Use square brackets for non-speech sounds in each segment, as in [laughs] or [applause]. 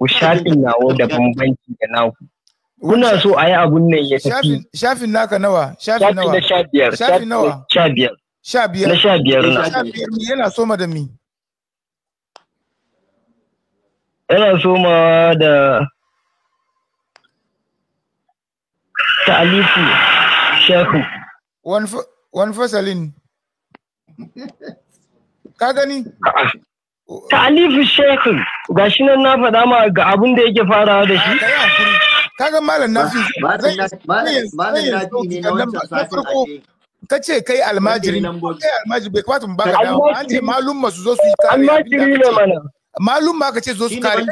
ku shafin nawa da bambanci da naku kuna so a yi abun nan ya tafi shafin naka nawa shafin nawa na sha biyar shafin nawa sha biyar na sha biyar na sha yana soma da mi yana da shehu wani fasalin ka gani Ta'alifu ga shi nan na faɗa ma ga abin da yake farawa da shi. Ah, Kaga malam nafi ka ce kai almajiri kai almajiri bai kamata mu ka dawo an ce malum ma su zo su yi kare almajiri ne mana malum ma ka ce zo su kare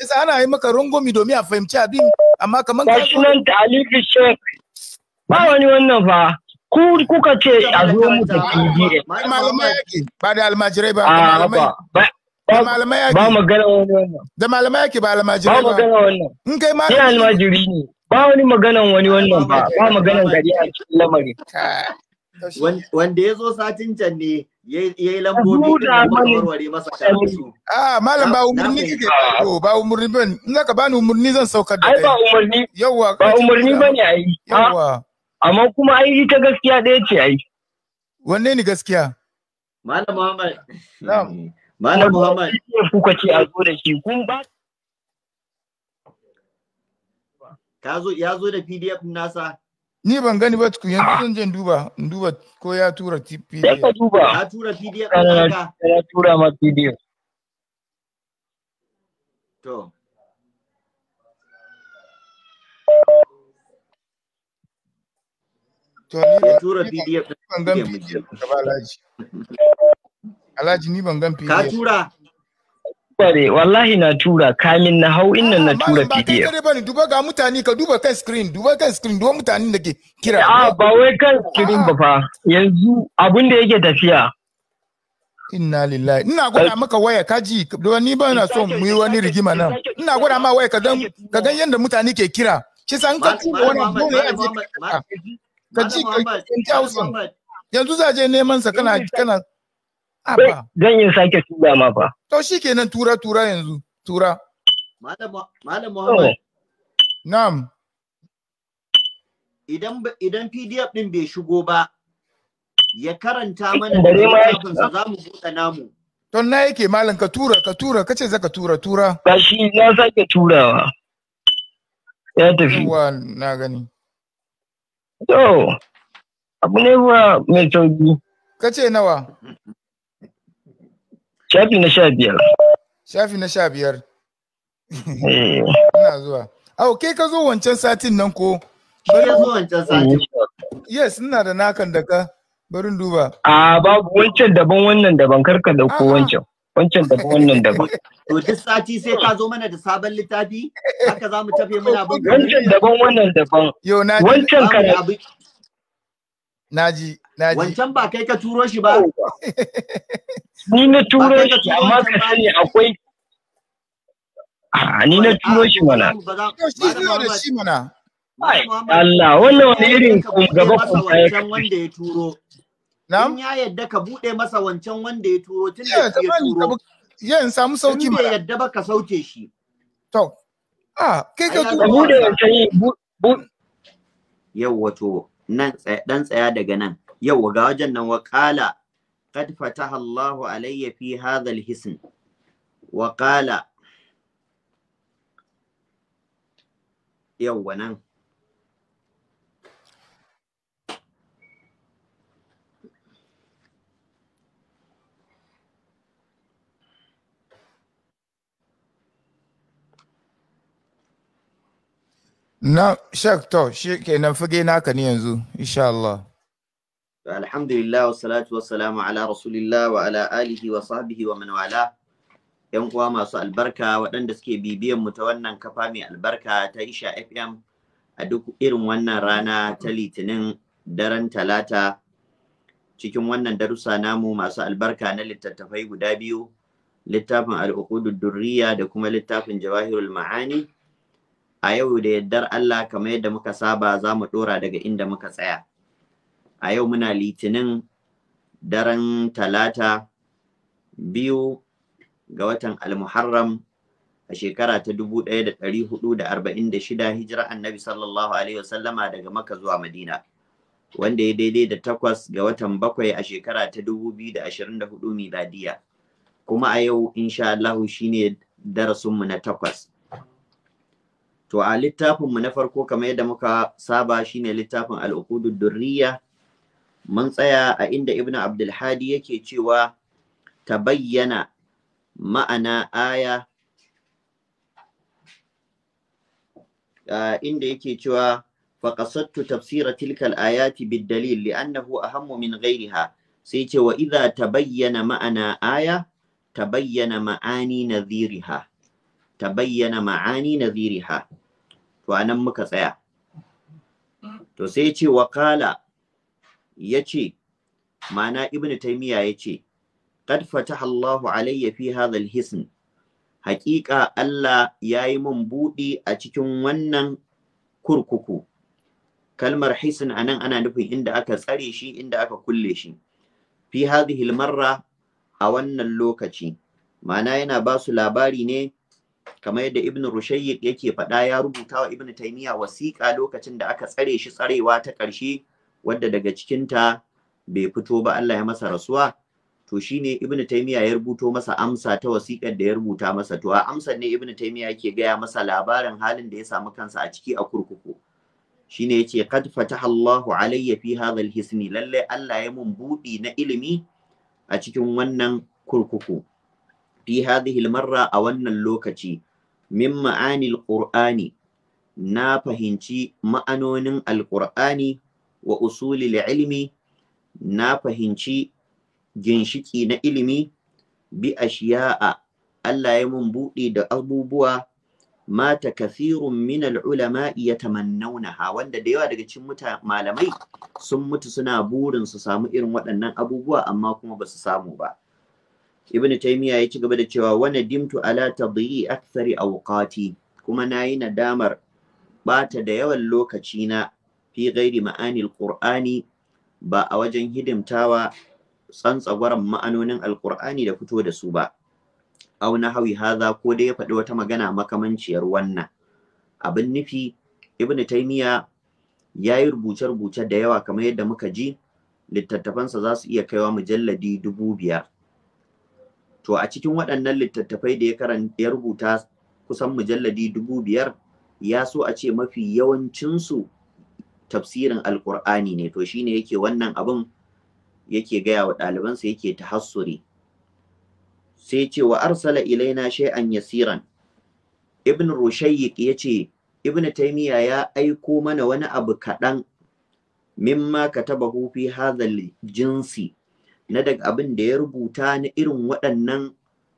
yasa ana yi maka rungomi domin a fahimci abin amma kamar. ka shi nan ta'alifu Shekin. ba wani wannan fa ku kuka ce a zo mu da PDS. Malamai yake ba da almajirai ba. Da ah, malamai yake. Ba magana wani wannan. Da malamai yake ba almajirai ba. Ba magana wannan. In kai Ni almajiri ne. Ba wani maganan wani wannan ba. Ba maganan gari a cikin lamarin. Wanda ya zo satin can ne ya yi lambobi da warware masa su. Ah, malam ba umarni kike ko ba umarni ban. In ka bani zan saukar da kai. Ai ba umarni. Yawwa. Ba ne a yi. Yawwa. amma kuma ai ita gaskiya ɗaya ce ai wanne ne gaskiya malam muhammad malam muhammad kuka ce a zo da shi kun ba ka zo ya zo da pdf nasa ni ban gani ba tukun yanzu zan je duba duba ko ya tura pdf Ya ka duba ya tura pdf naka ya tura ma pdf to ya tura pdf ban gan pdf alhaji ni ban gan pdf ka tura kware wallahi na tura kamin na hau inna ah, na tura pdf ba ba ne, duba ga mutane ka duba kan screen duba kan screen duba mutane da ke kira a ah, ba wai kan screen ba fa yanzu abin da yake tafiya inna lillahi ina gwada maka waya kaji don ni ba na so mu yi wani rigima nan ina gwada ma waya ka gan yadda mutane ke kira shi san ka tura wannan dole a je ka ji ka thousand yanzu za je neman sa kana kana apa zan yi sake tura ma fa to shikenan tura tura yanzu tura malam malam muhammad na'am idan idan pdf din bai shigo ba ya karanta mana da littafin sa za mu buɗe namu to na yake malam ka tura ka tura kace zaka tura tura gashi na sake turawa ya tafi na gani To, abu ne ba mai sauki. ce nawa? Shafi na sha biyar. Shafi na sha biyar. Eh. Ina zuwa. Au, kai ka zo wancan satin nan ko? Bari zo wancan satin. Eh. Yes, ina da nakan da ka. Barin duba. A ah, babu wancan daban wannan daban karka dauko wancan. wancan daban wannan daban to duk sati sai ka zo mana da sabon littafi haka za mu tafi muna bin wancan daban wannan daban Yo naji. wancan ka naji naji wancan ba kai ka turo shi ba ni na turo shi amma ka sani akwai A ah, ni na turo shi mana shi mana Allah wannan wani irin gaba kuma ya wanda ya turo in ya yadda ka buɗe masa wancan wanda ya turo tun da ya turo ya in samu sauki ba yadda ba ka sauke shi to a kai ka buɗe wancan yawwa to nan dan tsaya daga nan yawwa ga wajen nan waƙala. qala qad fataha Allahu alayya fi hadha al-hisn wa nan na shak to shi nan fage naka ne yanzu insha Allah alhamdulillah wa salatu wa salamu ala rasulillah wa ala alihi wa sahbihi wa man wala yan uwa masu albarka waɗanda suke bibiyan mu ta wannan kafa mai albarka ta Isha FM a duk irin wannan rana ta litinin daren talata cikin wannan darussa namu masu albarka na littattafai guda biyu littafin al'uqudud durriya da kuma littafin jawahirul ma'ani a yau da yaddar Allah kamar yadda muka saba za mu ɗora daga inda muka tsaya. A yau muna litinin daren talata biyu ga watan almuharram a shekara ta dubu ɗaya da ɗari hudu da arba'in da shida hijira annabi sallallahu alaihi wasallama daga maka zuwa madina wanda ya daidai da takwas ga watan bakwai a shekara ta dubu biyu da ashirin da hudu miladiya kuma a yau insha shi shine darasinmu na takwas to a littafinmu na farko kamar yadda muka saba shine littafin al'uqudud durriya mun tsaya a inda ibnu abdulhadi yake cewa tabayyana ma'ana aya inda yake cewa faƙasattu tafsira tilkal ayati biddalil li'annahu ahammu min ghairiha sai ce wa ta bayyana ma'ana aya ta bayyana ma'ani nadhiriha Ta bayyana ma'ani nadhiriha to anan muka tsaya to sai ya ce wakala ya ce ma'ana ibnu taymiya ya ce qad fataha Allahu alayya fi hadha al-hisn haƙiƙa Allah ya yi mun buɗi a cikin wannan kurkuku kalmar hisin anan ana nufin inda aka tsare shi inda aka kulle shi fi hadhihi marra a wannan lokaci ma'ana yana ba su labari ne kamar yadda ibn rushayyik yake faɗa ya rubuta wa ibn taymiya wasiƙa lokacin da aka tsare shi tsarewa ta ƙarshe wadda daga cikinta bai fito ba Allah ya masa rasuwa to shine ibn taymiya ya rubuto masa amsa ta wasiƙar da ya rubuta masa to a amsar ne ibn taymiya yake gaya masa labarin halin da ya samu kansa a ciki a kurkuku shine yace qad fataha Allahu alayya fi hadha hisni lalle Allah ya mun buɗi na ilimi a cikin wannan kurkuku fi hadhihi marra a wannan lokaci min ma'anil qur'ani na fahimci ma'anonin alqur'ani wa usulil ilmi na fahimci ginshiki na ilimi bi ashiya'a Allah ya mun buɗe da abubuwa mata kasirun min ulama ya tamannaunaha wanda da yawa daga cikin muta malamai sun mutu suna burin su samu irin waɗannan abubuwa amma kuma basu samu ba ibnu Taymiyyah ya ci gaba da cewa wa dimtu ala tadyi akthari awqati kuma nayi nadamar bata da yawan lokaci na fi ghairi ma'anil qur'ani ba a wajen hidimtawa tsantsagwaran ma'anonin alqur'ani da fito da su ba aw hawi hadha ko dai ya faɗi wata magana makamanciyar wannan abin nufi Ibn Taymiyyah ya yi rubuce-rubuce da yawa kamar yadda muka ji littattafansa za su iya kaiwa mujalladi dubu biyar to a cikin waɗannan littattafai da ya karanta ya rubuta kusan mujalladi dubu biyar ya so a ce mafi yawancinsu tafsirin alkur'ani ne to shine yake wannan abin yake gaya wa ɗalibansa yake ta tahassuri sai ce wa arsala ilaina shay'an yasiran ibn rushayyiq ce, ibn taymiya ya aiko mana wani abu kaɗan mimma katabahu fi hadhal jinsi na daga abin da ya rubuta na irin waɗannan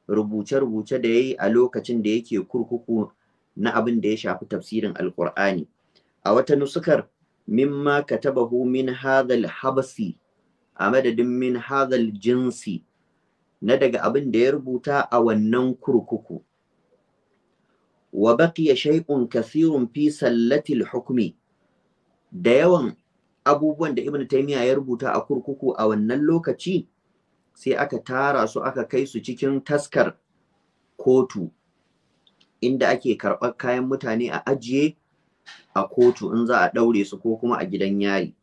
rubuce-rubuce da ya yi a lokacin da yake kurkuku na abin da ya shafi tafsirin alkur'ani a wata nusukar mimma katabahu min hadhal habasi a madadin min hadhal jinsi na daga abin da ya rubuta a wannan kurkuku wa baqiya shay'un kathirun fi sallatil hukmi da yawan abubuwan da Ibn Taymiya ya rubuta a kurkuku a wannan lokaci sai aka tara su aka kai su cikin taskar kotu inda ake karɓar kayan mutane a ajiye a kotu in za a ɗaure su ko kuma a gidan yari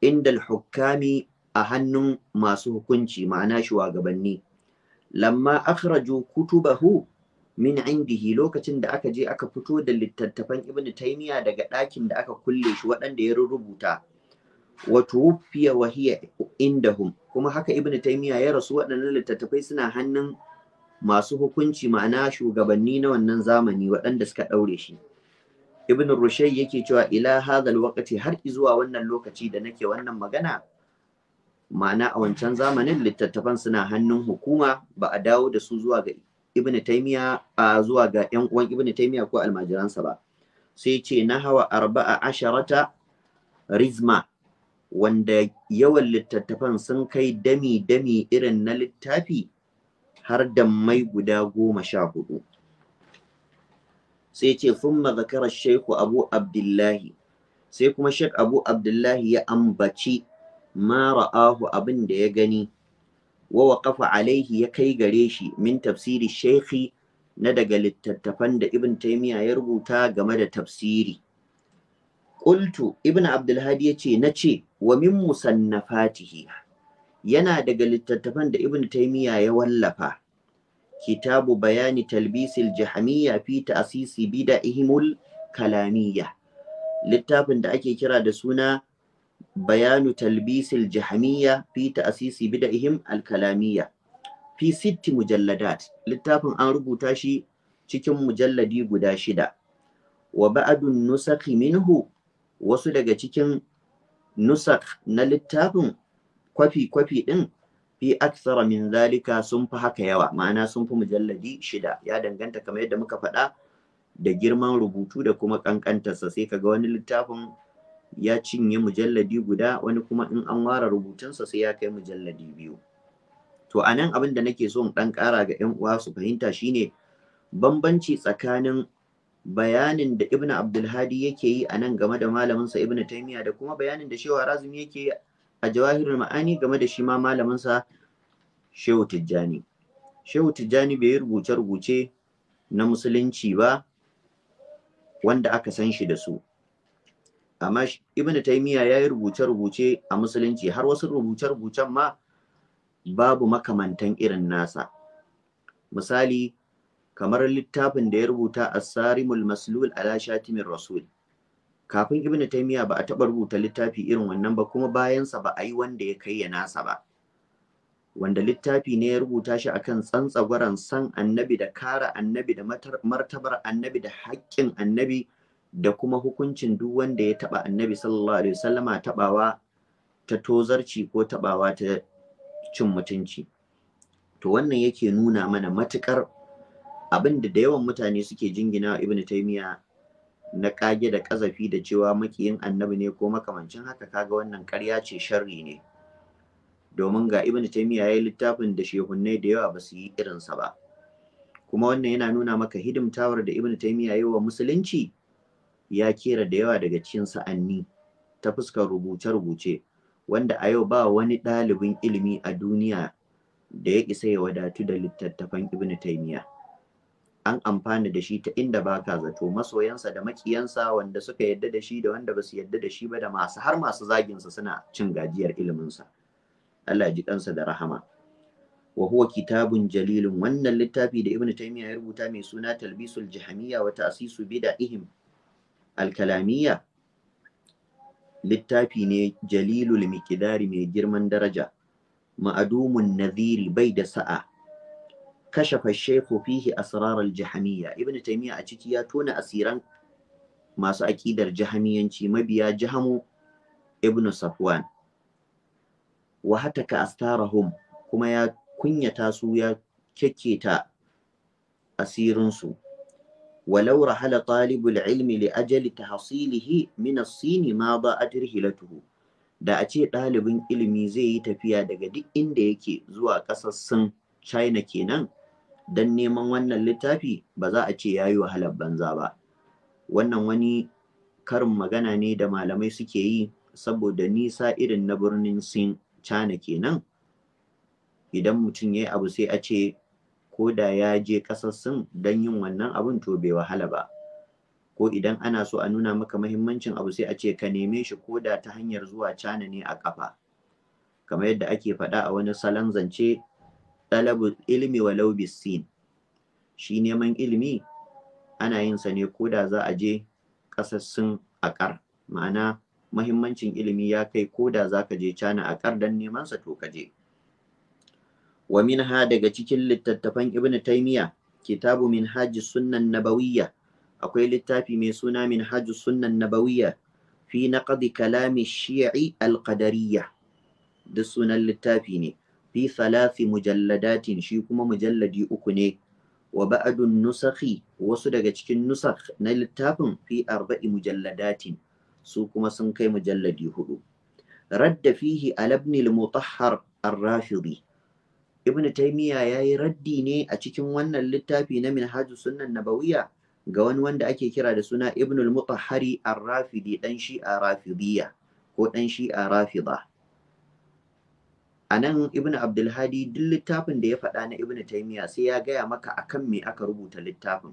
inda hukami a hannun masu hukunci ma'ana shugabanni lamma akhraju kutubahu min indihi lokacin da aka je aka fito da littattafan ibnu taymiya daga ɗakin da aka kulle shi waɗanda ya rubuta wa tuwfiya inda hum kuma haka ibn taimiya ya rasu waɗannan littattafai suna hannun masu hukunci ma'ana shugabanni na wannan zamani waɗanda suka ɗaure shi ibn rushai yake cewa ila hadha alwaqti har zuwa wannan lokaci da nake wannan magana ma'ana a wancan zamanin littattafan suna hannun hukuma ba a dawo da su zuwa ga ibn a zuwa ga yan uwan ibn taymiya ko almajiransa ba sai ce na hawa arba'a asharata rizma wanda yawan littattafan sun kai dami-dami irin na littafi har da mai guda goma sha hudu. Sai ce, "Fumma zakarar sheku Abu Abdullahi, sai kuma shek Abu Abdullahi ya ambaci mara ahu abin da ya gani, wa waƙafa alaihi ya kai gare shi min tafsiri Sheikhi na daga littattafan da Ibn Taymiyyah ya rubuta game da tafsiri. Ƙultu, Ibn Abdulhadi ya ce, na ce, wa min musannafatihi yana daga littattafan da ibn taymiya ya wallafa kitabu bayani talbisil jahamiyya fi ta'sisi bida'ihimul kalamiyya littafin da ake kira da suna bayanu talbisil jahamiyya fi ta'sisi bida'ihim al-kalamiyya fi sitti mujalladat littafin an rubuta shi cikin mujalladi guda shida wa ba'adun nusakhi minhu wasu daga cikin nusak na littafin kwafi-kwafi ɗin fi aksara min zalika sun fi haka yawa ma'ana sun fi mujalladi shida ya danganta kamar yadda muka faɗa da girman rubutu da kuma ƙanƙantarsa sai ka ga wani littafin ya cinye mujalladi guda wani kuma in an ware rubutunsa sai ya kai mujalladi biyu to a nan abin da nake so in ɗan ƙara ga 'yan uwa su fahimta shine bambanci tsakanin bayanin da ibnu abdulhadi yake yi a nan game da malaminsa ibnu taimiya da kuma bayanin da shehu razumi yake yi a jawahirul ma'ani game da shi ma malaminsa shehu tijjani shehu tijjani bai yi rubuce-rubuce na musulunci ba wanda aka san shi da su amma ibnu taimiya ya yi rubuce-rubuce a musulunci har wasu rubuce-rubucen ma babu makamantan irin nasa misali kamar littafin da ya rubuta As-Sarimul Maslul ala Shatimin Rasul. Kafin Ibn Taymiyyah ba a taɓa rubuta littafi irin wannan ba kuma bayansa ba a yi wanda ya kai ya nasa ba. Wanda littafi ne ya rubuta shi akan tsantsagwaran san annabi da kara annabi da martabar annabi da haƙƙin annabi da kuma hukuncin duk wanda ya taɓa annabi sallallahu alaihi wasallama taɓawa ta tozarci ko taɓawa ta cin mutunci. To wannan yake nuna mana matuƙar abin da da yawan mutane suke jingina ibnu taymiya na kage da kazafi da cewa makiyin annabi ne ko makamancin haka kaga wannan ƙarya ce sharri ne domin ga ibnu taymiya yayi littafin da shehunnai da yawa ba su yi irinsa ba kuma wannan yana nuna maka hidimtawar da ibnu taymiya yayi wa musulunci ya kera da yawa daga cikin sa'anni ta fuskar rubuce-rubuce wanda a yau ba wani ɗalibin ilimi a duniya da ya isa ya wadatu da littattafan ibnu taymiya an amfana da shi ta inda baka zato masoyansa da makiyansa wanda suka yadda da shi da wanda basu yadda da shi ba da masu har masu zaginsa suna cin gajiyar iliminsa Allah ji kansa da rahama wa huwa kitabun jalilun wannan littafi da Ibn taymiya ya rubuta mai suna talbisul jahamiyya wa ta'sisu Bida'ihim al-kalamiyya littafi ne jalilul miqdari mai girman daraja ma'adumun Naziri bai da sa'a kashe shaykhu fihi asrar al-jahmiyya ibn taymiya a ciki ya tona asiran masu aƙidar jahamiyanci mabiya jahamu ibn safwan wahataka hataka astarahum kuma ya kunyata su ya kyakketa asirinsu ولو رحل طالب العلم لأجل تحصيله من الصين ما ضاءت رحلته da a ce ɗalibin ilimi zai yi tafiya daga duk inda yake zuwa ƙasar china kenan don neman wannan littafi ba za a ce ya yi wahalar banza ba wannan wani karin magana ne da malamai suke yi saboda nisa irin na birnin sin cana kenan idan mutum ya yi abu sai a ce ko da ya je ƙasar sin don yin wannan abin to bai wahala ba ko idan ana so a nuna maka mahimmancin abu sai a ce ka neme shi ko da ta hanyar zuwa cana ne a kafa kamar yadda ake faɗa a wani salon zance talabul ilmi walau sin. shi neman ilimi ana yin sa ne ko da za a je kasassun akar ma'ana mahimmancin ilimi ya kai ko da za ka je cana akar dan neman sa to ka je wa minha daga cikin littattafan ibnu taymiya kitabu minhaji sunnan nabawiyya akwai littafi mai suna minhaji sunnan nabawiyya fi naqdi kalami shi'i al-qadariyya duk sunan littafi ne fi salafi mujalladatin shi kuma mujalladi uku ne wa ba'adun nusakhi wasu daga cikin nusakh na littafin fi arba'i mujalladatin su kuma sun kai mujalladi hudu radda fihi alabnil mutahhar ar-rashidi ibn taymiya yayi raddi ne a cikin wannan littafi na minhaju sunnan nabawiyya ga wani wanda ake kira da suna ibn al-mutahhari ar-rafidi dan shi'a rafidiyya ko dan shi'a rafida a nan ibn abdulhadi duk littafin da ya faɗa na ibn taimiya sai ya gaya maka akan me aka rubuta littafin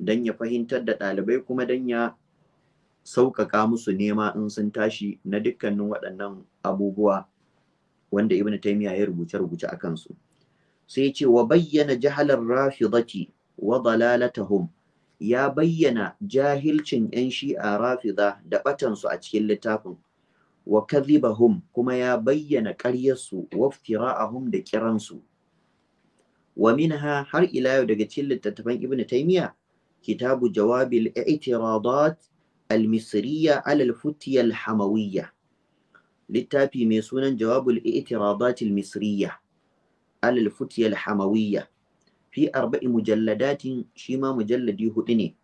don ya fahimtar da ɗalibai kuma don ya sauƙaƙa musu nema in sun tashi na dukkanin waɗannan abubuwa wanda ibn taimiya ya rubuce rubuce a kansu sai ce wa bayyana jahalar rafidati wa dalalatahum ya bayyana jahilcin 'yan shi'a rafida da batansu a cikin littafin wa kadhibahum kuma ya bayyana ƙaryarsu wa hum da kiransu wa minha har ila yau daga cikin littattafan Ibn Taymiyyah kitabu jawabil i'tiradat al misriya al al-hamawiyya littafi mai sunan jawabul i'tiradat al-misriyya ala al al-hamawiyya fi arba'i mujalladatin shi ma mujalladi hudu ne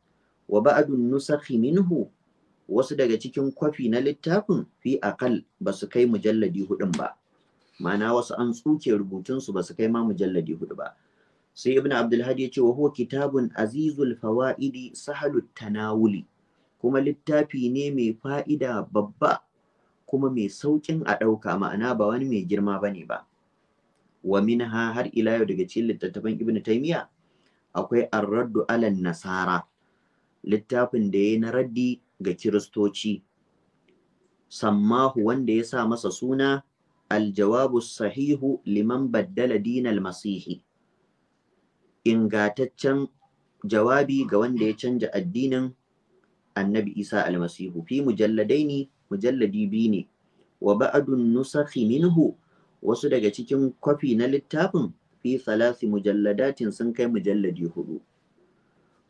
wa ba'du nusakhi minhu wasu daga cikin kwafi na littafin fi akal ba su kai mujalladi hudun ba mana wasu an tsuke rubutunsu ba su kai ma mujalladi hudu ba sai ibn abdulhadi ya ce wa huwa kitabun azizul fawaidi sahalut tanawuli kuma littafi ne mai fa'ida babba kuma mai saukin a ɗauka ma'ana ba wani mai girma ba ne ba wa minha har ila yau daga cikin littattafan ibn taymiya akwai arraddu alan nasara littafin da ya na raddi ga kiristoci sammahu wanda ya sa masa suna aljawabu sahihu liman baddala dinal masihi ingataccen jawabi ga wanda ya canja addinin annabi isa almasihu fi mujalladaini mujalladi biyu ne wa ba'adun nusakhi minhu wasu daga cikin kwafi na littafin fi salasi mujalladatin sun kai mujalladi hudu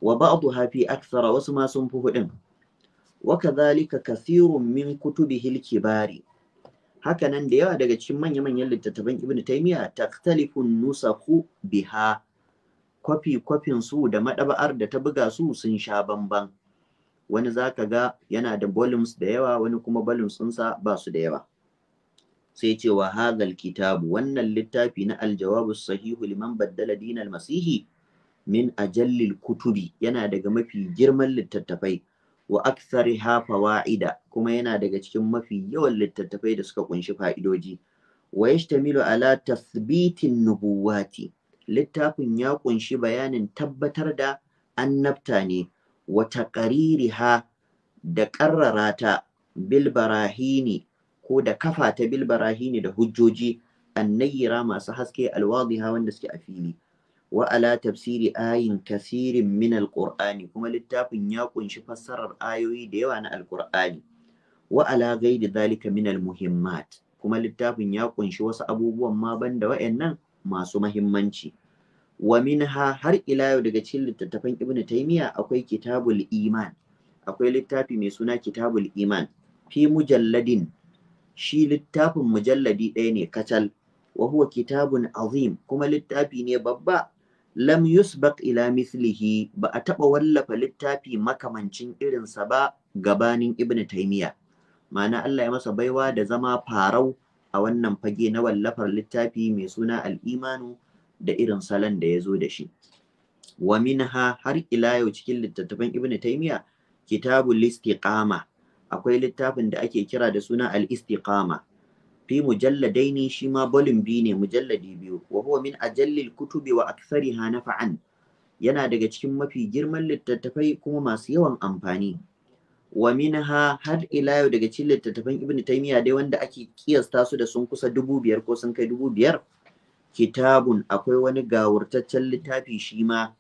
wa ba'du hafi aksara wasu ma sun fi hudun wa kadhalika kathirun min kutubi al-kibari haka nan da yawa daga cikin manya-manyan littattafan Ibn Taymiyyah takhtalifun nusakhu biha kwafi kwafin su da maɗaba'ar da ta buga su sun sha bamban wani zaka ga yana da volumes da yawa wani kuma volumes ɗinsa ba su da yawa sai cewa wa kitabu wannan littafi na aljawabu sahihu liman baddala dinal masihi min ajallil kutubi yana daga mafi girman littattafai wa hafa fawaida kuma yana daga cikin mafi yawan littattafai da suka kunshi fa'idoji wa yashtamilu ala tasbitin nubuwati littafin ya kunshi bayanin tabbatar da annabta ne wa ha da ƙarrara ta bil barahini ko da kafa ta bil barahini da hujjoji annayyira masu haske alwadiha wanda suke a fili wa ala tafsiri ayin kasirin min alqur'ani kuma littafin ya kunshi fassarar ayoyi da yawa na alqur'ani wa ala gaidi zalika min almuhimmat kuma littafin ya kunshi wasu abubuwan ma banda wa'annan masu mahimmanci wa minha har ila yau daga cikin littattafan ibnu taymiya akwai kitabul iman akwai littafi mai suna kitabul iman fi mujalladin shi littafin mujalladi ɗaya ne kacal wa huwa kitabun azim kuma littafi ne babba lam yusbaq ila mithlihi ba a taɓa wallafa littafi makamancin irinsa ba gabanin ibnu taymiya ma'ana Allah ya masa baiwa da zama farau a wannan fage na wallafar littafi mai suna al'imanu da irin salon da ya zo da shi wa minha har ila yau cikin littattafan ibnu taymiya kitabul istiqama akwai littafin da ake kira da suna al-istiqama fi mujalladaini shi ma bolin biyu ne mujalladi biyu wa huwa min ajallil kutubi wa akthariha nafa'an yana daga cikin mafi girman littattafai kuma masu yawan amfani wa har ila yau daga cikin littattafan ibn taymiya dai wanda ake kiyasta su da sun kusa dubu biyar ko sun kai dubu biyar kitabun akwai wani gawurtaccen littafi shima. ma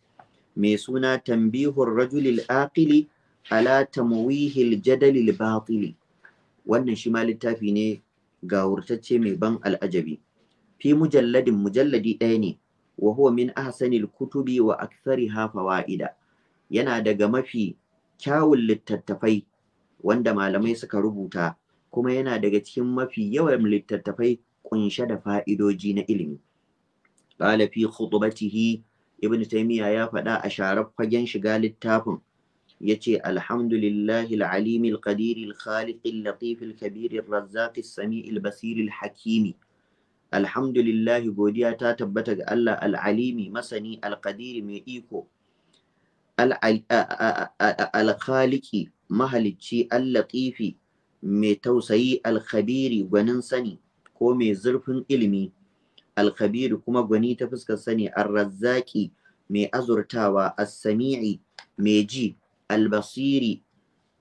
mai suna tambihur rajulil akili, ala tamwihil jadalil batili wannan shi ma littafi ne gawurtacce mai ban al'ajabi fi mujalladin mujalladi ɗaya ne wa huwa min ahsanil kutubi wa hafa fawaida yana daga mafi kyawun littattafai wanda malamai suka rubuta kuma yana daga cikin mafi yawan littattafai kunshe da fa'idoji na ilimi qala fi khutbatihi ibn taymiya ya faɗa a sharar fagen shiga littafin yace alhamdulillahi al-alim al-qadir al-khaliq al-latif sami godiya ta tabbata ga Allah al-alimi masani al-qadir mai iko al-khaliqi mahalicci al-latifi mai tausayi al-khabiri gwanin sani ko mai zurfin ilimi alkhabiru kuma gwani ta fuskar sani arrazzaki mai azurtawa as-sami'i mai ji albasiri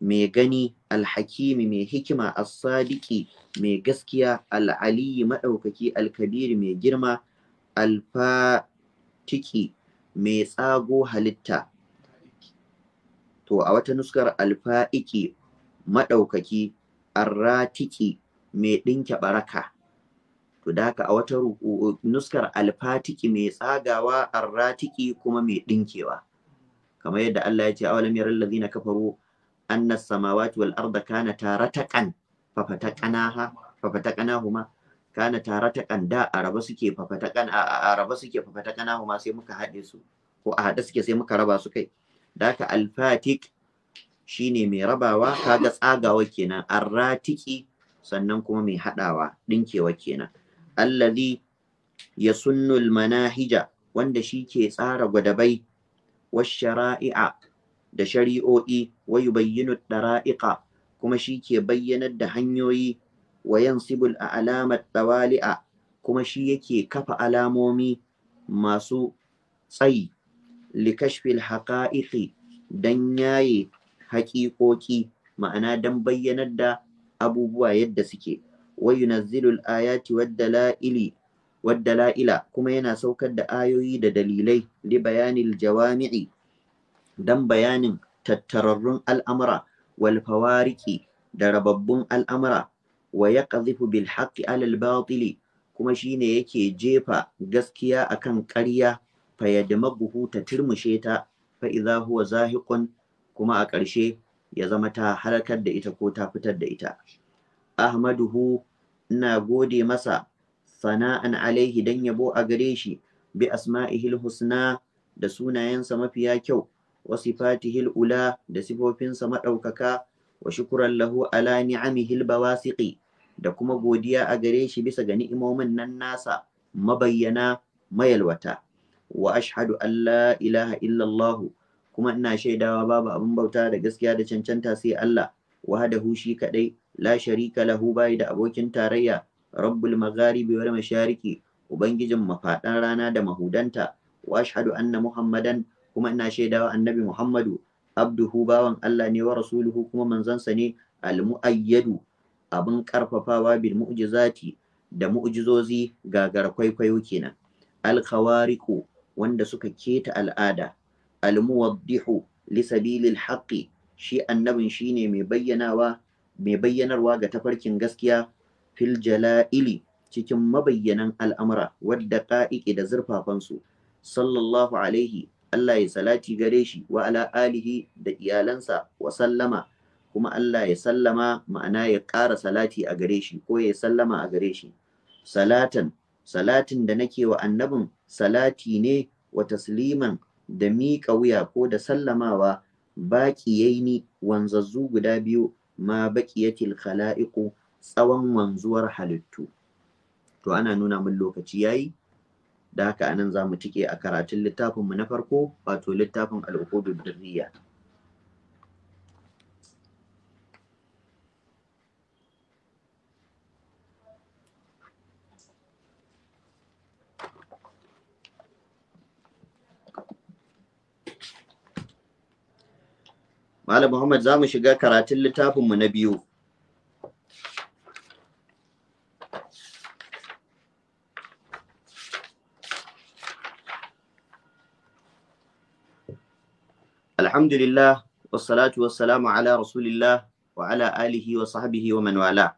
mai gani alhakimi mai hikima as sadiki mai gaskiya al'aliyi maɗaukaki kabiri mai girma alfatiki mai tsago halitta to a wata nuskar alfa'iki maɗaukaki arratiki mai ɗinke baraka to da haka a wata nuskar alfatiki mai tsagawa arratiki kuma mai ɗinkewa kamar yadda Allah ya ce a awalam yaral ladina kafaru anna samawati wal arda kana tarataqan fafataqanaha fafataqanahuma kana tarataqan da araba suke fafataqan araba suke fafataqanahuma sai muka hade su ko a hade suke sai muka raba su kai daka al shi shine mai rabawa kaga tsagawa kenan arratiki sannan kuma mai hadawa dinkewa kenan allazi yasunnu manahija wanda shi ke tsara gwadabai washara'i'a da shari'o'i wa yubayyinu dara'iqa kuma shi ke bayyanar da hanyoyi wa a alamar tawali'a kuma shi yake kafa alamomi masu tsayi likashfil haqa'iqi dan yaye haƙiƙoƙi ma'ana dan bayyanar da abubuwa yadda suke wa yunazzilul ayati wad dala'ili Wadda Laila kuma yana saukar da ayoyi da dalilai li bayanin jawami'i dan bayanin tattararrun al'amura walfawariƙi, da rababbun al'amura wa yaqdhifu bil haqqi alal batili kuma shine yake jefa gaskiya akan ƙarya fayadimaguhu ta turmushe ta fa idza huwa kuma a ƙarshe ya zama ta halakar da ita ko ta fitar da ita Ahmadu hu na gode masa sana'an alaihi dan yabo a gare shi bi asma'ihil husna da sunayensa mafiya kyau wa sifatihil ula da sifofinsa maɗaukaka wa shukran lahu ala ni'amihil bawasiqi da kuma godiya a gare shi bisa ga ni'imomin nan nasa mabayyana mayalwata wa ashhadu an la ilaha illallahu kuma ina shaidawa babu abin bauta da gaskiya da cancanta sai Allah wahdahu shi kadai la sharika lahu bai da abokin tarayya rabbul magharibi wal mashariki ubangijin mafadan rana da mahudanta wa ashhadu anna muhammadan kuma ina shaidawa annabi muhammadu abduhu bawan Allah ne wa rasuluhu kuma manzansa ne almuayyadu abin karfafawa bil mu'jizati da mu'jizozi gagar kwaikwayo kenan khawariqu wanda suka keta al'ada muwaddihu li sabilil haqqi shi annabin shine mai bayyanawa mai bayyanarwa ga tafarkin gaskiya fil jala'ili cikin mabayyanan al'amura wadda ka'ike da zurfafansu sallallahu alaihi Allah ya salati gare shi wa ala alihi da iyalansa wa sallama kuma Allah ya sallama ma'ana ya ƙara salati a gare shi ko ya sallama a gare shi salatan salatin da nake wa annabin salati ne wa tasliman da miƙa wuya ko da sallamawa baƙi ni wanzazzu guda biyu ma baƙiyatil khala'iqu tsawon wanzuwar halittu to ana nuna min lokaci yayi da haka anan za mu tike a karatun littafinmu na farko wato littafin al'ukudu dirriya Malam Muhammad za mu shiga karatun littafinmu na biyu Alhamdulillah, wassalatu wassalamu ala Rasulillah wa ala alihi wa sahabihi wa manwala wala.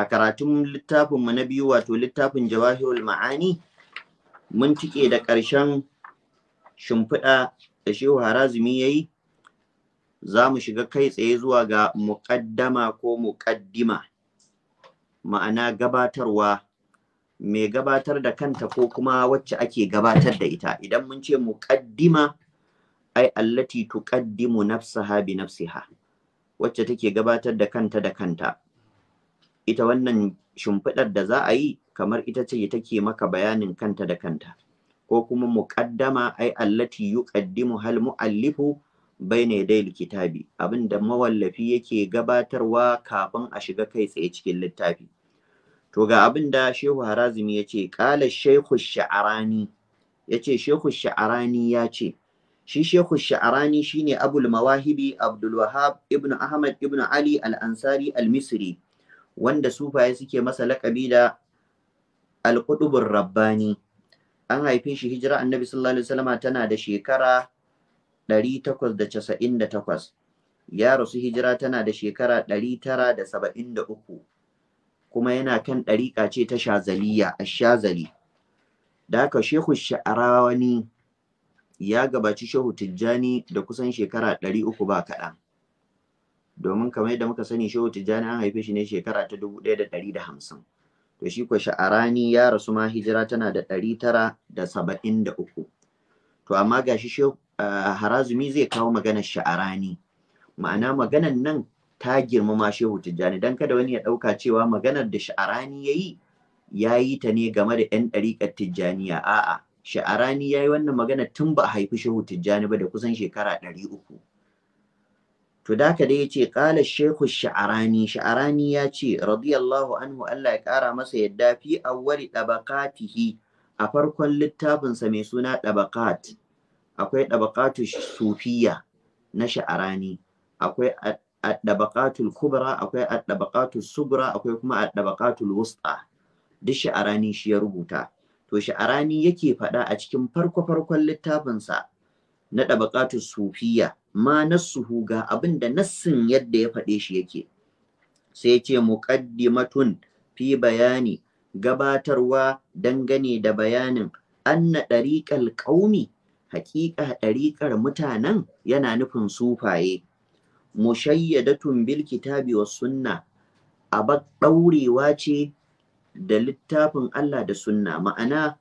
A karatun littafinmu na biyu wato littafin Jawahirul Ma'ani, mun cike da ƙarshen shimfiɗa da Shehu Harazumi ya yi, za mu shiga kai tsaye zuwa ga muƙaddama ko muƙaddima, ma'ana gabatarwa mai gabatar da kanta ko kuma wacce ake gabatar da ita. Idan mun ce muƙaddima, ai allati tuqaddimu nafsaha bi nafsiha wacce take gabatar da kanta da kanta ita wannan shimfiɗar da za a yi kamar ita ce take maka bayanin kanta da kanta ko kuma muqaddama ai allati yuqaddimu hal muallifu baina yadayil kitabi abinda mawallafi yake gabatarwa kafin a shiga kai tsaye cikin littafi to ga abinda shehu harazimi yace qala shaykhu sha'arani yace shehu sha'arani yace shi shehu sha'arani shine abul mawahibi abdul wahab ibnu ahmad ibnu ali al ansari al misri wanda sufaye suke masa laƙabi da al rabbani an haife shi hijira annabi sallallahu alaihi tana da shekara 898 ya rasu hijira tana da shekara 973 kuma yana kan ɗariƙa ce ta shazaliya ashazali da haka shehu sha'arawani ya gabaci shehu tijjani da kusan shekara ɗari uku ba kaɗan domin kamar yadda muka sani shehu tijjani an haife shi ne shekara ta dubu ɗaya da ɗari da hamsin to shi ko sha'arani ya rasu ma hijira tana da ɗari tara da saba'in da uku to amma gashi shehu harazumi zai kawo maganar sha'arani ma'ana maganar nan ta girmama shehu tijjani don kada wani ya ɗauka cewa maganar da sha'arani ya yi ya yi ta ne game da 'yan ɗariƙar tijjaniya a'a sha'arani ya yi wannan magana tun ba a haifi shehu tijjani ba da kusan shekara ɗari uku to da haka dai ya ce ƙala shehu sha'arani sha'arani ya ce radiyallahu anhu Allah ya ƙara masa yadda fi awwali ɗabakatihi a farkon littafinsa mai suna ɗabakat akwai ɗabakatu sufiya na sha'arani akwai ɗabaƙatu kubra akwai ɗabaƙatu subra akwai kuma ɗabaƙatu wusta duk sha'arani shi ya rubuta to sha'arani yake faɗa a cikin farko-farkon littafinsa na ɗabaƙatu sufiya ma nassuhu ga abin da nassin yadda ya faɗe shi yake sai ce muqaddimatun fi bayani gabatarwa dangane da bayanin anna ɗariƙar ƙaumi haƙiƙa ɗariƙar mutanen yana nufin sufaye mushayyadatun bil kitabi was sunna a ɗaurewa ce da littafin Allah da sunna ma'ana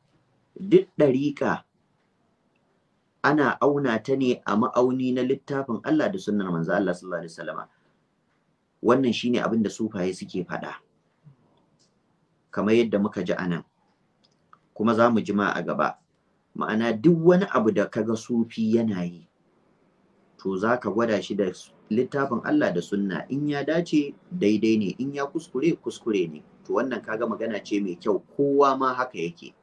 duk ɗariƙa ana auna ta ne a ma'auni na littafin Allah da sunnar manzo Allah sallallahu alaihi wasallama wannan shine abin da sufaye suke faɗa kamar yadda muka ji anan kuma za mu jima a gaba ma'ana duk wani abu da kaga sufi yana yi to za ka gwada shi da littafin Allah da sunna in ya dace daidai ne in ya kuskure kuskure ne to wannan kaga magana ce mai kyau kowa ma haka yake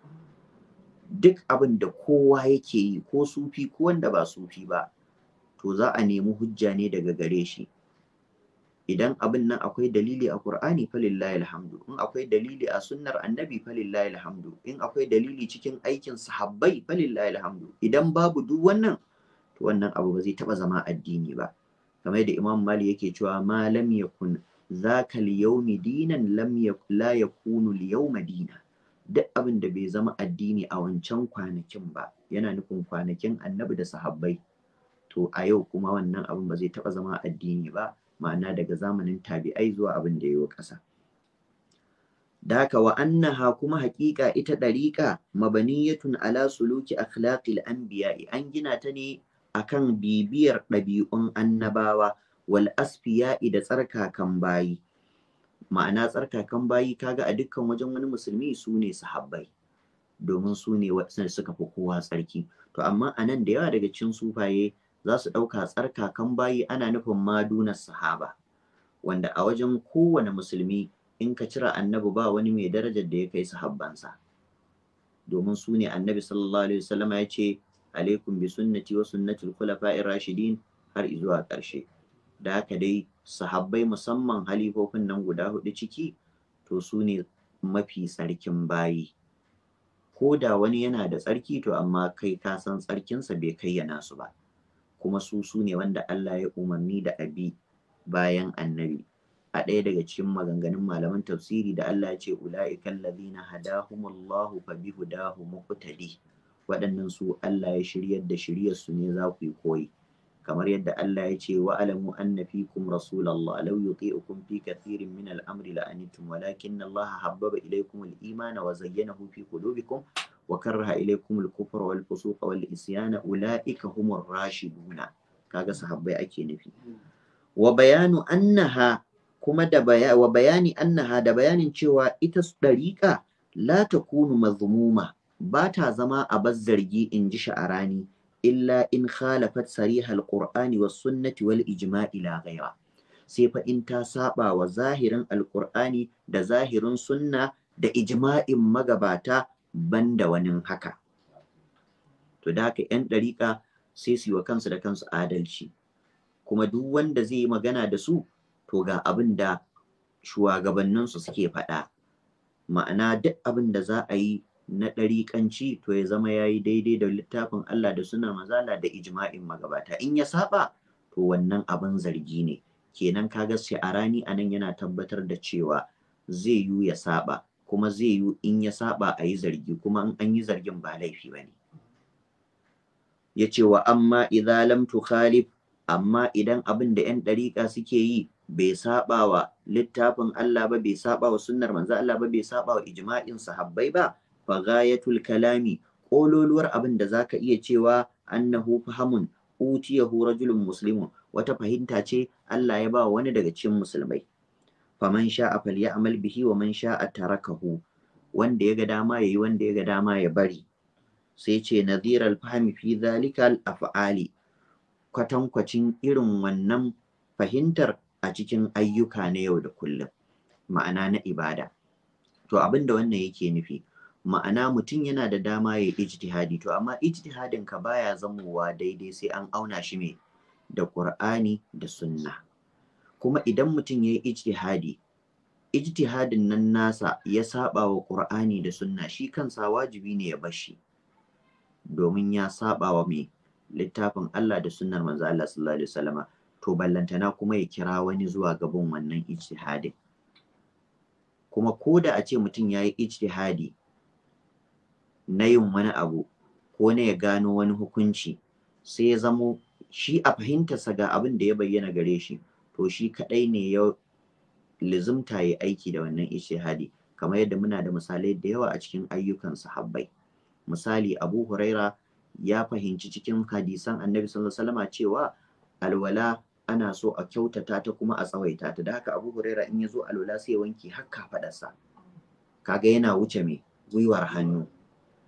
duk abin da kowa yake yi ko sufi ko wanda ba sufi ba to za a nemi hujja ne daga gare shi idan abin nan akwai dalili a Qur'ani lillahi alhamdu in akwai dalili a sunnar annabi lillahi alhamdu in akwai dalili cikin aikin sahabbai lillahi alhamdu idan babu duk wannan to wannan abu ba zai taba zama addini ba kamar yadda Imam Malik yake cewa ma lam yakun zaka liyaumi dinan lam la yakunu liyauma dina duk abin da bai zama addini a wancan kwanakin ba yana nufin kwanakin annabi da sahabbai to a yau kuma wannan abin ba zai taɓa zama addini ba ma'ana daga zamanin tabi'ai zuwa abin da yayi ƙasa daka wa annaha kuma haƙiƙa ita ɗariƙa mabaniyatun ala suluki akhlaqil anbiya'i an gina ta ne akan bibiyar ɗabi'un annabawa wal asfiya'i da tsarkakan bayi ma'ana tsarkakan bayi kaga a dukkan wajen wani musulmi su ne sahabbai domin su ne waɗanda suka fi kowa tsarki to amma a nan da yawa daga cikin sufaye za su ɗauka tsarkakan bayi ana nufin maduna sahaba wanda a wajen kowane musulmi in ka cira annabi ba wani mai darajar da ya kai sahabbansa domin su ne annabi sallallahu alaihi wasallama ya ce alaikum bi sunnati wa sunnatil khulafa'ir rashidin har izuwa ƙarshe da haka dai sahabbai musamman halifofin nan guda hudu ciki to su ne mafi tsarkin bayi ko da wani yana da tsarki to amma kai ka san tsarkinsa bai kayyana su ba kuma su su ne wanda Allah ya umarni da abi bayan annabi a ɗaya daga cikin maganganun malaman tafsiri da Allah ya ce ula'ikan ladina hadahumullahu fa bihudahu muqtadi waɗannan su Allah ya shiryar da shiryar su ne za ku yi koyi kamar yadda Allah ya ce wa alamu anna fikum rasulallah law yuti'ukum fi kathirin min al-amri la anitum walakin Allah habbaba ilaykum al-imana wa zayyanahu fi qulubikum wa karraha ilaykum al-kufra wal fusuqa wal isyana ulaika humur rashiduna kaga sahabbai ake nufi wa bayanu annaha kuma da wa bayani annaha da bayanin cewa ita dariqa la takunu mazmuma ba ta zama a zargi in ji sha'arani illa in khalafat sarihal qur'ani was sunnati wal ijma'i la ghaira sai fa in ta saba wa zahirin alqur'ani da zahirin sunna da ijma'in magabata banda wani haka to da yan dariƙa sai su yi wa kansu da kansu adalci kuma duk wanda zai yi magana da su to ga abin da shugabanninsu suke faɗa ma'ana duk abin da za a yi na ɗariƙanci to ya zama ya yi daidai da littafin Allah da suna mazala da ijma'in magabata in ya saba to wannan abin zargi ne kenan kaga sai a rani a nan yana tabbatar da cewa zai yiwu ya saba kuma zai yiwu in ya saba a yi zargi kuma in an yi zargin ba laifi ba ne ya ce wa amma idza lam khalif amma idan abin da 'yan ɗariƙa suke yi bai saba wa littafin Allah ba bai saba wa sunnar manzo Allah ba bai saba wa ijma'in sahabbai ba faghayatul kalami ƙololuwar abin da ka iya cewa annahu fahamun utiyahu rajulun muslimun wata fahimta ce Allah ya ba wani daga cikin musulmai faman sha'a falyamal bihi wa man sha'a tarakahu wanda ya ga dama yayi wanda ya ga dama ya bari sai ce nadhiral fahmi fi zalikal af'ali kwatankwacin irin wannan fahimtar a cikin ayyuka na yau da kullum ma'ana na ibada to abinda wannan yake nufi ma'ana mutum yana da dama ya ijtihadi to amma ijtihadin ka baya zamowa daidai sai an auna shi me da Qur'ani da Sunna kuma idan mutum ya yi ijtihadi ijtihadin nan nasa ya saba wa Qur'ani da Sunna shi kansa wajibi ne ya bashi domin ya saba wa me littafin Allah da sunnar manzo Allah sallallahu alaihi wasallama to ballantana kuma ya kira wani zuwa gaban wannan ijtihadin kuma ko da a ce mutum ya yi ijtihadi na yin wani abu ko na ya gano wani hukunci sai ya zamo shi a fahimtarsa ga abin da ya bayyana gare shi to shi kaɗai ne ya lizimta ya aiki da wannan ishihadi kamar yadda muna da misalai da yawa a cikin ayyukan sahabbai misali abu huraira ya fahimci cikin hadisan annabi sallallahu alaihi wasallam cewa alwala ana so a kyautata ta kuma a tsawaita ta da haka abu huraira in ya zo alwala sai ya wanke har kafadarsa kaga yana wuce mai gwiwar hannu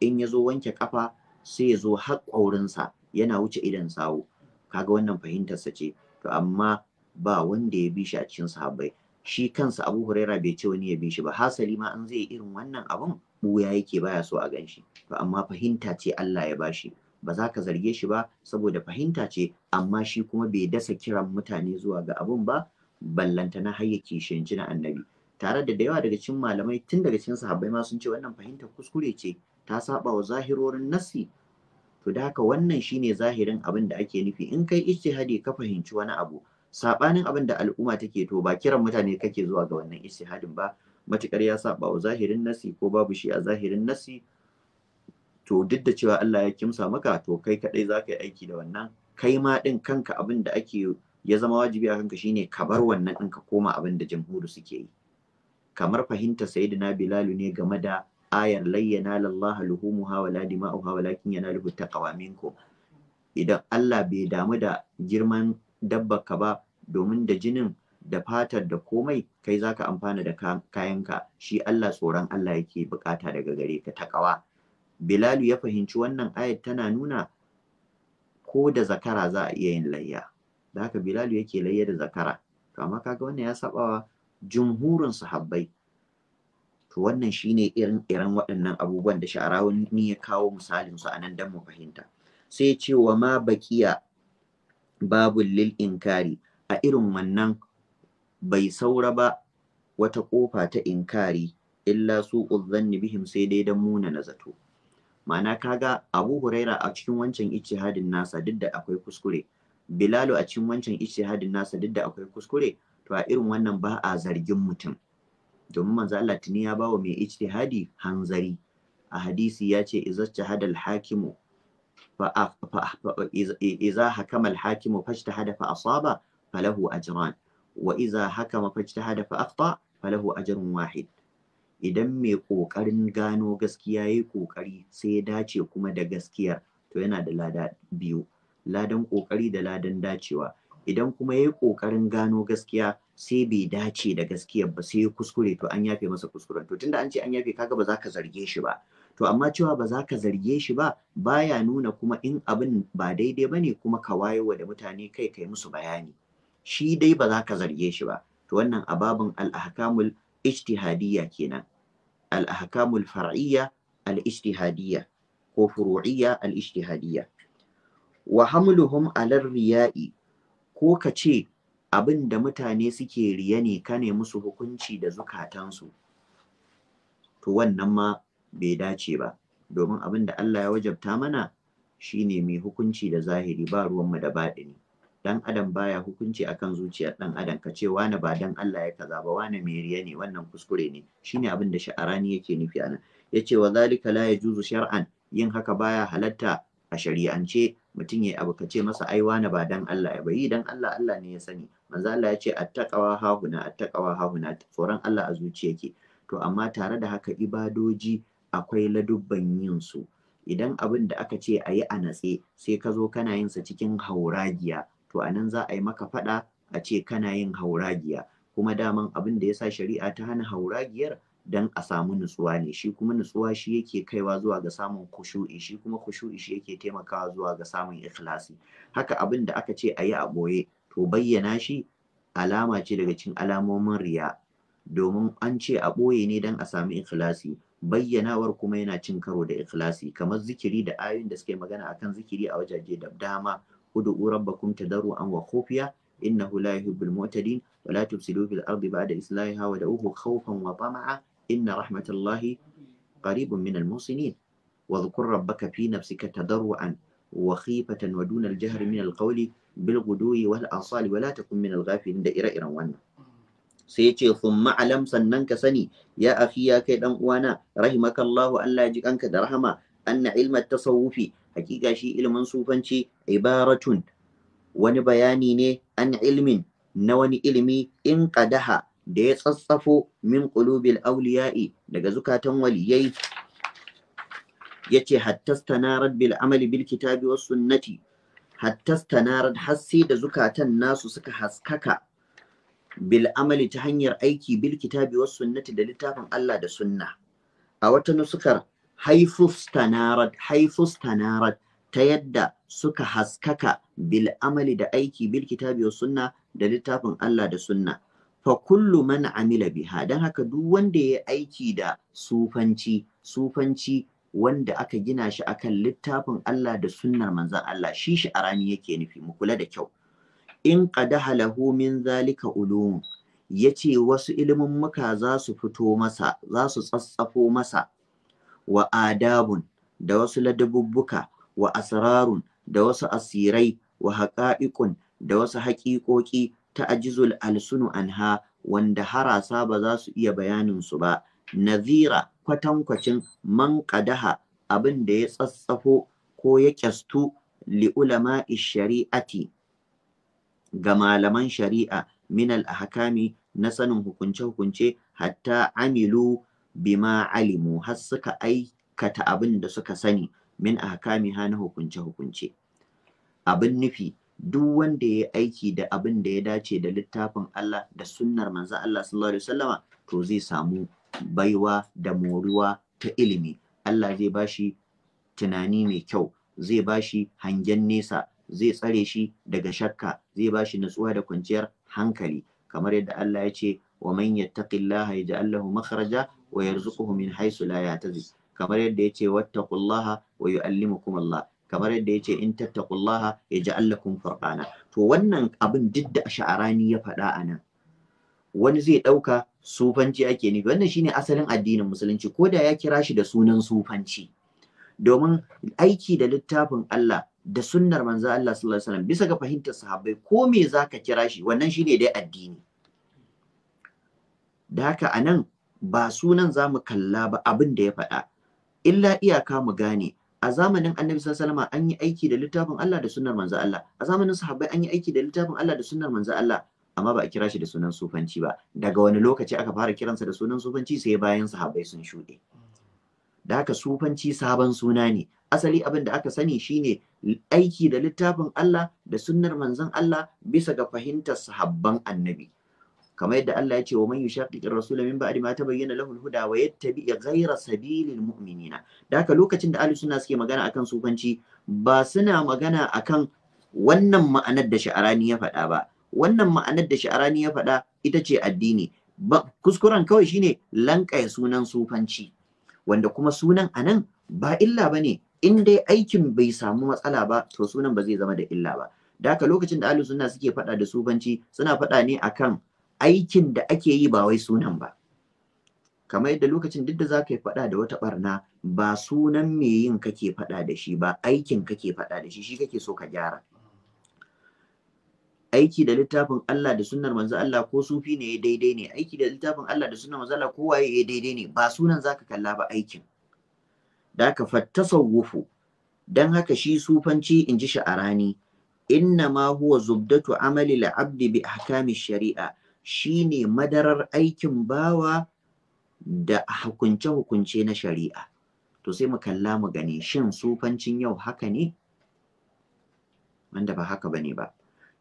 in ya zo wanke kafa sai ya zo har ƙaurinsa yana wuce idan sawu kaga wannan fahimtarsa ce to amma ba wanda ya bi shi a cikin sahabbai shi kansa abu huraira bai ce wani ya bi shi ba hasali ma an zai irin wannan abun buya yake baya so a ganshi. shi to amma fahimta ce Allah ya bashi ba za ka zarge shi ba saboda fahimta ce amma shi kuma bai dasa kiran mutane zuwa ga abun ba ballanta na hayyaki shinjina annabi tare da da yawa daga cikin malamai tun daga cikin sahabbai ma sun ce wannan fahimta kuskure ce ta saba wa zahirorin nasi? to da haka wannan shine zahirin abin da ake nufi in kai ijtihadi ka fahimci wani abu sabanin abin da al'umma take to ba kiran mutane kake zuwa ga wannan ijtihadin ba matukar ya saba wa zahirin nasi ko babu shi a zahirin nasi to duk da cewa Allah ya kimsa maka to kai kadai zaka yi aiki da wannan kai ma din kanka abin da ake ya zama wajibi a kanka shine ka bar wannan din ka koma abin da jamhuri suke yi kamar fahimta sayyidina bilalu ne game da ayar layyana lallaha luhumuha wala dima'uha walakin yanaluhu taqwa minkum idan Allah bai damu da girman ka ba domin da jinin da fatar da komai kai zaka amfana da kayanka shi Allah tsoron Allah yake bukata daga gare ka kawa. Bilalu ya fahimci wannan ayar tana nuna ko da zakara za a iya yin layya da haka Bilalu yake layya da zakara to amma kaga wannan ya sabawa jumhurin sahabbai to wannan shine irin irin waɗannan abubuwan da sha'arawun ni ya kawo misalin su anan dan mu fahimta sai ce wa ma bakiya babu lil inkari a irin wannan bai saura ba wata kofa ta inkari illa su uzzanni bihim sai dai dan muna na zato ma'ana kaga abu huraira a cikin wancan ijtihadin nasa duk da akwai kuskure bilalu a cikin wancan ijtihadin nasa duk da akwai kuskure to a irin wannan ba a zargin mutum domin manzo Allah tuni ya bawa mai ijtihadi hanzari a hadisi ya ce idza jahada al-hakimu fa hakamal hakama al-hakimu fa asaba falahu ajran wa iza hakama fajtahada fa akhta falahu ajrun wahid idan mai kokarin gano gaskiya yayi kokari sai ya dace kuma da gaskiya to yana da lada biyu ladan kokari da ladan dacewa idan kuma ya yi ƙoƙarin gano gaskiya sai bai dace da gaskiyar ba sai ya kuskure to an yafe masa kuskuren to tunda an ce an yafe kaga ba za ka zarge shi ba to amma cewa ba za ka zarge shi ba baya nuna kuma in abin ba daidai ba ne kuma ka wayewa da mutane kai kai musu bayani shi dai ba za ka zarge shi ba to wannan ababin al-ahkamul ijtihadiyya kenan al-ahkamul far'iyya al-ijtihadiyya ko furu'iyya al-ijtihadiyya wa hamluhum ala riya'i ko ka ce abin da mutane suke riya ne ka ne musu hukunci da zukatansu to wannan ma bai dace ba domin abin da Allah ya wajabta mana shine mai hukunci da zahiri ba ruwanmu da baɗini Ɗan adam baya hukunci akan zuciyar ɗan adam ka ce wani ba dan Allah ya kaza ba wani mai riya ne wannan kuskure ne shine abin da sha'arani yake nufi anan yace wa zalika la juzu shar'an yin haka baya halatta a shari'ance mutum ya abu ka ce masa ai wani ba dan Allah ya bayi dan Allah Allah ne ya sani manzo Allah ya ce attaqawa hahuna attaqawa hahuna tsoron Allah a zuciya yake to amma tare da haka ibadoji akwai ladubban yin su idan abin da aka ce a yi a natse sai ka zo kana yin sa cikin hauragiya to anan za a yi maka fada a ce kana yin hauragiya kuma daman abin da yasa shari'a ta hana hauragiyar don a samu nutsuwa ne shi kuma nutsuwa shi yake kaiwa zuwa ga samun kushu'i shi kuma kushu'i shi yake taimakawa zuwa ga samun ikhlasi haka abin da aka ce a yi a ɓoye to bayyana shi alama ce daga cikin alamomin riya domin an ce a ɓoye ne don a samu ikhlasi bayyanawar kuma yana cin karo da ikhlasi kamar zikiri da ayoyin da suke magana akan zikiri a wajaje da dama ud'u rabbakum an wa khufiya innahu la yuhibbul mu'tadin wala la tufsidu fil ardi ba'da islahiha wa da'uhu khawfan wa tama'a إن رحمة الله قريب من المحسنين واذكر ربك في نفسك تضرعا وخيفة ودون الجهر من القول بالغدو والأصال ولا تكن من الغافلين دائرة إروان سيتي ثم علم سننك سني يا أخي يا كيد أموانا رحمك الله أن لا يجيك أنك درحمة أن علم التصوف حقيقة شيء علم صوفانشي عبارة ونبياني عن علم نواني علمي إن قدها da ya tsatsafo min ƙulubil auliya'i daga zukatan waliyai ya ce yace hattastanarat bil amali bil kitabi was sunnati hattastanarat hassi da zukatan nasu suka haskaka bil amali ta hanyar aiki bil kitabi was sunnati da littafin Allah da sunna a wata nusukar haifustanarat haifustanarat ta yadda suka haskaka bil amali da aiki bil kitabi wa sunna da littafin Allah da sunna fa kullu man amila biha dan haka duk wanda ya aiki da sufanci sufanci wanda aka gina shi akan littafin Allah da sunnar manzon Allah shi shi arani yake nufi mu kula da kyau in qadaha lahu min zalika ulum yace wasu ilimin muka za su fito masa za su tsatsafo masa wa adabun da wasu ladabubbuka wa asrarun da wasu asirai wa haƙa'iƙun da wasu haƙiƙoƙi ta'jizul alsunu anha wanda harasa ba za su iya bayanin su ba nazira kwatankwacin man qadaha abin da ya tsatsafo ko ya kyastu li ulama shari'ati ga malaman shari'a min al ahkami na sanin hukunce-hukunce hatta amilu bima alimu har suka aikata abin da suka sani min ha na hukunce-hukunce abin nufi duk wanda ya aiki da abin da ya dace da littafin Allah da sunnar manzo Allah sallallahu alaihi wasallama to zai samu baiwa da moruwa ta ilimi Allah zai bashi tunani mai kyau zai bashi hangen nesa zai tsare shi daga shakka zai bashi natsuwa da kwanciyar hankali kamar yadda Allah ya ce wa man yattaqillaha yaj'al lahu makhraja wa yarzuquhu min haythu la kamar yadda ya ce wattaqullaha wa yu'allimukum Allah kamar yadda ya ce in ya ji lakum furqana to wannan abin duk da sha'arani ya faɗa a nan wani zai ɗauka sufanci ake nufi wannan shine asalin addinin musulunci ko da ya kira shi da sunan sufanci domin aiki da littafin Allah da sunnar manzo Allah sallallahu alaihi wasallam bisa ga fahimtar sahabbai ko me zaka kira shi wannan shine dai addini da haka anan ba sunan zamu kalla ba abin da ya faɗa illa iyaka mu gane a zamanin annabi sallallahu an yi aiki da littafin Allah da sunnar manzo Allah a zamanin sahabbai an yi aiki da littafin Allah da sunnar manzo Allah amma ba a kira shi da sunan sufanci ba daga wani lokaci aka fara kiransa da sunan sufanci sai bayan sahabbai sun shuɗe da haka sufanci sabon suna ne asali abin da aka sani shine aiki da littafin Allah da sunnar manzon Allah bisa ga fahimtar sahabban annabi kamar yadda Allah ya ce wa man yushaqiqir rasula min ba'di ma tabayyana lahu al-huda wa yattabi ghayra sabilil mu'minina da haka lokacin da ahlus sunna suke magana akan sufanci ba suna magana akan wannan ma'anar da sha'arani ya faɗa ba wannan ma'anar da sha'arani ya faɗa ita ce addini kuskuren kawai shine lankaya sunan sufanci wanda kuma sunan anan ba illa bane in dai aikin bai samu matsala ba to sunan ba zai zama da illa ba da haka lokacin da ahlus sunna suke faɗa da sufanci suna faɗa ne akan aikin da ake yi ba wai sunan ba kamar yadda lokacin duk da za ka yi faɗa da wata ɓarna ba sunan me yin kake faɗa da shi ba aikin kake faɗa da shi shi kake so ka gyara aiki da littafin Allah da sunnar manzo Allah ko sufi ne daidai ne aiki da littafin Allah da sunnar manzo Allah ko waye ya daidai ne ba sunan zaka kalla ba aikin da ka fattasawufu dan haka shi sufanci in ji sha'arani inna ma huwa zubdatu amali al-abdi bi ahkami shari'a shine madarar aikin bawa da hukunce-hukunce na shari'a to sai mu kalla mu gani shin sufancin yau haka ne wanda ba haka bane ba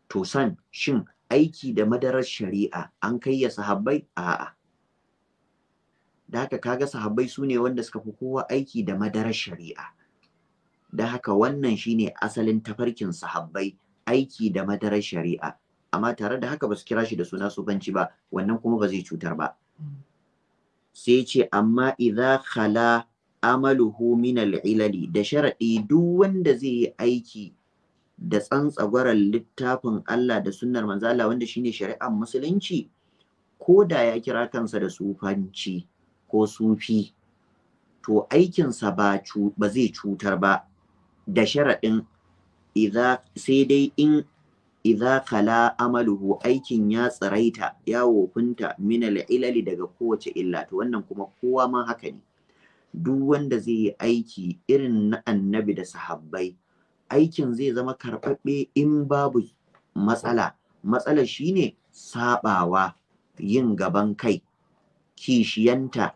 to san shin aiki da madarar shari'a an kai ya sahabbai a'a da haka kaga sahabbai su ne wanda suka fi kowa aiki da madarar shari'a da haka wannan shine asalin tafarkin sahabbai aiki da madarar shari'a amma tare da haka ba su kira shi da suna sufanci ba wannan kuma ba zai cutar ba hmm. sai ce amma idza khala amaluhu min al-ilali da sharadi duk wanda zai yi aiki da tsantsagwaran littafin Allah da sunnar manzala wanda shine shari'ar musulunci ko da ya kira kansa da sufanci ko sufi to aikinsa ba ba zai cutar ba da sharaɗin sai dai in idza kala amaluhu aikin ya tsiraita, ya wofinta min ilali daga kowace illa to wannan kuma kowa ma haka ne duk wanda zai yi aiki irin na annabi da sahabbai aikin zai zama karɓaɓɓe in babu matsala matsala shine sabawa yin gaban kai kishiyanta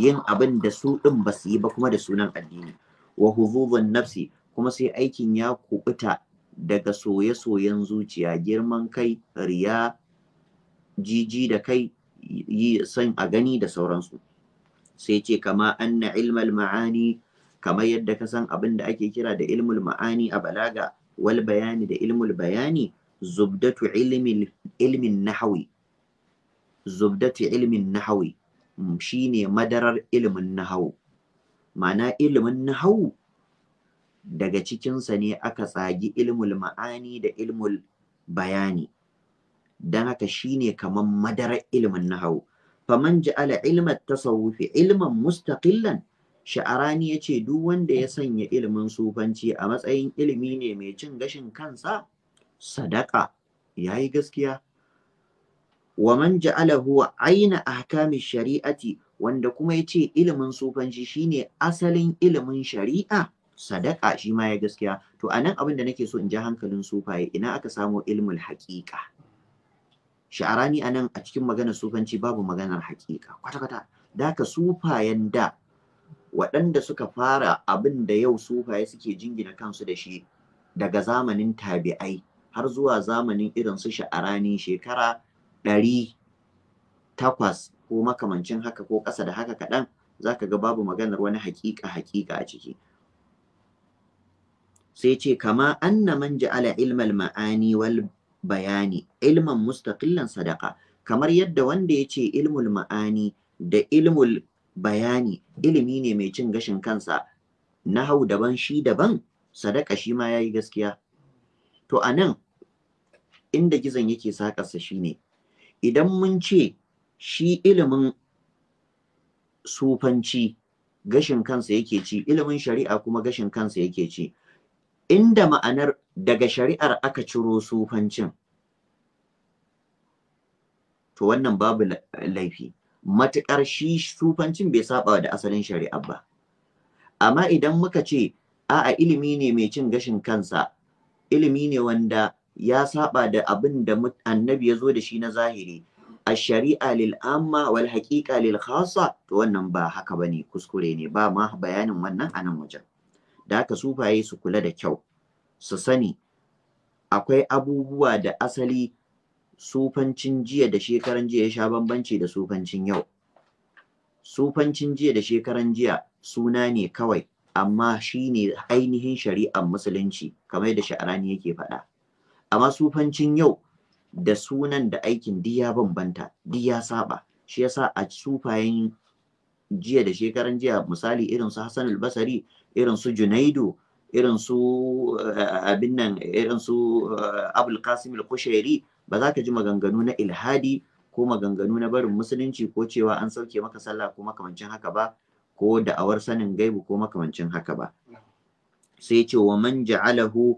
yin abin da su ɗin ba su yi ba kuma da sunan addini wa huzuzun nafsi kuma sai aikin ya kubuta daga soye-soyen zuciya girman kai riya jiji da kai yi san a gani da sauransu sai ce kama anna ilmal ma'ani kamar yadda ka san abin da ake kira da ilmul ma'ani a balaga wal bayani da ilmul bayani zubdatu ilmin nahawi zubdatu ilmin nahawi shine madarar ilmin nahawu ma'ana ilmin nahawu daga cikinsa ne aka tsagi ilmul ma'ani da ilmul bayani don haka shine kamar madarar ilmin nahawu faman ja'ala ilmat tasawufi ilman mustaqillan sha'arani ya ce duk wanda ya sanya ilmin sufanci a matsayin ilimi ne mai cin gashin kansa sadaka yayi gaskiya wa man huwa aina ahkami shari'ati wanda kuma ya ce ilimin sufanci shine asalin ilmin shari'a sadaka shi ma ya gaskiya to a nan abin da nake so in ji hankalin sufaye ina aka samo ilmul haƙiƙa sha'arani a nan a cikin maganar sufanci babu maganar haƙiƙa kwata-kwata da ka sufayen da waɗanda suka fara abin da yau sufaye suke jingina kansu da shi daga zamanin tabi'ai har zuwa zamanin irin su sha'arani shekara ɗari takwas ko makamancin haka ko ƙasa da haka kaɗan za ka ga babu maganar wani haƙiƙa haƙiƙa a ciki sai ce kama anna man ja'ala ilmal ma'ani wal bayani ilman mustaqillan sadaka kamar yadda wanda ya ce ilmul ma'ani da ilmul bayani ilimi ne mai cin gashin kansa na hau daban shi daban sadaka shi ma yayi gaskiya to anan inda gizon yake sakarsa shine idan mun ce shi ilimin sufanci gashin kansa yake ci ilimin shari'a kuma gashin kansa yake ci inda ma'anar daga shari'ar aka ciro sufancin to wannan babu laifi matuƙar shi sufancin bai saba da asalin shari'a ba amma idan muka ce a'a ilimi ne mai cin gashin kansa ilimi ne wanda ya saɓa da abin da annabi ya zo da shi na zahiri a shari'a lil amma wal haƙiƙa lil khasa to wannan ba haka bane kuskure ne ba ma bayanin wannan a nan wajen da haka sufaye su kula da kyau su sani akwai abubuwa da asali sufancin jiya da shekaran jiya ya sha bambanci da sufancin yau sufancin jiya da shekaran jiya suna ne kawai amma shi ne ainihin shari'ar musulunci kamar yadda sha'arani yake faɗa amma sufancin yau da sunan da aikin diya bambanta diya saba shi yasa a sufayen jiya da shekaran jiya misali irin su Hassan al-Basri irin su junaidu irin su eh, abin nan irin su eh, abul qasim kushairi ba za ka ji maganganu na ilhadi ko maganganu na barin musulunci ko cewa an sauke maka sallah ko makamancin haka ba ko da'awar sanin gaibu ko makamancin haka ba sai ce wa man ja'alahu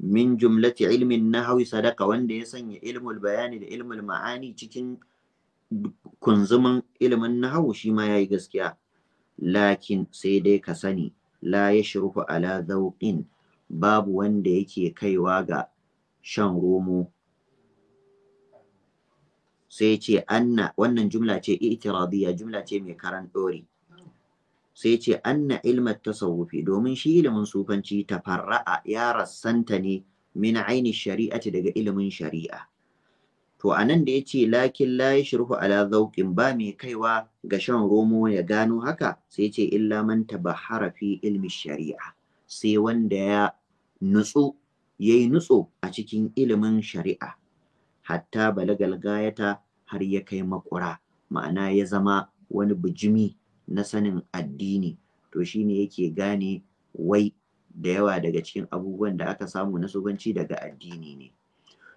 min jumlati ilmin nahawi sadaka wanda ya sanya ilmul bayani da ilmul ma'ani cikin kunzuman ilimin nahawu shi ma yayi gaskiya lakin sai dai ka sani la ya yashruhu ala zauƙin babu wanda yake kaiwa ga shan romo sai ce anna wannan jumla ce itiradiyya jumla ce mai karan dori sai ce anna ilmat tasawufi domin shi ilimin sufanci tafarra'a ya rassanta ne min aini shari'ati daga ilimin shari'a To a nan da ya ce lakin la shirhu ala zauƙin ba mai kaiwa ga shan romo ya gano haka sai ce illa manta tabahara fi ilmi shari'a sai wanda ya nutsu ya yi nutso a cikin ilimin shari'a hatta balagal gayata har ya kai makura ma'ana ya zama wani bujimi na sanin addini to shine yake gane wai da yawa daga cikin abubuwan da aka samu na subanci daga addini ne.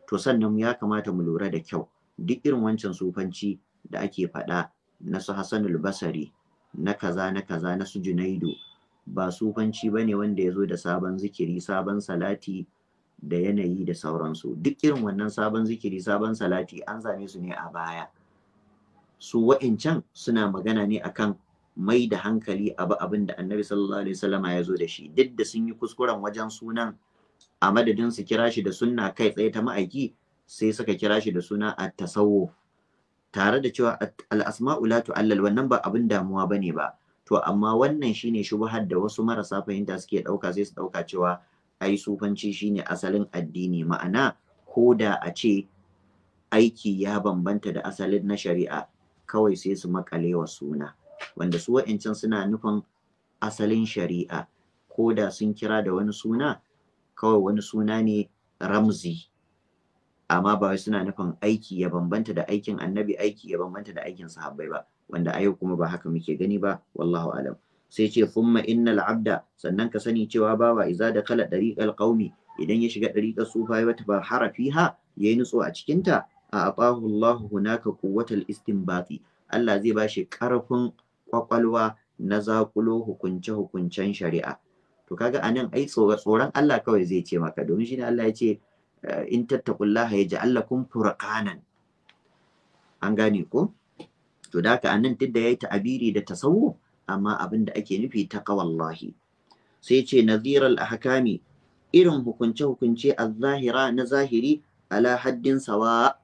to sannan ya kamata mu lura da kyau duk irin wancan sufanci da ake faɗa na su Hassanul Basari na kaza na kaza na su Junaidu ba sufanci ba ne wanda ya zo da sabon zikiri sabon salati da yanayi da sauransu duk irin wannan sabon zikiri sabon salati an same su ne a baya su wa'incan suna magana ne akan mai da hankali abu abin da annabi sallallahu alaihi wasallama ya zo da shi duk da sun yi kuskuren wajen sunan a madadin su kira shi da sunna kai tsaye ta ma'aiki sai suka kira shi da suna a tasawo. tare da cewa al-asma'u la tu'allal wannan ba abin damuwa bane ba to amma wannan shine shubhar da wasu marasa fahimta suke dauka sai su dauka cewa ai sufanci shine asalin addini ma'ana ko da a ce aiki ya bambanta da asalin na shari'a kawai sai su makale wa suna wanda su wa'incan suna nufin asalin shari'a ko da sun kira da wani suna kawai wani suna ne ramzi amma ba wai suna nufin aiki ya bambanta da aikin annabi aiki ya bambanta da aikin sahabbai ba wanda a yau kuma ba haka muke gani ba wallahu alam sai ce thumma innal abda sannan ka sani cewa bawa iza da kala dariqal qaumi idan ya shiga dariqar sufai wata ba harafiha yayi nutso a cikin ta a atahu Allahu hunaka quwwatal istinbati Allah zai bashi karfin kwakwalwa na zakulo hukunce hukuncen shari'a to kaga anan ai tsoron Allah kawai zai ce maka domin ne Allah ya ce eh, in tattaqullaha yaj'al lakum furqanan an gane ko to da anan duk da yayi ta'abiri da tasawu amma abin da ake nufi ta taqwallahi sai ce nadhiral ahkami irin hukunce-hukunce a zahira na zahiri ala haddin sawa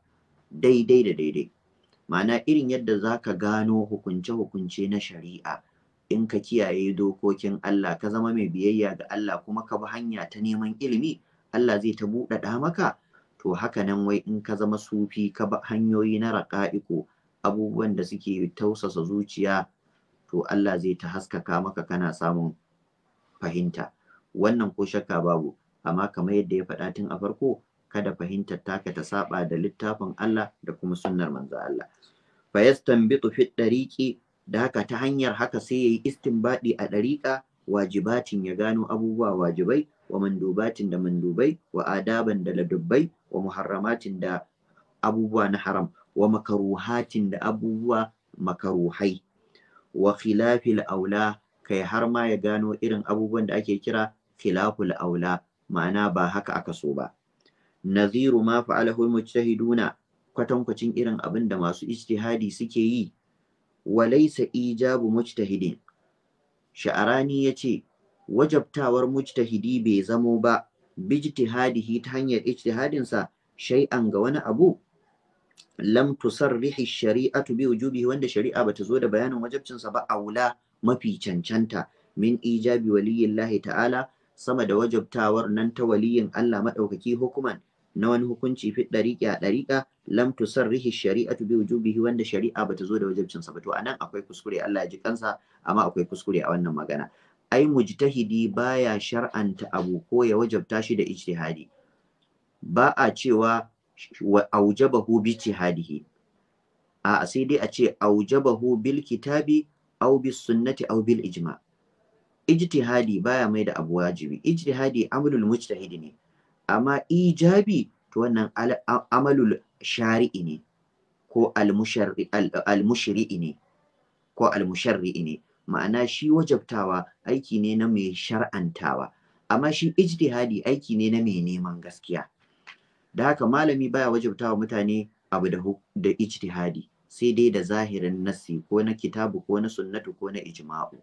daidai da daidai ma'ana irin yadda za ka gano hukunce-hukunce na shari'a in ka kiyaye dokokin Allah ka zama mai biyayya ga Allah kuma ka bi hanya ta neman ilimi Allah zai ta buɗaɗa maka to haka nan wai in ka zama sufi ka bi hanyoyi na raƙa'iku abubuwan da suke tausasa zuciya to Allah zai ta haskaka maka kana samun fahimta wannan ko shakka babu amma kamar yadda ya faɗa tun a farko kada fahimtar taka ta saba da littafin Allah da kuma sunnar manzo Allah fa yastanbitu fi dariqi da haka ta hanyar haka sai ya yi istinbadi a ɗariƙa wajibatin ya gano abubuwa wajibai wa mandubatin da mandubai wa adaban da ladubbai wa muharramatin da abubuwa na haram wa makaruhatin da abubuwa makaruhai wa khilafil aula kai har ma ya gano irin abubuwan da ake kira khilaful aula ma'ana ba haka aka so ba naziru ma fa'alahu mujtahiduna kwatankwacin irin abin da masu ijtihadi suke yi walaysa ijabu mujtahidin sha'arani yace wajabtawar mujtahidi bai zamo ba bijtihadihi ta hanyar ijtihadinsa shay'an ga wani abu lam tusarrihi shari'atu bi wujubi wanda shari'a bata zo da bayanin wajabcinsa ba aula mafi cancanta min ijabi waliyillahi ta'ala sama da wajabtawar nan ta waliyin Allah maɗaukaki hukuman na wani hukunci fi ɗariƙi a ɗariƙa lam tusarrihi shari'atu bi wujubihi wanda shari'a bata zo da wajibcin sa ba to anan akwai kuskure Allah ya ji kansa amma akwai kuskure a wannan magana ai mujtahidi baya shar'anta abu ko ya wajabta shi da ijtihadi ba a cewa aujabahu bi ijtihadihi a sai dai a ce aujabahu bil kitabi aw bis sunnati aw bil ijma ijtihadi baya mai da abu wajibi ijtihadi amrul mujtahidi ne amma ijabi to wannan amalul shari'i ne ko almushri'i ne ko almusharri'i ne ma'ana shi wajabtawa aiki ne na mai shar'antawa amma shi ijtihadi aiki ne na mai neman gaskiya da haka malami baya wajabtawa mutane abu da da ijtihadi sai dai da zahirin nassi ko na kitabu ko na sunnatu ko na ijma'u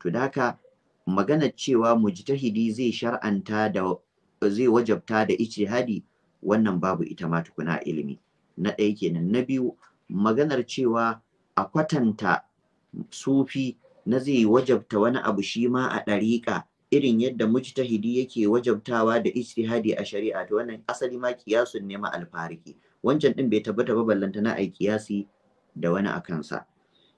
to da haka maganar cewa mujtahidi zai shar'anta da zai wajabta da hadi. wannan babu ita ma tukuna ilimi na ɗaya kenan na biyu maganar cewa a kwatanta sufi na zai wajabta wani abu shi ma a ɗariƙa irin yadda mujtahidi yake wajabtawa da ijtihadi a shari'a to wannan asali ma kiyasun ne ma alfariki wancan ɗin bai tabbata ba ballanta na ai kiyasi da wani a kansa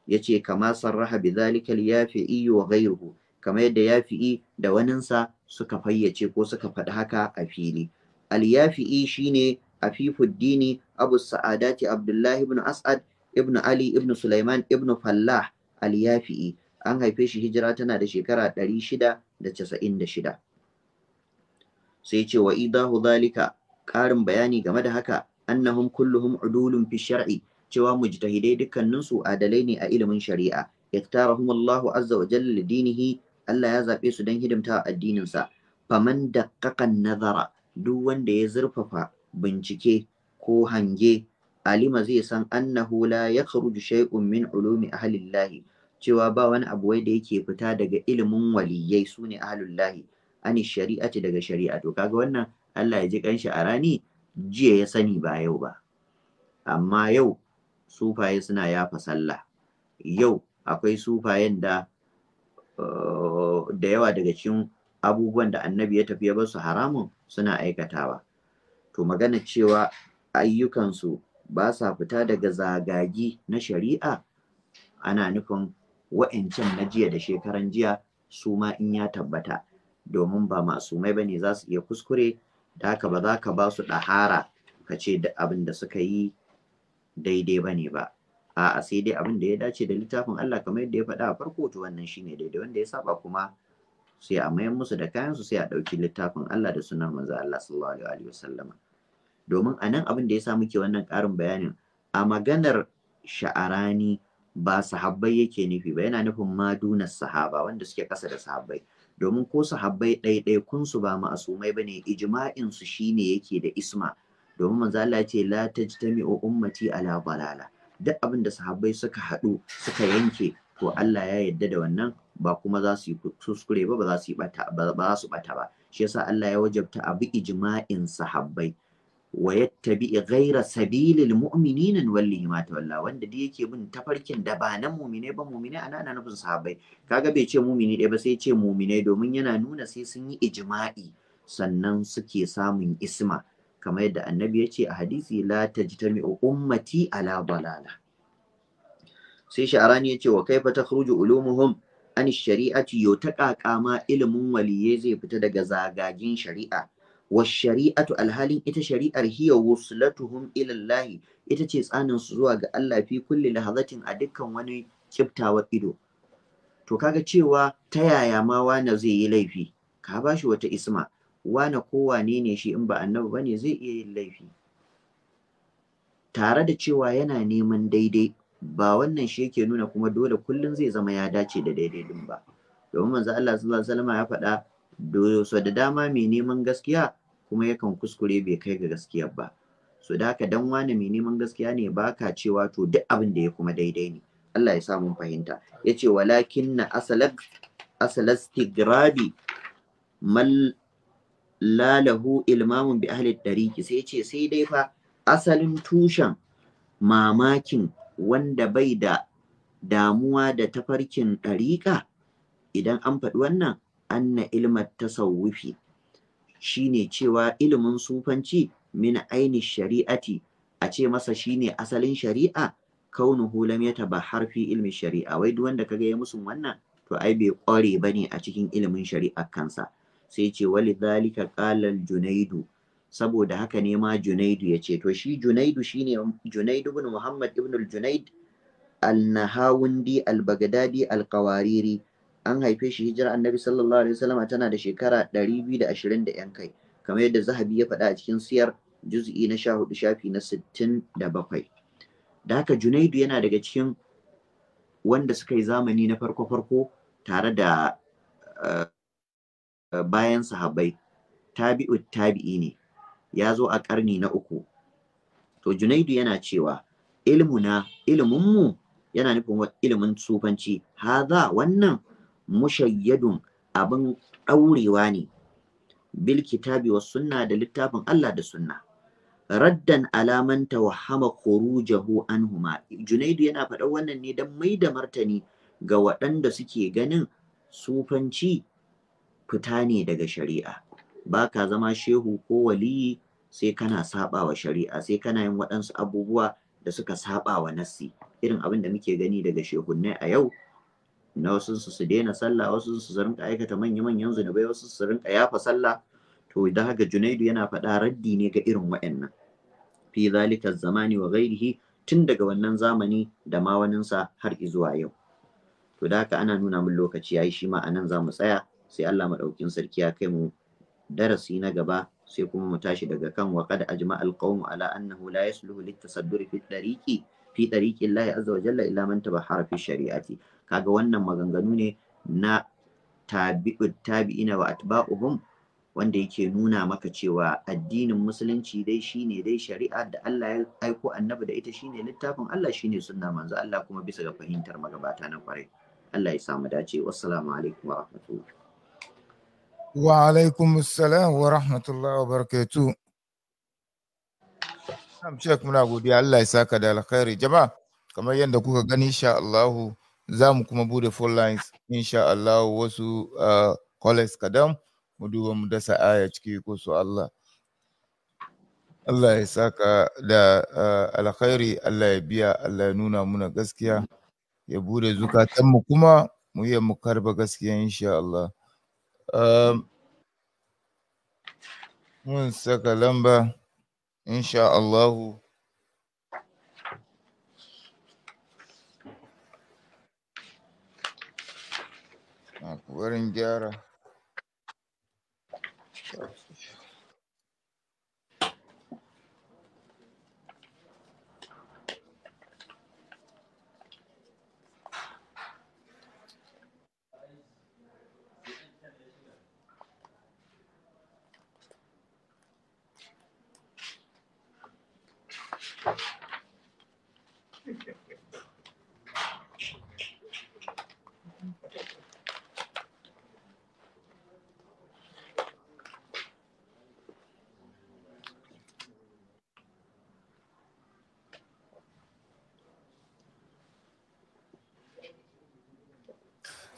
yace kama sarraha bi zalika liyafi'i wa ghayruhu kamar yadda yafi'i da waninsa suka fayyace ko suka faɗi haka a fili al-yafi'i shine afifuddini abu sa'adati abdullahi ibn as'ad ibn ali ibn sulaiman ibn fallah al an haife shi hijira tana da shekara ɗari shida da casa'in 696 sai ce wa idahu zalika ƙarin bayani game da haka An annahum kulluhum udulun fi shar'i cewa mujtahidai dukkaninsu adalai ne a ilimin shari'a yaktarahum Allahu azza wa jalla dinihi Allah ya zaɓe su don hidimta addininsa faman da kakan nazara duk wanda ya zurfafa bincike ko hange alima zai san annahu la ya kharuju shay'un min ulumi ahlillahi cewa ba wani abu wai da yake fita daga ilimin waliyyai sune ahlullahi ani shari'ati daga shari'a to kaga wannan Allah ya ji kanshi a rani jiya ya sani ba yau ba amma yau sufaye suna yafa sallah yau akwai sufayen da da yawa daga cikin abubuwan da annabi ya tafi ya basu haramun suna aikatawa to magana cewa ayyukansu ba sa fita daga zagagi na shari'a ana nufin wa'ancan na jiya da shekaran jiya su ma in ya tabbata domin ba masu ba ne za su iya kuskure da haka ba za ka ba su ɗahara ka ce da abin da suka yi daidai ba ne ba a'a sai dai abin da ya dace da littafin Allah kamar yadda ya faɗa a farko to wannan shine daidai wanda ya saba kuma sai a mayan musu da kayan su sai a ɗauki littafin Allah da sunan manzo Allah sallallahu alaihi wasallama domin a nan abin da ya sa muke wannan ƙarin bayanin a maganar sha'arani ba sahabbai yake nufi ba yana nufin maduna sahaba wanda suke kasa da sahabbai domin ko sahabbai kun su ba ma'asumai bane ijma'in su shine yake da isma domin manzo Allah ya ce la tajtami ummati ala balala duk abin da sahabbai suka haɗu suka yanke to Allah ya yarda da wannan ba kuma za su yi kuskure ba ba za su bata ba za su bata ba shi yasa Allah ya wajabta abu ijma'in sahabbai wa yattabi ghaira sabilil mu'minin wallahi ma tawalla wanda dai yake bin tafarkin da ba na mu'mine ba mu'mine ana ana nufin sahabbai kaga bai ce mu'mini dai ba sai ce mu'mine domin yana nuna sai sun yi ijma'i sannan suke samun isma kamar yadda annabi ya ce a hadisi la tajtami'u ummati ala balala sai sha'arani ya ce wa kaifa takhruju ulumuhum an shari'ati yau ta kakama ilimin waliyyai zai fita daga zagagin shari'a wa shari'atu alhalin ita shari'ar hiya wuslatuhum ila Allah ita ce tsanin su zuwa ga Allah fi kulli lahazatin a dukkan wani kiftawa ido to kaga cewa ta yaya ma wani zai yi laifi ka bashi wata isma wane ko wane ne shi in ba annabi ne zai iya yin laifi tare da cewa yana neman daidai ba wannan shi yake nuna kuma dole kullum zai zama ya dace da daidai din ba domin manzo Allah sallallahu alaihi wasallam ya faɗa doso da dama mai neman gaskiya kuma yakan kuskure bai kai ga gaskiyar ba so da haka dan wane mai neman gaskiya ne baka cewa to duk abin da ya kuma daidai ne Allah ya samu mun fahimta yace walakin na asalak asalastigrabi mal lalahu ilmamin ilmamun bi ahli dariki sai ce sai dai fa asalin tushen mamakin wanda bai da damuwa da tafarkin ɗariƙa idan an faɗi wannan anna ilmat tasawufi shine cewa ilmin sufanci min aini shari'ati a ce masa shine asalin shari'a hulam ya taba harfi ilmin shari'a wai duk wanda kaga ya musun wannan to ai bai kware bane a cikin ilimin shari'a kansa sai ce wali zalika qalal junaidu saboda haka ne ma junaidu ya ce to shi junaidu shine junaidu ibn muhammad ibn al-junaid al-nahawundi al-bagdadi al-qawariri an haife shi hijira annabi sallallahu alaihi wasallam tana da shekara 220 yan kai kamar yadda zahabi ya faɗa a cikin siyar juz'i na 14 shafi na 67 da haka junaidu yana daga cikin wanda suka yi zamani na farko-farko tare da eh, bayan sahabbai tabi'u tabi'i ne ya zo a ƙarni na uku to junaidu yana cewa ilmuna ilminmu yana nufin ilimin sufanci haza wannan mushayyadun abin ɗaurewa ne bil kitabi wa sunna da littafin Allah da sunna raddan alaman tawahama khurujahu anhuma junaidu yana faɗa wannan ne don mai da martani ga waɗanda suke ganin sufanci fita ne daga shari'a ba ka zama shehu ko waliyi sai kana saba wa shari'a sai kana yin waɗansu abubuwa da suka saba wa nassi irin abin da muke gani daga shehunnai a yau na wasu su su daina sallah wasu su su rinka aikata manya manyan zunubai wasu su rinka yafa sallah to idan haka Junaidu yana faɗa raddi ne ga irin waɗannan fi zalika zamani wa ghairihi tun daga wannan zamani da ma waninsa har izuwa yau to da haka ana nuna min lokaci yayi shi ma anan zamu tsaya sai Allah maɗaukin sarki ya kai mu darasi na gaba sai kuma mu tashi daga kan wa qad ajma al qawm ala annahu la yasluhu lit tasadduri fi tariqi fi tariqi Allah azza wa jalla illa man tabahhara fi shari'ati kaga wannan maganganu ne na tabi'u tabi'ina wa atba'uhum wanda yake nuna maka cewa addinin musulunci dai shine dai shari'a da Allah ya aiko annabi da ita shine littafin Allah shine sunna manzo Allah kuma bisa ga fahimtar magabata na kwarai Allah ya samu dace wassalamu alaikum wa rahmatullah Wa alaikum salam wa rahmatullahi wa barakatu. Sam Sheikh muna godiya Allah ya saka da alkhairi. Jama'a kamar yadda kuka gani insha Allah za mu kuma bude full lines insha Allah wasu ah, college kadam mu duba mu dasa aya ciki ko su Allah. Allah ya saka da ah, alkhairi Allah ya biya Allah ya nuna muna gaskiya ya bude zukatanmu kuma mu yi mu karba gaskiya insha Allah. Ehm, mun saka lamba insha Allahu barin gyara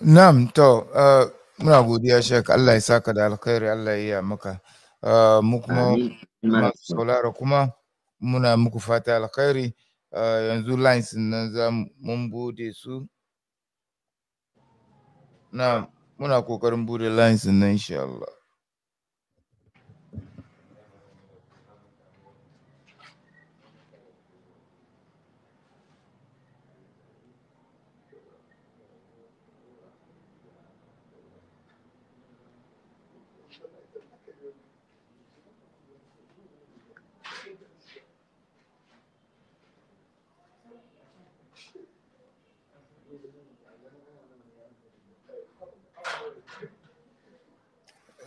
Nam to, uh, muna godiya shek Allah ya saka da alkhairi, Allah ya yi maka. Uh, mu kuma masu saurara kuma muna muku fata alkhairi ah, yanzu lines nan za mu bude su na muna kokarin bude lines nan insha Allah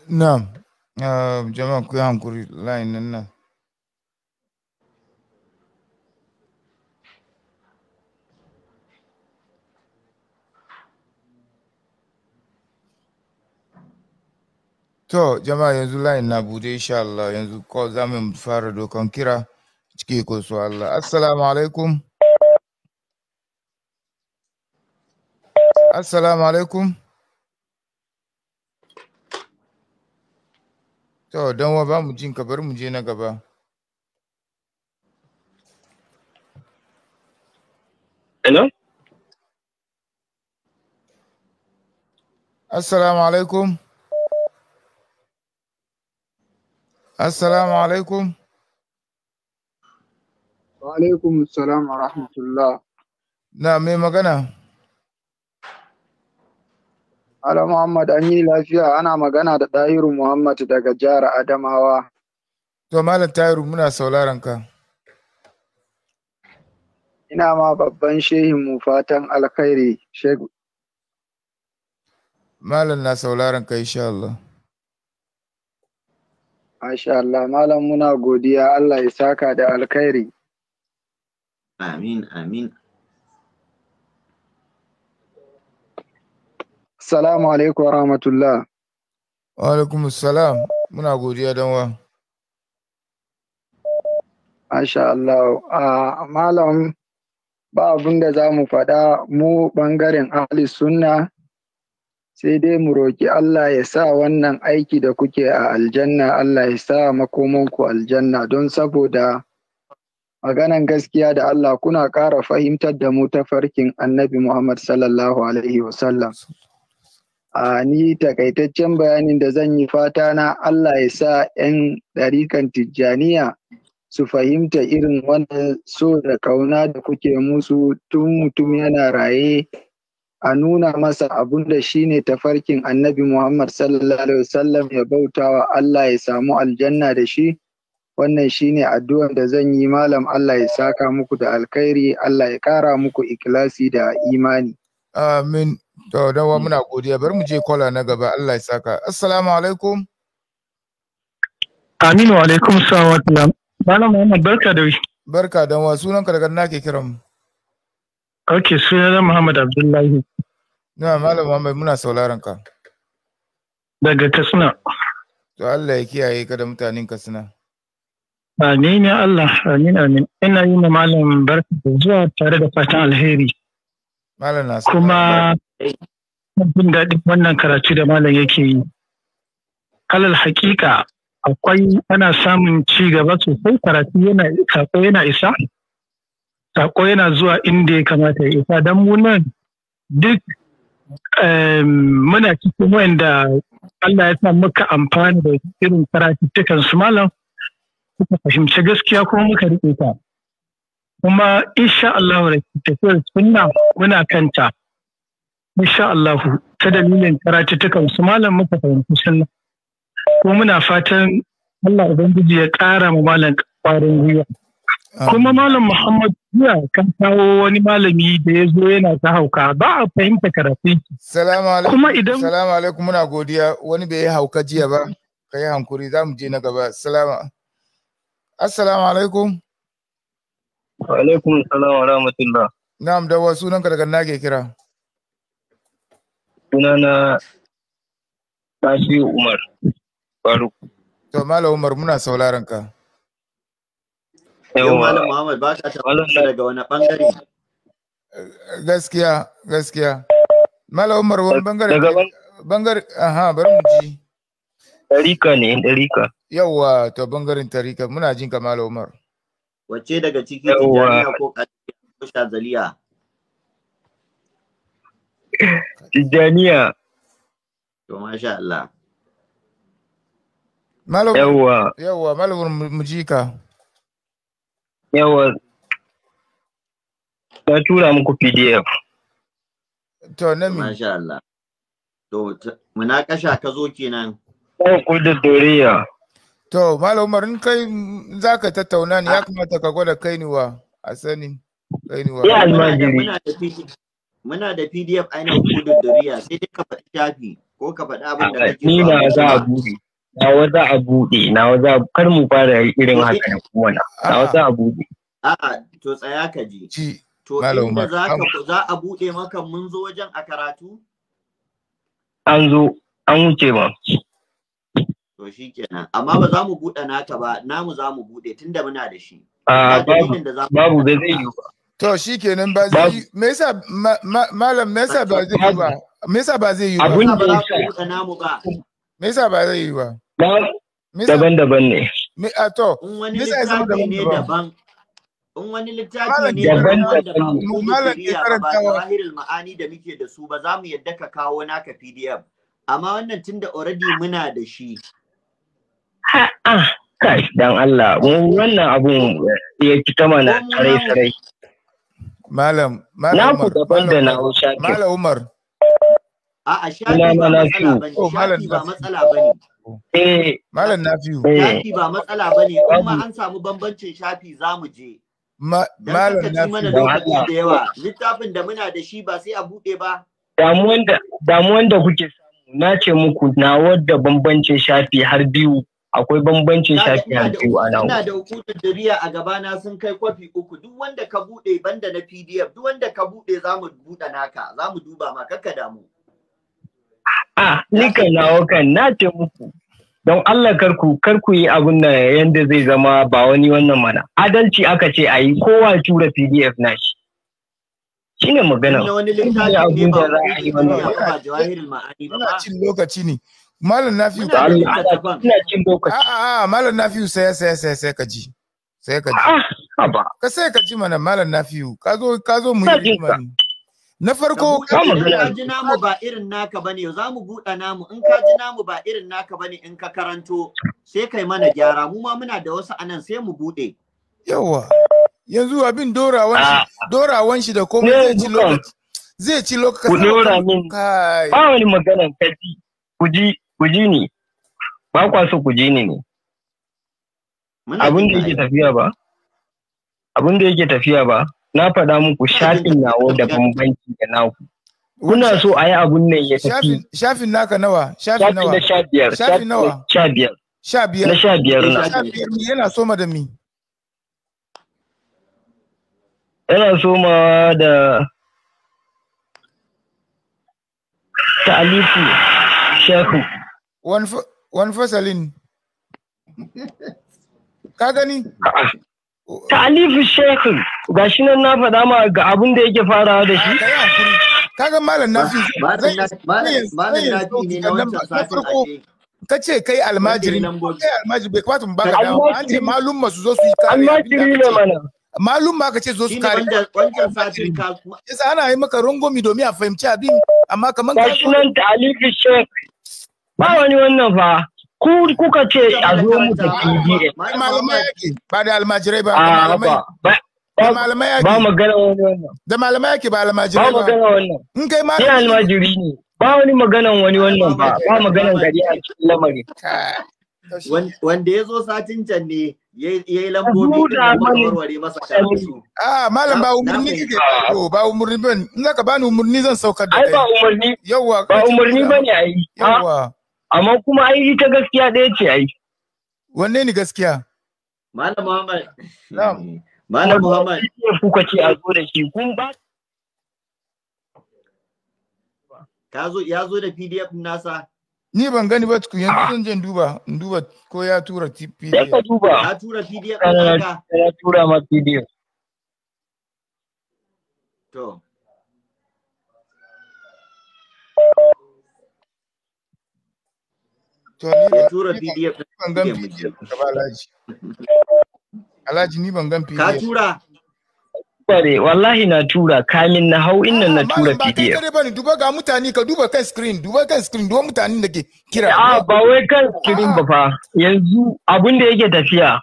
Na'am, ah, jama'a ku yi hankuri layin nan na. To, jama'a yanzu layin na bude insha Allah yanzu ko za mu fara dokan kira cike ko su Allah. Assalamu alaikum. Assalamu alaikum. To, don wa ba mu jin ka bar mu je na gaba. Hello? Assalamu alaikum. Assalamu alaikum. Wa alaikum assalam wa rahmatullah. Na mai magana? Ala Muhammad an yi lafiya ana magana da Tahiru Muhammad daga jihar Adamawa. To Malam Tahiru muna sauraron ka. Ina ma babban shehin mu fatan alkhairi Shehu. Malam na sauraron ka insha Allah. Masha Allah, Malam muna godiya Allah ya saka da alkhairi. Amin, amin. Salamu alaikum wa rahmatullah. Wa alaikum salam. Muna godiya don wa. Masha Allah. Uh, malam ba abin da za mu faɗa mu ɓangaren ahli sunna sai dai mu roƙi Allah ya sa wannan aiki da kuke a aljanna Allah ya sa makomanku aljanna don saboda maganan gaskiya da Allah kuna ƙara fahimtar da mu ta farkin annabi Muhammad sallallahu Alaihi wasallam. a ni takaitaccen bayanin da zan yi fata na Allah ya sa 'yan ɗarikan Tijjaniya su fahimta irin wannan so da kauna da kuke musu tun mutum yana raye a nuna masa abun da shi ne tafarkin annabi Muhammad sallallahu Alaihi wasallam ya bautawa Allah ya samu aljanna da shi wannan shi ne addu'an da zan yi malam Allah ya saka muku da alkhairi Allah ya kara muku ikilasi da imani. Amin. To dawa mm. muna godiya bari mu je kwala na gaba Allah ya saka. Assalamu alaikum. Aminu alaikum salam. Malam Muhammad barka da wuri. Barka da wa sunan ka daga nake kiran mu. Ok sunan Muhammad Abdullahi. Na Malam Muhammad muna sauraron ka. Daga Katsina. To Allah ya kiyaye ka da mutanen Katsina. Amin ya Allah, amin amin. Ina yi ma malam barka da zuwa tare da fatan alheri. Malam na Kuma jin daɗin wannan karatu da malam yake yi. Alal haƙiƙa akwai ana samun ci gaba sosai karatu yana sako yana isa, sako yana zuwa inda ya kamata ya isa don mu nan duk muna cikin wanda Allah ya sa muka amfani da irin karatuttukan su malam suka fahimci gaskiya kuma muka riƙe ta. Kuma insha Allah wa tafiyar sunna muna kanta. insha Allah ta dalilin ta kansu malam muka fahimci sunna ko muna fatan Allah ubangiji ya ƙara mu malam ƙwarin gwiwa kuma malam Muhammad jiya kan kawo wani malami da ya zo yana ta hauka ba a fahimta karatu salamu alaikum kuma idan salamu alaikum muna godiya wani bai yi hauka jiya ba kai hankuri za mu je na gaba salama assalamu alaikum wa alaikum salam wa rahmatullah na'am da wasu nan daga nake kira sunana Tashi Umar Faruk. To Malam Umar muna sauraron ka. Yau Malam Muhammad ba ka tafiya daga wani bangare. Gaskiya, gaskiya. Malam Umar wani bangare bangare aha bari mu ji. Tarika ne, tarika. Yawwa, to bangaren tarika muna jin ka Malam Umar. Wace daga ciki jami'a ko kadiriya ko shazaliya? Tijjaniya. To masha Allah. Malum, yawwa yawwa malamin mujika. Yawwa na tura muku PDF. To na mi. Masha Allah. To muna kasha ka zo kenan. Ko ku da doriya. To malam Umar in kai zaka tattauna ne ya kamata ka gwada kai ni wa a sani kai ni wa. Ya almajiri. muna da pdf ainihin kudin duriya sai dai ka faɗi shafi ko ka faɗi abin da kake ni na za a buɗe na waza a buɗe na waza kar mu fara irin haka da kuma na Na waza a buɗe a'a to tsaya ka ji to inda za ka za a buɗe maka mun zo wajen a karatu an zo an wuce ma to shikenan amma ba za mu buɗe naka ba namu za mu buɗe tunda muna da shi babu babu zai yi ba To shi kenan ba zai yi, me yasa malam me yasa ba zai yi ba? Me yasa ba zai yi ba? Abin da ba Me yasa ba zai yi ba? Daban-daban ne. Me a to, me yasa ya zama daban-daban? In wani littafi ne daban-daban ne. Malam ya karanta wa. Zahirul ma'ani da muke da su ba za mu yadda ka kawo naka PDF. Amma wannan tunda already muna da shi. A'a, ah, kai, dan Allah, wannan abun ya ci kama na sarai-sarai. Malam, Malam Umar. Malam Umar. A'a oh, eh. eh. Shakir ba matsala bane. Malam Nafiu. an samu bambancin Malam Nafiu. littafin da muna da a buɗe ba. Damuwan da kuke samu, na ce muku na wadda bambancin shafi har biyu. akwai bambancin shafi hamsin a nan. Ina da hukumar jariya a gabana sun kai kwafi uku duk wanda ka buɗe banda na PDF duk wanda ka buɗe za mu buɗe naka za mu duba ma kakka damu. A ni ka kan na ce muku. Don Allah karku karku yi abun nan yanda zai zama ba wani wannan mana. Adalci aka ce a yi kowa tura PDF nashi. Shi ne magana. Wani littafi ne ba wani ba. lokaci ne. Malam Nafi'u ka ina cin lokaci. A'a Malam Nafi'u sai sai sai sai ka ji. Sai ka ji. Ah, ka sai ka ji mana Malam Nafi'u ka zo ka zo mu yi Na farko ka ji namu ba irin naka bane za mu buɗa namu in ka ji namu ba irin naka bane in ka karanto sai kai mana gyara mu ma muna da wasu anan sai mu buɗe. Yawwa. Yanzu abin dorawan shi ah. dorawan shi da komai zai ci lokaci. Zai ci lokaci. Ku dora min. Ba wani maganan kaji. Ku ji ku ji ni ba kwa so ku ji ni ne abin da yake tafiya ba abin da yake tafiya ba na faɗa muku shafin nawa da bambanci da naku kuna so a yi abun nan ya tafi shafin naka nawa shafin na sha biyar shafin nawa sha biyar sha biyar na sha biyar na yana so ma da mi yana so ma da ta ta'alifu shafin wani fasalin ka gani ta'alifu shekul ga shi nan na faɗa ma ga abin da yake farawa da shi kaga malam nafi ka ce kai almajiri kai almajiri bai kamata mu baka dawo an ce malum masu zo su yi kare almajiri ne mana malum ma ka ce zo su kare yasa ana yi maka rungomi domin a fahimci abin amma kamar ka shi nan ta'alifu shekul ba wani wannan fa ku kuka ce a zo mu da kudi malamai yake ba da almajirai ba ah, malamai malamai yake ba magana wannan da malamai yake ba almajirai ba magana wannan in kai ma ni almajiri ne ba wani maganan wani wannan ba ba maganan gari a cikin lamari wanda ya zo satin can ne ya yi lambobi da warware masa shari'u. Ah, malam ba umarni kike ko ba umarni ban in ka bani umarni zan saukar da kai. Ai ba umarni. Yawwa. Ba umarni bane ai. Yawwa. amma kuma ai ita gaskiya ɗaya ce ai wanne ne gaskiya malam muhammad malam muhammad kuka ce a zo da shi kun ba ya zo da pdf nasa Ni ban gani ba tukun yanzu zan je in duba in duba ko ya tura PDF. Ya duba. Ya tura PDF ɗinka. Ya tura ma PDF. To. ya tura pdf ban gan pdf ba alhaji alhaji ni ban gan pdf ka tura wallahi na tura kamin na hau innan na ah, tura pdf. Ba kai bane duba ga mutane ka duba kan screen duba kan screen duba mutanen da ke kira. A ah, ba wai kan screen ba fa yanzu abin da yake tafiya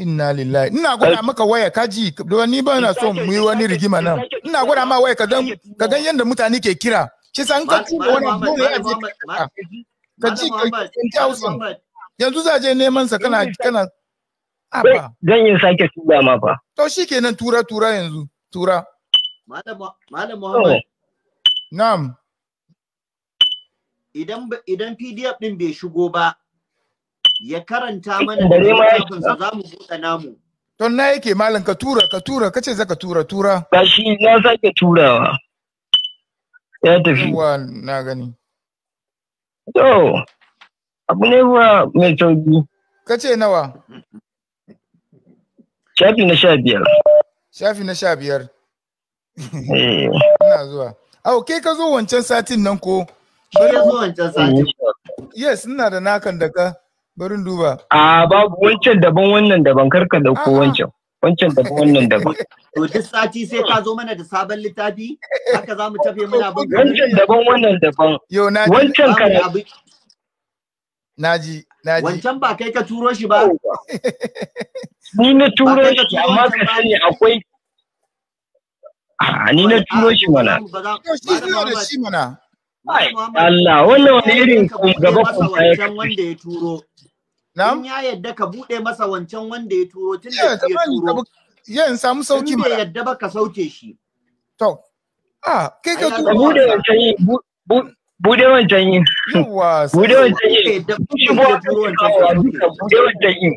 Inna lillahi. Ina gwada maka waya kaji, don ni ba na so mu yi wani rigima nan. Ina gwada ma waya ka gan yadda mutane ke kira. Shi san ka tura wani dole ya je ka ji ka yanzu za je neman sa kana kana apa zan yi sake tura ma fa to shikenan tura tura yanzu tura malam malam muhammad oh. na'am idan idan pdf din bai shigo ba ya karanta mana da neman sa mu buɗe namu to na yake malam ka tura ka tura kace zaka tura tura ba shi na sake turawa ya tafi na gani To, abu ne ba mai sauki. Ka ce nawa? Shafi na sha biyar. Shafi na sha biyar. Eh. [laughs] Ina zuwa. Au, ke ka zo wancan satin nan ko? Bari zo wancan satin. Eh. Yes, ina da nakan da ka. Barin duba. A ah, babu wancan daban wannan daban karka dauko ah, ah. wancan. wancan daban wannan da ba. [laughs] to duk sati sai ka zo mana da sabon littafi haka za mu tafe muna bin wancan daban wannan daban yo naji wancan ka naji naji wancan ba kai ka turo shi ba [laughs] ni na turo shi amma ka sani akwai A ah, ni na turo shi mana shi mana Allah wannan wani irin gaba kuma ya wanda ya turo in ya yadda ka buɗe masa wancan wanda ya turo tun da ya turo yan samu sauki ba yadda ba ka sauke shi to ah kai ka turo buɗe wancan yi bude wancan yi bude wancan yi shi bo bude wancan yi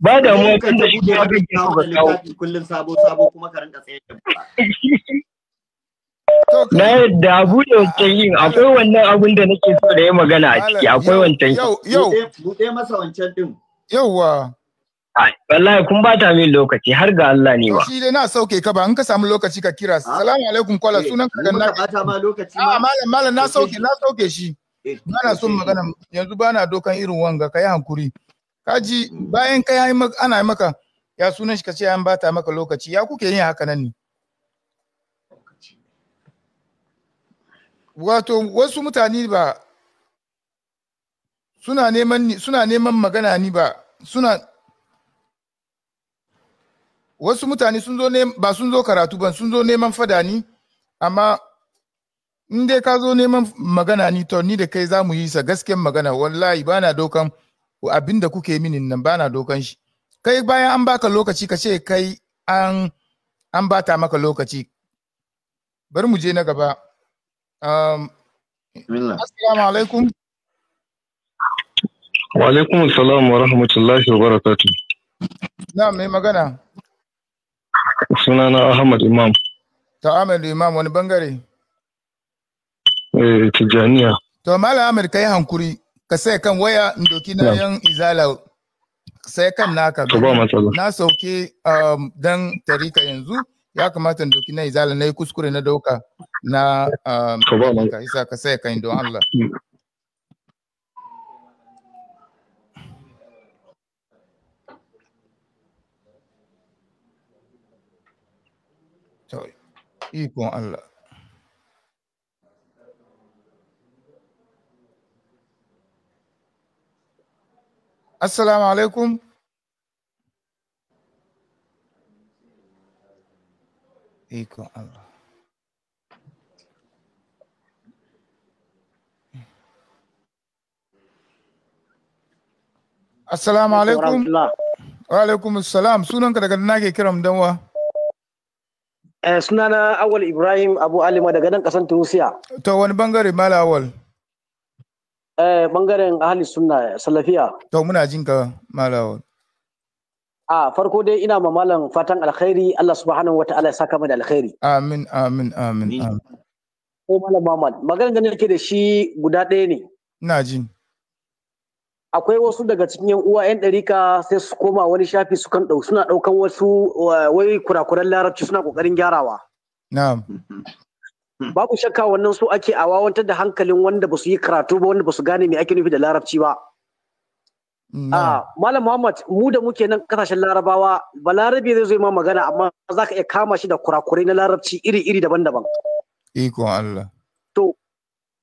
ba da mu kan da shi ba ga kawo Kullum sabo sabo kuma ka rinka tsaye da [laughs] Na yadda abu da wancan yin akwai wannan abun da nake so da ya magana a ciki akwai wancan yau yau buɗe masa wancan ɗin? yauwa wallahi kun ba ta min lokaci har ga Allah ne wa shi dai na sauke ka ba in ka samu lokaci ka kira salamu alaikum kwala eh, sunan ka ganna ka lokaci ma malam malam na eh, sauke na sauke shi eh. bana son magana yanzu bana dokan irin wanga yi hankuri kaji bayan kai ana maka ya sunan shi ka ce an bata maka lokaci ya kuke yin haka nan ne wato wasu mutane ba suna neman suna neman magana ni ba suna wasu mutane sun zo ba sun zo karatu ba sun zo neman fada ni amma in dai ka zo neman magana ni to ni da kai za mu yi sa gasken magana wallahi ba na dokan abin da kuke mini nan ba na dokan shi kai bayan an baka lokaci ka ce kai an an bata maka lokaci bari mu je na gaba Um, Assalamu alaikum. Wa alaikum assalam wa rahmatullahi wa barakatuh. Na mai magana. Sunana Ahmad Imam. Ta Ahmad Imam wani bangare? Eh, Tijaniya. To Mala Ahmad kai hankuri, ka sai kan waya doki na yan izala sai kan naka. To ba matsala. Na sauke um, dan tarika yanzu, ya kamata doki na izala na yi kuskure na dauka. na ka isa ka sai ka don Allah ikon Allah Assalamu alaikum. Ikon Allah. Assalamu alaikum. Wa alaikum assalam. Sunanka daga nake ke kiran danwa. Eh sunana Awal Ibrahim Abu Alima daga nan kasan Tunisia. To wani bangare Mala Awal? Eh bangaren Ahli Sunna Salafiya. To muna jin ka Mala Awal. A ah, farko dai ina ma malam fatan alkhairi Allah subhanahu wataala ya saka mu da alkhairi. Amin amin amin amin. Ko malam Muhammad maganar da nake da shi guda ɗaya ne. Ina jin. akwai wasu daga cikin yan uwa yan ɗarika sai su koma wani shafi su kan ɗau suna ɗaukan wasu eh, wai kurakuran larabci suna ƙoƙarin gyarawa. Babu shakka wannan su ake awawantar da hankalin wanda ba su yi karatu ba wanda ba su gane me ake nufi da larabci ba. Ah, Malam Muhammad mu da muke nan kasashen larabawa ba larabi zai zo ma magana amma za ka iya kama shi da kurakurai na larabci iri-iri daban-daban. Ikon Allah.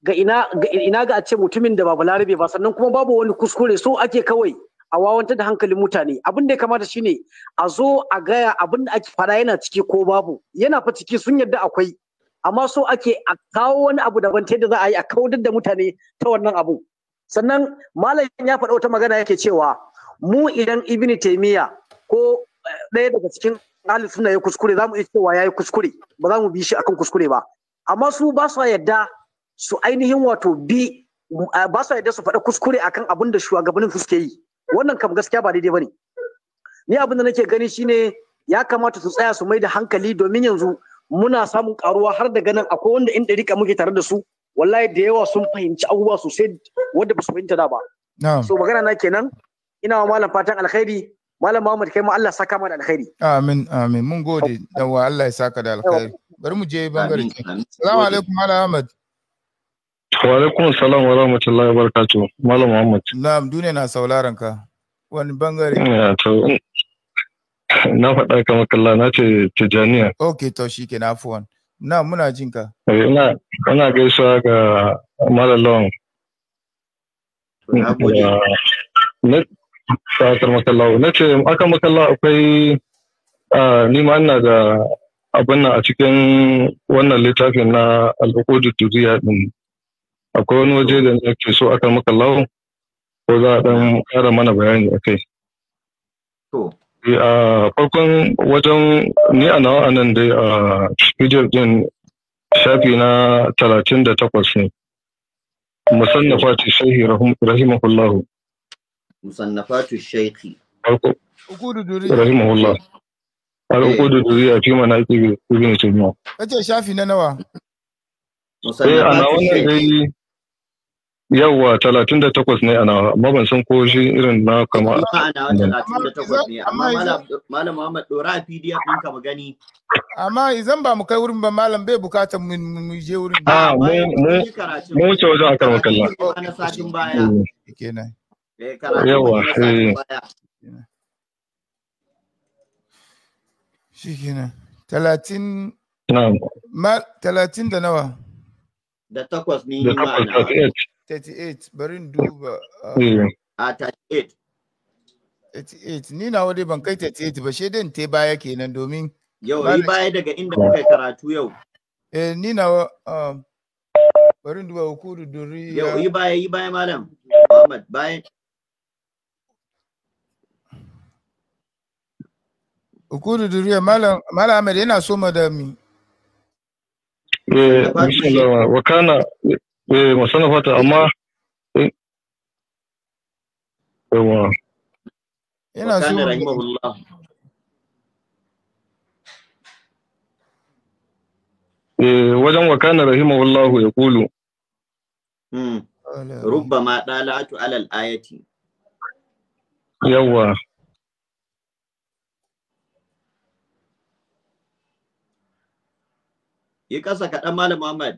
ga ina ga ina ga a ce mutumin da babu larabe ba sannan kuma babu wani kuskure so ake kawai a wawanta da hankalin mutane abin da ya kamata shine a zo a gaya abin da ake fada yana ciki ko babu yana fa ciki sun yadda akwai amma so ake a kawo wani abu daban ta yadda za a yi a kaudar da mutane ta wannan abu sannan malam ya faɗa wata magana yake cewa mu idan ibn taymiya ko eh, ɗaya daga cikin ahli sunna ya kuskure za mu iya cewa ya yi kuskure ba za mu bi shi akan kuskure ba amma su ba su yadda. su ainihin wato bi ba su yadda su faɗa kuskure akan abin da shugabannin suke yi wannan kam gaskiya ba daidai bane ni abin da nake gani shine ya kamata su tsaya su mai da hankali domin yanzu muna samun karuwa har da ganin akwai wanda in ɗarika muke tare da su wallahi da yawa sun fahimci abubuwa sosai wanda ba su fahimta da ba so magana na kenan ina wa malam fatan alkhairi malam Muhammad kai ma Allah saka mana alkhairi amin amin mun gode yawa Allah ya saka da alkhairi bari mu je bangare assalamu alaikum malam Muhammad Wa salam wa rahmatullahi wa barakatu, Malam Muhammad. Na'am, duniya na sauraron ka. Wani bangare? Ya eh, to. Na faɗa ka makalla na ce Tijaniya. Okay, to shi ke na afuwan. Na muna jin ka. Eh, ina ina gaisuwa ga Malam Long. Na fatar makalla. Na ce aka makalla akwai ni ma ina da abin nan a cikin wannan littafin na al'ukudu duriya din akwai wani waje da nake so aka maka lawo ko za a dan kara mana bayani a kai eh, farkon wajen ni a nawa anan dai a video din shafi na talatin da takwas ne musannafatu shahi rahimahullahu da eh. duri a al'ukudu duriya fi manaki ibn taymiyyah kace shafi na nawa Musannafa eh, ana wannan dai yawwa talatin da takwas ne ana amma ban san ko shi irin na kama mm. amma malam Muhammad dora PDF ɗinka mu gani amma idan ba mu kai wurin ba malam bai bukatar mu je wurin ah, ba mu wuce wajen akar makalla na yawwa shi kenan talatin talatin da nawa da takwas ni ma'ana 38 duba a 38 38 ni na wani ban kai 38 ba shi te baya kenan domin yau yi baya daga inda karatu yau eh ni na um, bari duri yau yi baya yi baya malam Muhammad baya malam malam Ahmed yana so madami eh wa eh musamman fata amma eh, yawa yana so eh wajen wakana rahimahullahu ya kulu hmm. rubbama dalatu alal ayati Yawwa. yi ƙasa kaɗan malam Muhammad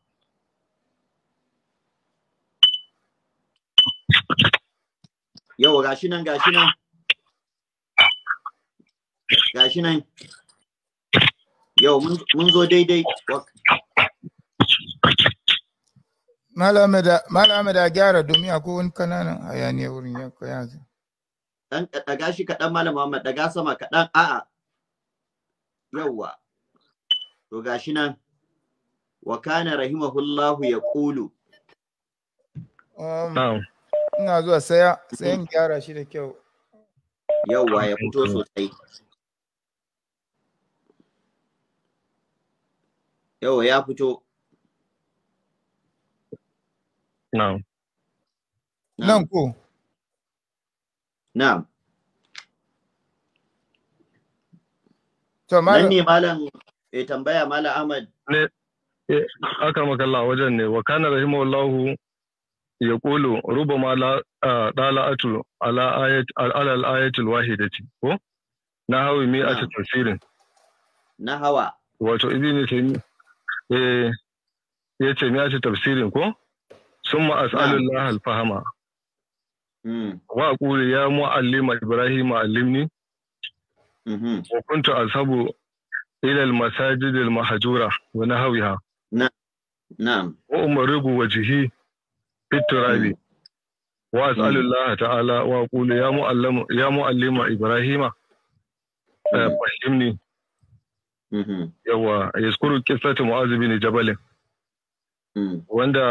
Yau gashi nan gashi nan. Gashi nan. Yau mun zo daidai. Malama da gyara domin ko wani kananan hayaniya wurin ya koya zai. Dan daga shi kaɗan Malam Muhammad daga sama kaɗan a'a. wa? To gashi nan. Wa kana rahimahullahu ya kulu. Um, ina zuwa saya sayan mm. gyara shi da kyau yauwa ya fito sosai yauwa ya fito nan nan ko nan to malam ne malam eh tambaya malam Ahmad ne eh aka makalla wajen ne wa kana rahimahullahu ya ƙulu rubama ɗala'atu alal ayatul wahidati ko na hawi mi a tafsirin na wato ibn taymi eh yace mi tafsirin ko summa as'alullah al-fahama hmm. wa aqulu ya muallima ibrahim allimni mm-hmm. wa kuntu ashabu ila al-masajid mahjura wa fiturabi mm. wa as'alullah mm. ta'ala wa qulu ya mu'allima Ibrahim mu'allima ibrahima eh, mm. mm-hmm. yaskuru bin jabal wanda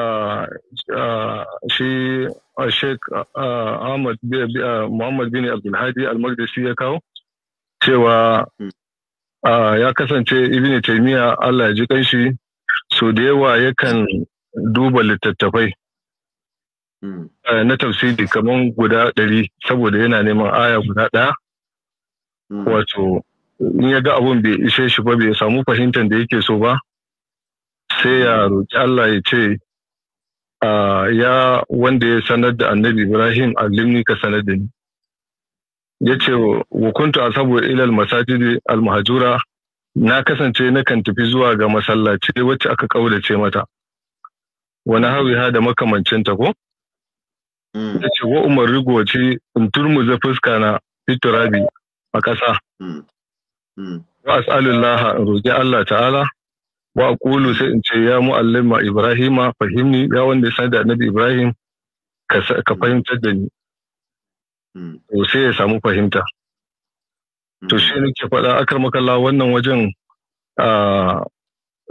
ah, shi ah, Sheikh ah, Muhammad bin Abdul Hadi Al-Maqdisi ya kawo cewa ya kasance ibini taimiya Allah ya ji kanshi so da yawa yakan duba littattafai Hmm. Eh, na tafsiri kamar guda ɗari saboda yana neman aya guda ɗaya hmm. wato in ya ga abun bai ishe shi ba bai samu fahimtar da yake so ba sai ya hmm. roƙi Allah ya ce ah, ya wanda ya sanar da annabi Ibrahim alimni ka sanar da ni ya ce wa kuntu asabu ilal masajidi almahajura na kasance nakan tafi zuwa ga masallaci wacce aka kaulace mata wani ha da makamancinta ko Mm. ya ce wa umar rigo ce in turmuza fuska na fiturabi a ƙasa mm. Mm. wa laha in roƙi Allah ta'ala wa ƙulu sai in ce ya mu'allima ibrahima fahimni ya wanda ya sanar da annabi ibrahim ka fahimtar da ni to sai ya samu fahimta to shi nake faɗa akar makalla wannan wajen ah,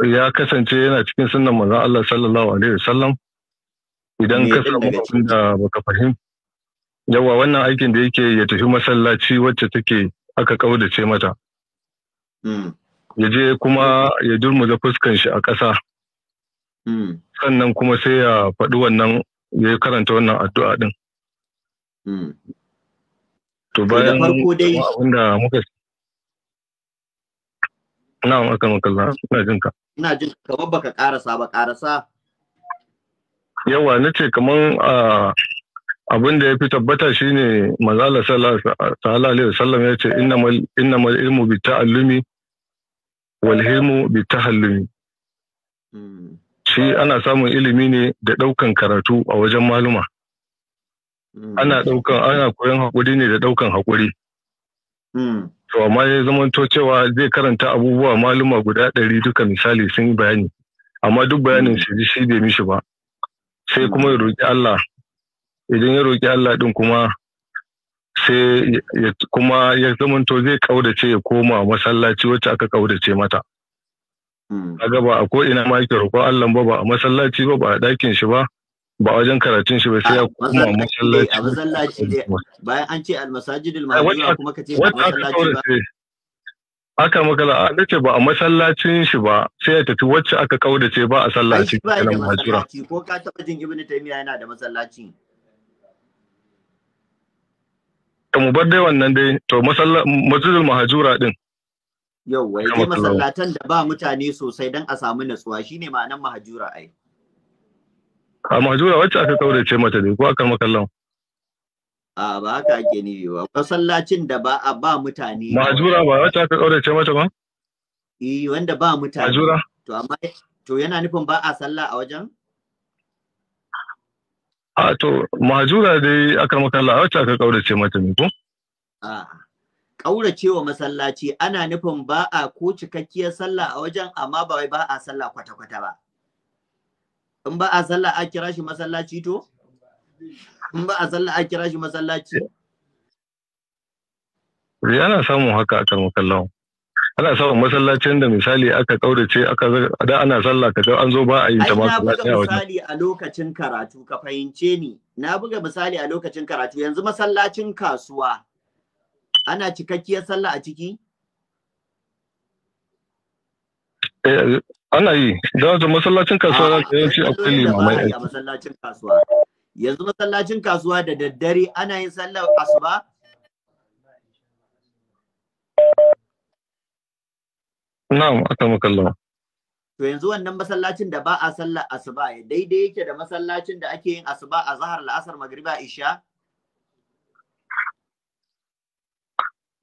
ya kasance yana cikin sunan manzon Allah sallallahu alaihi wasallam idan ka samu abin da baka fahimta yawa wannan aikin da yake ya tafi masallaci wacce take aka kaudace mata hmm. ya je kuma ya durmuza fuskan shi a ƙasa hmm. sannan kuma sai ya faɗi wannan ya karanta wannan addu'a ɗin. Hmm. to bayan wanda muka na'am akan makalla ina jinka ina jinka kamar baka karasa ba karasa yawa na ce kaman abin da ya fi tabbata shine mazala sallallahu alaihi wasallam ya ce mal ilmu bi ta'allumi wal ilmu bi tahallumi hmm. shi ana samun ilimi ne da daukan karatu a wajen maluma hmm. ana daukan ana koyon haƙuri ne da daukan haƙuri hmm. to amma ya to cewa zai karanta abubuwa maluma guda ɗari duka misali sun yi bayani amma duk bayanin shi shi bai mishi ba sai kuma ya roƙi Allah idan ya roƙi Allah din kuma sai kuma ya zamanto zai kaudace ya koma masallaci wacce aka kaudace mata hmm. a ba a ko ina ma yake roƙon Allah ba ba a masallaci ba ba a ɗakin shi ba ba wajen karatun shi ba sai ya ah, koma masallaci bayan an ce almasajidul ma'mura kuma ka ce masallaci ba maka makala a ce ba a masallacin shi ba sai ya tafi wacce aka kaudace ba a sallaci kenan mahajura ko ka taba jin ibnu taymiya yana da masallaci ka mu bar dai wannan dai to masallacin mahajura din yauwa yake masallatan da ba mutane sosai don a samu natsuwa shine ma'anan mahajura ai a mahajura wacce aka kaudace mata ne ko aka makallan A ba haka ake nufi ba. Masallacin da ba a ba mutane. Majura ba wata aka ƙaurace mata ba? Eh wanda ba mutane. Majura. To amma to yana nufin ba a sallah a wajen? A to majura dai aka makalla a wata aka ƙaurace mata ne ko? A ƙaurace wa masallaci ana nufin ba a ko cikakkiyar sallah a wajen amma ba wai ba a sallah kwata-kwata ba. In ba a sallah a kira shi masallaci to? in ba a sallah a kira shi masallaci ana samun haka a karmakallon ana samun masallacin da misali aka kaurace aka da ana sallah ka an zo ba a yi ta ma misali a lokacin karatu ka fahimce ni na buga misali a lokacin karatu yanzu masallacin kasuwa ana cikakkiyar sallah a ciki eh, ana yi da masallacin kasuwa ah, za ka yi akwai limamai a masallacin kasuwa yanzu masallacin kasuwa da daddare ana yin sallar asuba na'am aka makalla to yanzu wannan masallacin da ba a sallar asuba daidai yake da masallacin da ake yin asuba a zahar la'asar magriba isha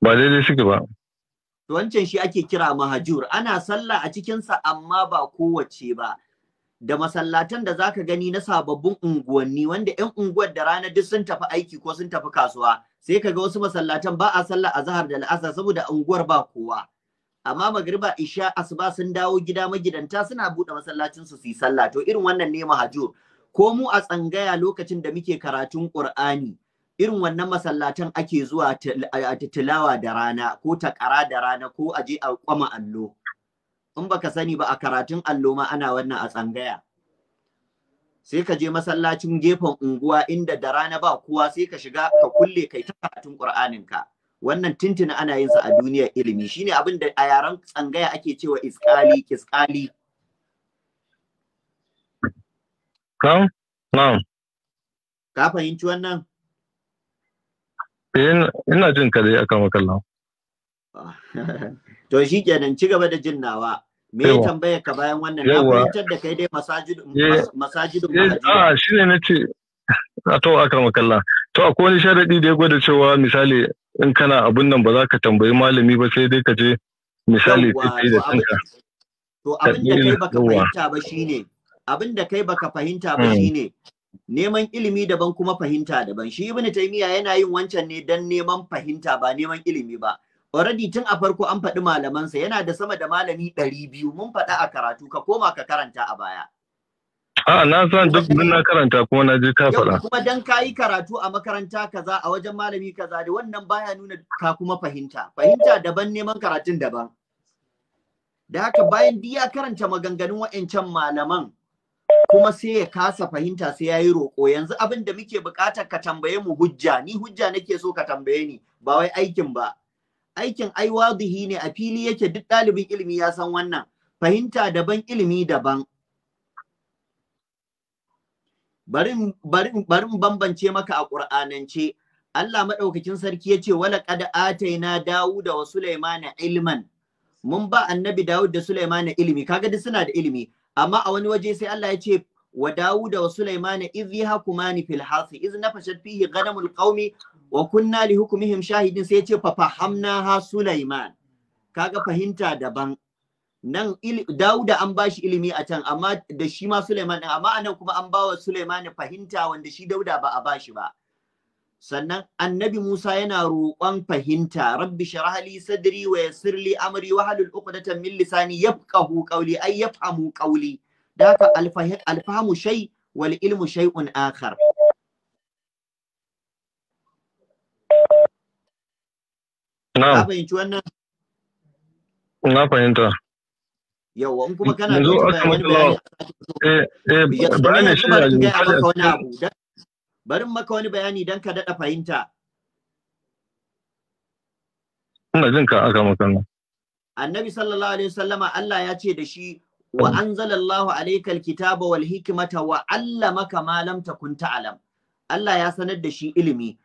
ba daidai shi ba to wancan shi ake kira mahajur ana sallah a cikinsa amma ba kowace ba da masallatan da zaka gani na sababbin unguwanni wanda 'yan unguwar da rana duk sun tafi aiki ko sun tafi kasuwa sai ka ga wasu masallatan ba a sallah azhar da la'asa saboda unguwar ba kowa amma magriba isha asuba sun dawo gida magidanta suna buɗe masallacin su su yi sallah to irin wannan ne mahajur ko mu a tsangaya lokacin da muke karatun qur'ani irin wannan masallatan ake zuwa a tilawa da rana ko takara da rana ko aje a kwama allo in baka sani ba a karatun allo ma ana wannan a tsangaya sai ka je masallacin gefen unguwa inda da rana ba kowa sai ka shiga ka kulle kai ta karatun qur'anin ka wannan tintina ana yin sa a duniyar ilimi shine abin da a yaran tsangaya ake cewa iskali kiskali Na'am, na'am. Ka fahimci wannan? Eh, ina jin ka dai akan wakalla. [laughs] To shi kenan ci gaba da jin nawa. me ya tambaya ka bayan wannan na fahimtar da kai dai masajidun masajidun a ah, shine ce. [laughs] a to aka makalla to akwai wani sharadi da ya gwada cewa misali in kana abun nan ba za ka tambayi malami ba sai dai ka je misali kai da kanka to abin da kai baka fahimta ba shine abin da kai baka fahimta ba mm. shine neman ilimi daban kuma fahimta daban shi ibnu taymiya yana yin wancan ne dan neman fahimta ba neman ilimi ba already tun a farko an faɗi malamansa yana da sama da malami ɗari biyu mun faɗa a karatu ka koma ka karanta a baya. A na san duk na karanta kuma na je ka faɗa. Kuma dan ka yi karatu a makaranta kaza a wajen malami kaza da wannan baya nuna ka kuma fahimta. Fahimta daban neman karatun daban. Da haka bayan duk ya karanta maganganun wa'ancan malaman kuma sai ya kasa fahimta sai ya yi roƙo yanzu abin da muke buƙatar ka tambaye mu hujja ni hujja nake so ka tambaye ni ba wai aikin ba. aikin aiwadihi ne a fili yake duk ɗalibin ilimi ya san wannan fahimta daban ilimi daban Bari barin bambance maka a ƙur'anance. Allah madaukakin sarki yace wala qad ataina da wa laimana ilman mun ba annabi Dawud da Sulaimana ilimi kaga duk suna da ilimi amma a wani waje sai Allah yace wa Dawuda wa Sulaimana iz yahkumani fil hasi iz nafashat fihi ghanamul qaumi wa kunna li hukumihim shahidin sai ce fa fahamna ha Sulaiman kaga fahimta daban nan Dauda an bashi ilimi a can amma da shi ma Sulaiman din amma anan kuma an bawa Sulaiman fahimta wanda shi Dauda ba a bashi ba sannan annabi Musa yana roƙon fahimta rabbi sharhali sadri wa yassirli amri wa halul uqdatan min lisani yafqahu qawli ay yafhamu qawli da ka alfahamu shay wal ilmu shay'un akhar Na fahimci wannan? Na fahimta. Yawa in kuma kana da wani bayani eh, eh, a bayani shi a misali barin maka wani bayani don ka daɗa fahimta. Ina jin ka aka maka Annabi sallallahu alaihi wasallama Allah ya ce da shi wa mm. anzalallahu alaikal kitaba wal hikmata wa allamaka ma lam takun ta'lam. Allah ya sanar da shi ilimi.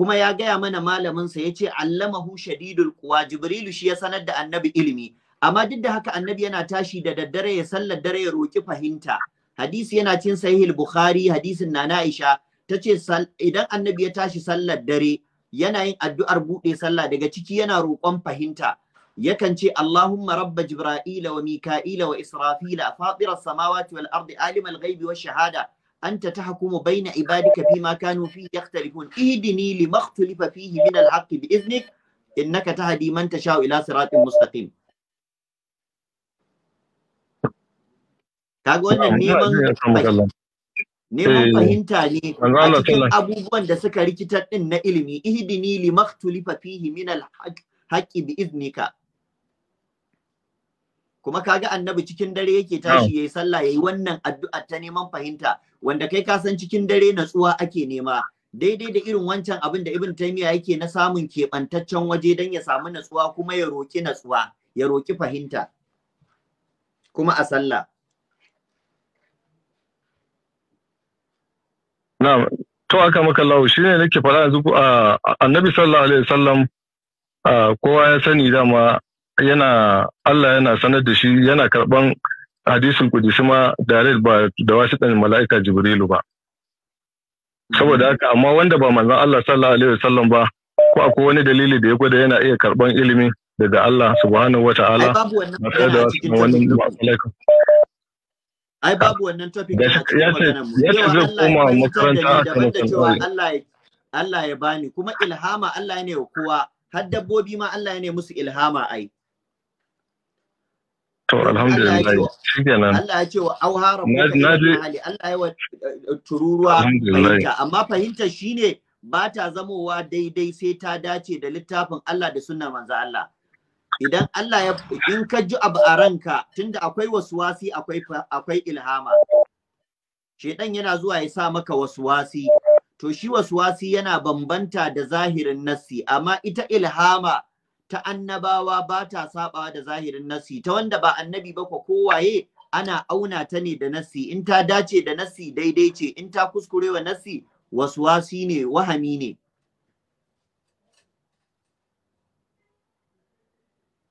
kuma ya gaya mana malaminsa ya ce allamahu shadidul kuwa jibrilu shi ya sanar da annabi ilimi amma duk da haka annabi yana tashi da daddare ya sallar dare ya roki fahimta hadisi yana cin sahihul bukhari hadisin nana aisha ta ce idan annabi ya tashi sallar dare yana yin addu'ar buɗe sallah daga ciki yana roƙon fahimta yakan ce Allahumma rabba Jibra'ila wa Mika'ila wa Israfila fatira samawati wal ardi alimal ghaibi wa shahada anta tahkumu baina ibadika fima kanu fi yakhtalifun ihdini lima ikhtalafa fihi min al-haqqi bi iznik innaka tahdi man tasha'u ila siratin mustaqim kaga wannan neman neman fahimta ne a cikin abubuwan da suka rikitar din na ilimi ihdini maktulifa fihi min alhaqi bi iznika kuma kaga annabi cikin dare yake tashi yayi sallah yayi wannan addu'a ta neman fahimta wanda kai ka san cikin dare natsuwa ake nema daidai da irin wancan abin da Ibn Taymiyyah yake na samun keɓantaccen waje don ya samu natsuwa kuma ya roki natsuwa ya roki fahimta kuma a sallah na'am to aka maka lawo shine nake faɗa yanzu a annabi sallallahu alaihi wasallam kowa ya sani dama yana Allah yana sanar da shi yana karban hadisul kudusi ma direct ba da wasitan mala'ika jibrilu ba saboda haka amma wanda ba manzon Allah sallallahu alaihi wasallam ba ko akwai wani dalili da ya gwada yana iya karban ilimi daga Allah subhanahu wata'ala ai babu wannan topic ya ce ya ce zai koma makaranta Allah Allah ya bani kuma ilhama Allah ne wa kowa har dabbobi ma Allah ne musu ilhama ai To alhamdulillah shikenan. Allah ya ce wa auha rabbuka Allah ya wa eh, tururuwa fahimta amma fahimta shine ba ta zamowa daidai sai ta dace da littafin Allah da sunnar manzo Allah. Idan Allah ya in ka ji abu a ranka tunda akwai wasuwasi akwai akwai ilhama. Shedan yana zuwa ya sa maka wasuwasi. To shi wasuwasi yana bambanta da zahirin nassi amma ita ilhama ta annabawa ba ta sabawa da zahirin nasi ta wanda ba annabi ba ko kowaye ana auna ta ne da nasi in ta dace da nasi daidai ce in ta kuskure kuskurewa nasi waswasi ne wahami ne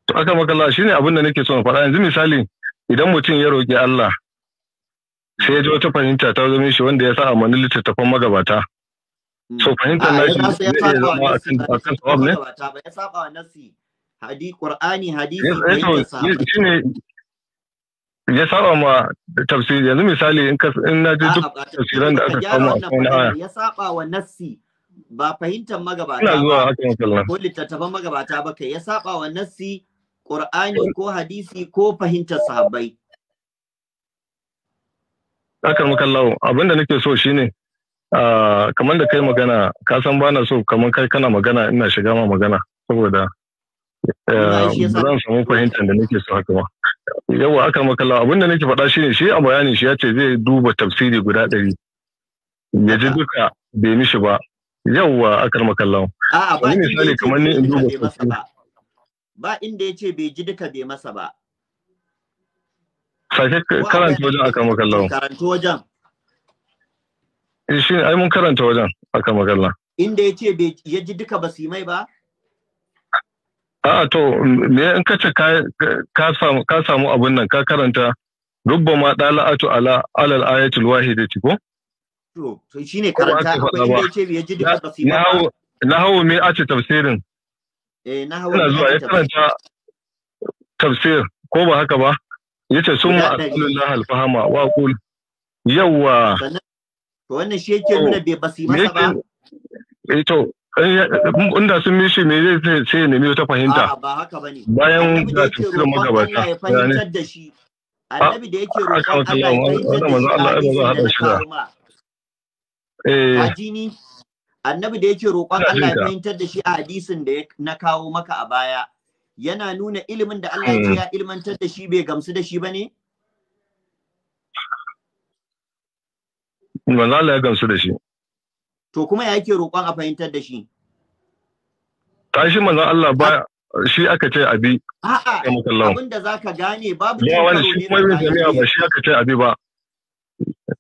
to aka makalla shine abin da nake so na faɗa yanzu misali idan mutum ya roƙi Allah sai ya ji wata fahimta ta zama shi wanda ya sa a littattafan magabata so hmm. fahimtar ah, na shi zai iya zama a kan ne? ya saba nasi hadi qur'ani hadisi ne ya saba ma tafsiri yanzu misali in na ji duk tafsiran da aka samu a kan aya ya saba wa nasi ba fahimtar magabata ba ko littattafan magabata ba kai ya saba wa nasi qur'ani ko hadisi ko fahimtar sahabbai akar makallahu abinda nake so shine kamar da kai magana ka san ba na so kamar kai kana magana ina shiga ma magana saboda eh, zan samu fahimtar da nake so haka ma yawa aka makala abinda nake faɗa shi ne shi a bayanin shi ya ce zai duba tafsiri guda ɗari ya ji duka bai mishi ba yawa aka makala wani kamar in duba tafsiri ba inda ya ce bai ji duka bai masa ba sake karanta wajen aka makalla. karanta wajen shi ai mun karanta wajen aka magana inda ya ce ya ji duka ba su yi mai ba a to me in ka ce ka samu abin nan ka karanta rubba ma ɗala dala'atu ala alal ayatul wahi da ko to shi ne karanta akwai inda ya ce ya ji duka ba su yi ba na hawo me a ce tafsirin eh na hawo ina zuwa ya karanta tafsir ko ba haka ba yace summa asalullah alfahama wa qul yawwa to wannan shi yake nuna bai basu masa ba eh to eh, inda sun shi me zai ce sai nemi wata fahimta ba haka bane bayan da tafsirin magabata ya fahimtar da shi annabi da yake ah, roƙon Allah ya fahimtar da shi eh ajini annabi da yake roƙon Allah ya fahimtar da shi a hadisin da na kawo maka a baya yana nuna ilimin da Allah ya hmm. ilmantar da shi bai gamsu da shi bane manzo Allah ya gamsu da shi to kuma ya yake roƙon a fahimtar da shi kashi manzo Allah ba shi aka ce abi a'a abin da ka gane babu ya wani shi kuma yin jami'a ba shi aka ce abi ba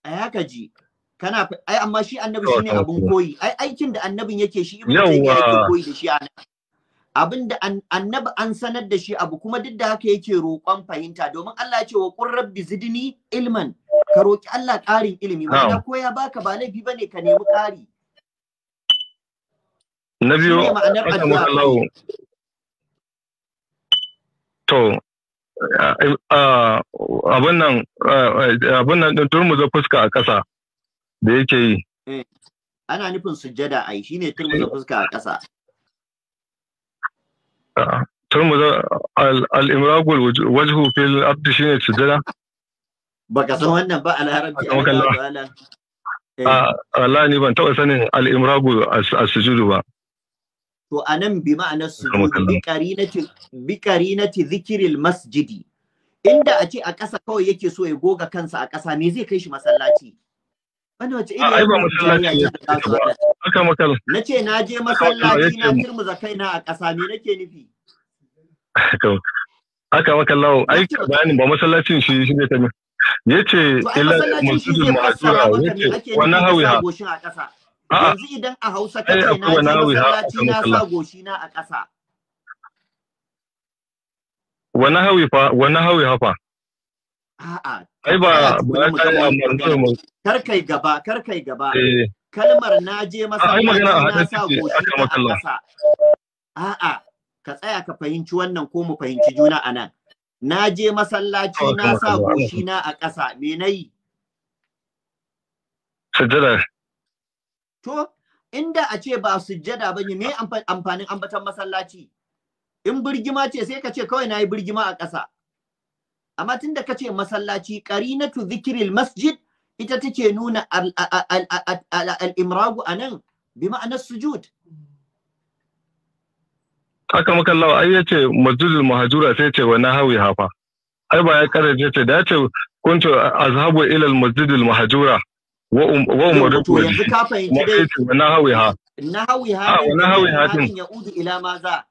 A haka ji kana ai amma shi annabi shi ne abun koyi ai aikin da annabin yake shi zai taymiya yake koyi da shi a nan abin da annabi an sanar da shi abu kuma duk da haka yake roƙon fahimta domin Allah ya ce wa qur rabbi zidni ilman ka roƙi Allah ƙarin ilimi wanda ko ya baka ba laifi bane ka nemi ƙari na biyu to abin nan abun nan turmuza fuska a ƙasa da yake yi eh, ana nufin sujjada ai shine turmuza fuska a ƙasa turmuza al-imraqul wajhu fil abdi shine sujjada baka san wannan ba a larabci a wani Allah ni ban taɓa sanin al'imragu a sujudu ba. To a nan bi ma'ana sujudu bi karinati zikiril masjidi. Inda a ce a ƙasa kawai yake so ya goga kansa a ƙasa me zai kai shi masallaci. Wani wace iri ya ah, ba masallaci ya Aka Na ce na je masallaci na turmuza kaina a ƙasa me nake nufi. Haka makalla ai bayanin ba masallacin shi shi ne ta yace illa masjidul mahjura yace wannan hawi ha yanzu idan a Hausa ka ce na masallaci na sa goshi na a ƙasa wani hawi fa wani hawi ha fa. a'a ai ba ba ka kar kai gaba kar kai gaba eh. kalmar na je masallaci na sa goshi na a ƙasa a'a ka tsaya ka fahimci wannan ko mu fahimci juna anan na je masallaci na sa na a ƙasa me na yi to inda a ce ba sujada ba ne me amfanin ambatan masallaci in birgima ce sai ka ce kawai na yi birgima a ƙasa amma tunda ka ce masallaci qarinatu zikril masjid ita take nuna al-imragu anan bi ma'anar sujud aka maka lawa ai yace masjidul mahjura sai ce wani hawi hafa ai ba ya ya ce da yace kuntu azhabu ila al masjidul mahjura wa um, wa umaru yanzu ka fahimci dai nahawi ha hawi ha ah, wa hawi ah, ah, ha ya udu ila maza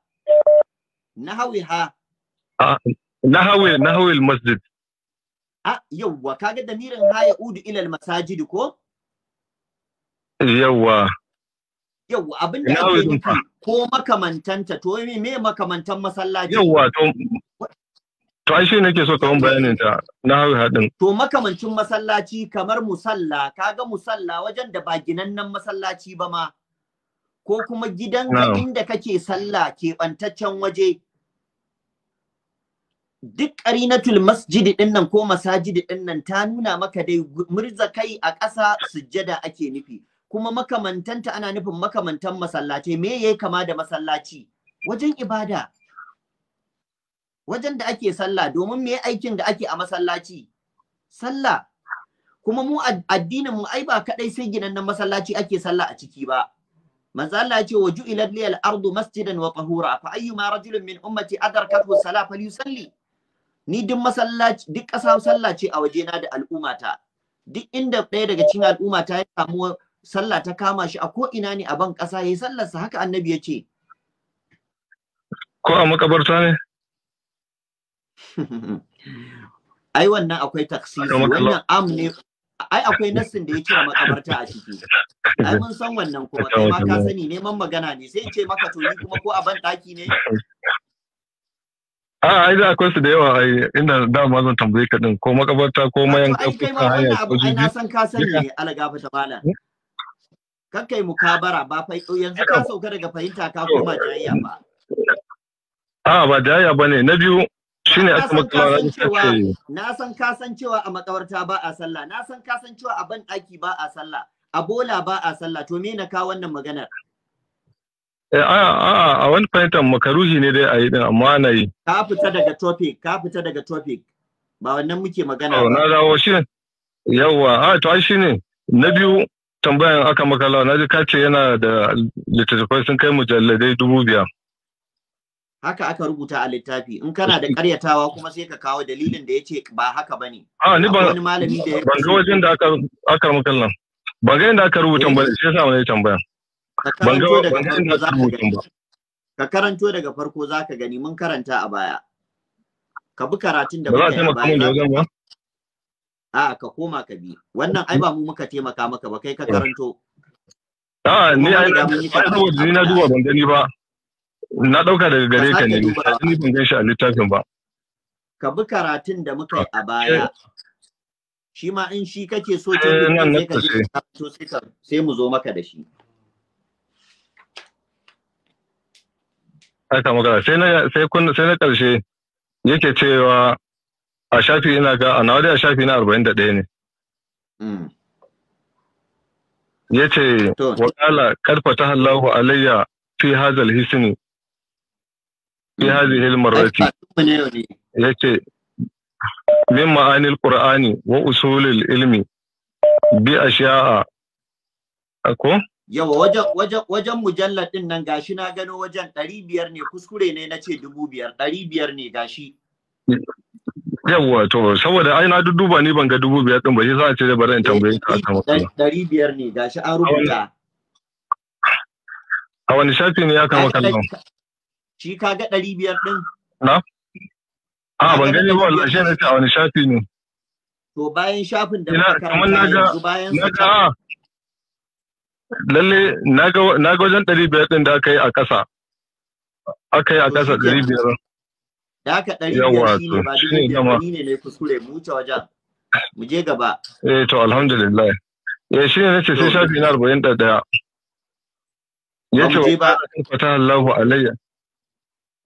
nahawi ha nahawi nahawi al masjid a yawa kaga damirin ha udu ila al masajid ko yawwa yau abin da ake nufi ko makamantanta to me me makamantan masallaci yawa to to ai shi nake so ka mun bayanin ta na har hadin to makamancin masallaci kamar musalla kaga musalla wajen da ba ginannan masallaci ba ma ko kuma gidanka inda kake sallah keɓantaccen waje duk ƙarinatul masjidi ɗin nan ko masajidi ɗin nan ta nuna maka dai murza kai a ƙasa sujjada ake nufi kuma makamantanta ana nufin makamantan masallaci me yayi kama da masallaci wajen ibada wajen da ake sallah domin me aikin da ake a masallaci sallah kuma mu addinin mu ai ba kadai sai ginannan masallaci ake sallah a ciki ba manzo Allah ya ce wa liyal ardu masjidan wa tahura fa ayyuma rajulin min ummati adarkathu salat falyusalli ni duk masallaci duk ƙasa sallah ce a na da al'ummata duk inda ɗaya daga cikin al'ummata ya samu sallah ta kama shi a ko ina ne a ban ƙasa yayi sallarsa haka annabi ya ce ko a makabarta ne [laughs] ai wannan akwai taksisi wannan am ne ai akwai nassin da ya kira makabarta a ciki ai mun san wannan kuma kai ma ka sani neman magana ne sai ce maka to ni kuma ko a ban daki ne [laughs] a ai da akwai su da yawa ai ina da ma zan tambaye ka din ko makabarta ko mayan kafuka hanya ko jiji ai na san ka sani ne alagafa ta [laughs] kakai mukabara ba fa yanzu ka sauka daga fahimta ka koma jayayya ba a ba jayayya bane na biyu shine aka makawa na san ka san cewa a makawarta ba a sallah na san ka san cewa a ban daki ba a sallah a bola ba a sallah to me na ka wannan maganar eh, a a wani fahimtar makaruhi ne dai a yi din amma na yi ka fita daga topic ka fita daga topic ba wannan muke magana ba na dawo shi yawwa a to ai shine na biyu tambayan aka makala na ji kace yana da littattafai sun kai mujalladai dubu biyar. Haka aka rubuta a littafi in kana da karyatawa kuma sai ka kawo dalilin da ya ce ba haka ba ne. A ah, ni ba ban ga wajen da aka makala. Ban ga yadda aka rubuta ba shi yasa wani tambaya. Ban ga yadda aka rubuta ba. Ka karanto daga farko za ka gani mun karanta a baya. Ka bi karatun da ka yi a baya. a ka koma ka bi wannan ai ba mu muka taimaka maka ba kai ka karanto a ni ai ni na duba ban gani ba na dauka daga gare ka ne ni ban gani shi a littafin ba ka bi karatun da muka yi a baya shi ma in shi kake so sai mu zo maka da shi aka magana sai na da shi. sai na karshe yake cewa a shafi ina ga a nawa a shafi na arba'in da ɗaya ne. Hmm. Ya ce, waƙala ƙarfata Allahu alayya fi hazal hisini, fi hmm. hilmar marrati. Ya ce, min ma'anil Qur'ani wa usulil ilmi bi A Ako? Yawa wajen mujalladin nan gashi na gano wajen ɗari biyar ne kuskure ne na ce dubu biyar ɗari biyar ne gashi. Hmm. Yawwa to saboda ai na dudduba ni ban ga dubu biyar din ba shi za a ce da bari in tambaye ka akan eh, wannan. Dari biyar ne gashi an rubuta. A wani shafi ne ya kama kallon? Shi ka ga dari biyar din? Na? A ban gani ba wallahi shi ne a wani shafi ne. To bayan shafin da muka karanta yanzu bayan sa. Lalle na ga wajen ɗari biyar din da aka yi a ƙasa. Aka yi a ƙasa ɗari biyar. da haka ɗari biyar shi ne ba dubu biyar ne ne kuskure mu wuce wajen mu je gaba eh to alhamdulillah eh shi ne nace sai shafi na arba'in da ɗaya ya ce wa ta Allahu alayya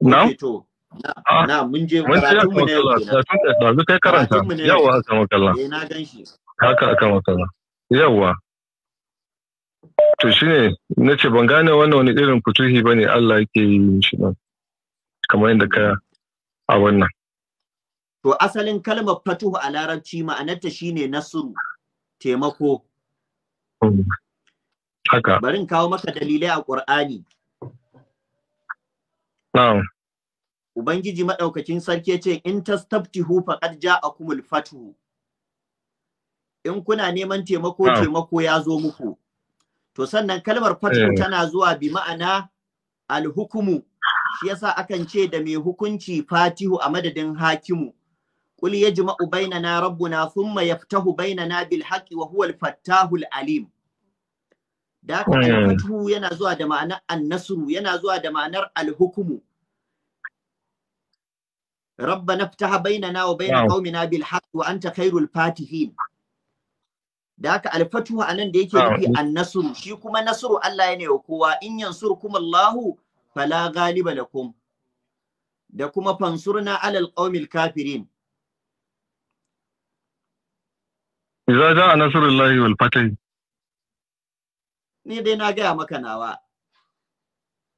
na ah. na mun je karatun mu ne da zu kai karanta yawa aka makalla eh na gan shi haka aka makalla yawa to shi ne na ce ban gane wannan wani irin kutuhi ne Allah yake yi shi nan. kamar yadda ka a wannan to asalin kalmar fatuhu a larabci ma'anarta shine nasru taimako haka bari kawo maka dalilai a ƙur'ani. na'am ubangiji maɗaukacin sarki ce in tastaftihu faqad ja'akumul fatuhu in kuna neman taimako taimako ya zo muku to sannan kalmar fatu eh. tana zuwa bi ma'ana alhukumu shi yasa akan ce da mai hukunci fatihu a madadin hakimu qul yajma'u bainana rabbuna thumma yaftahu bainana bil haqqi wa huwa al fattahul alim da ka alfatu hmm. yana zuwa da ma'anar annasru yana zuwa da ma'anar alhukumu ربنا افتح بيننا وبين قومنا بالحق وانت خير Fatihin. da haka alfatuhu anan da yake nufi annasru shi kuma nasru Allah ya ne wa kowa in yansurkum Allahu fala Galiba lakum da kuma fansurna alal qaumil kafirin Iza ja a Nasarullahi wal fatai. Ni dai na gaya maka nawa.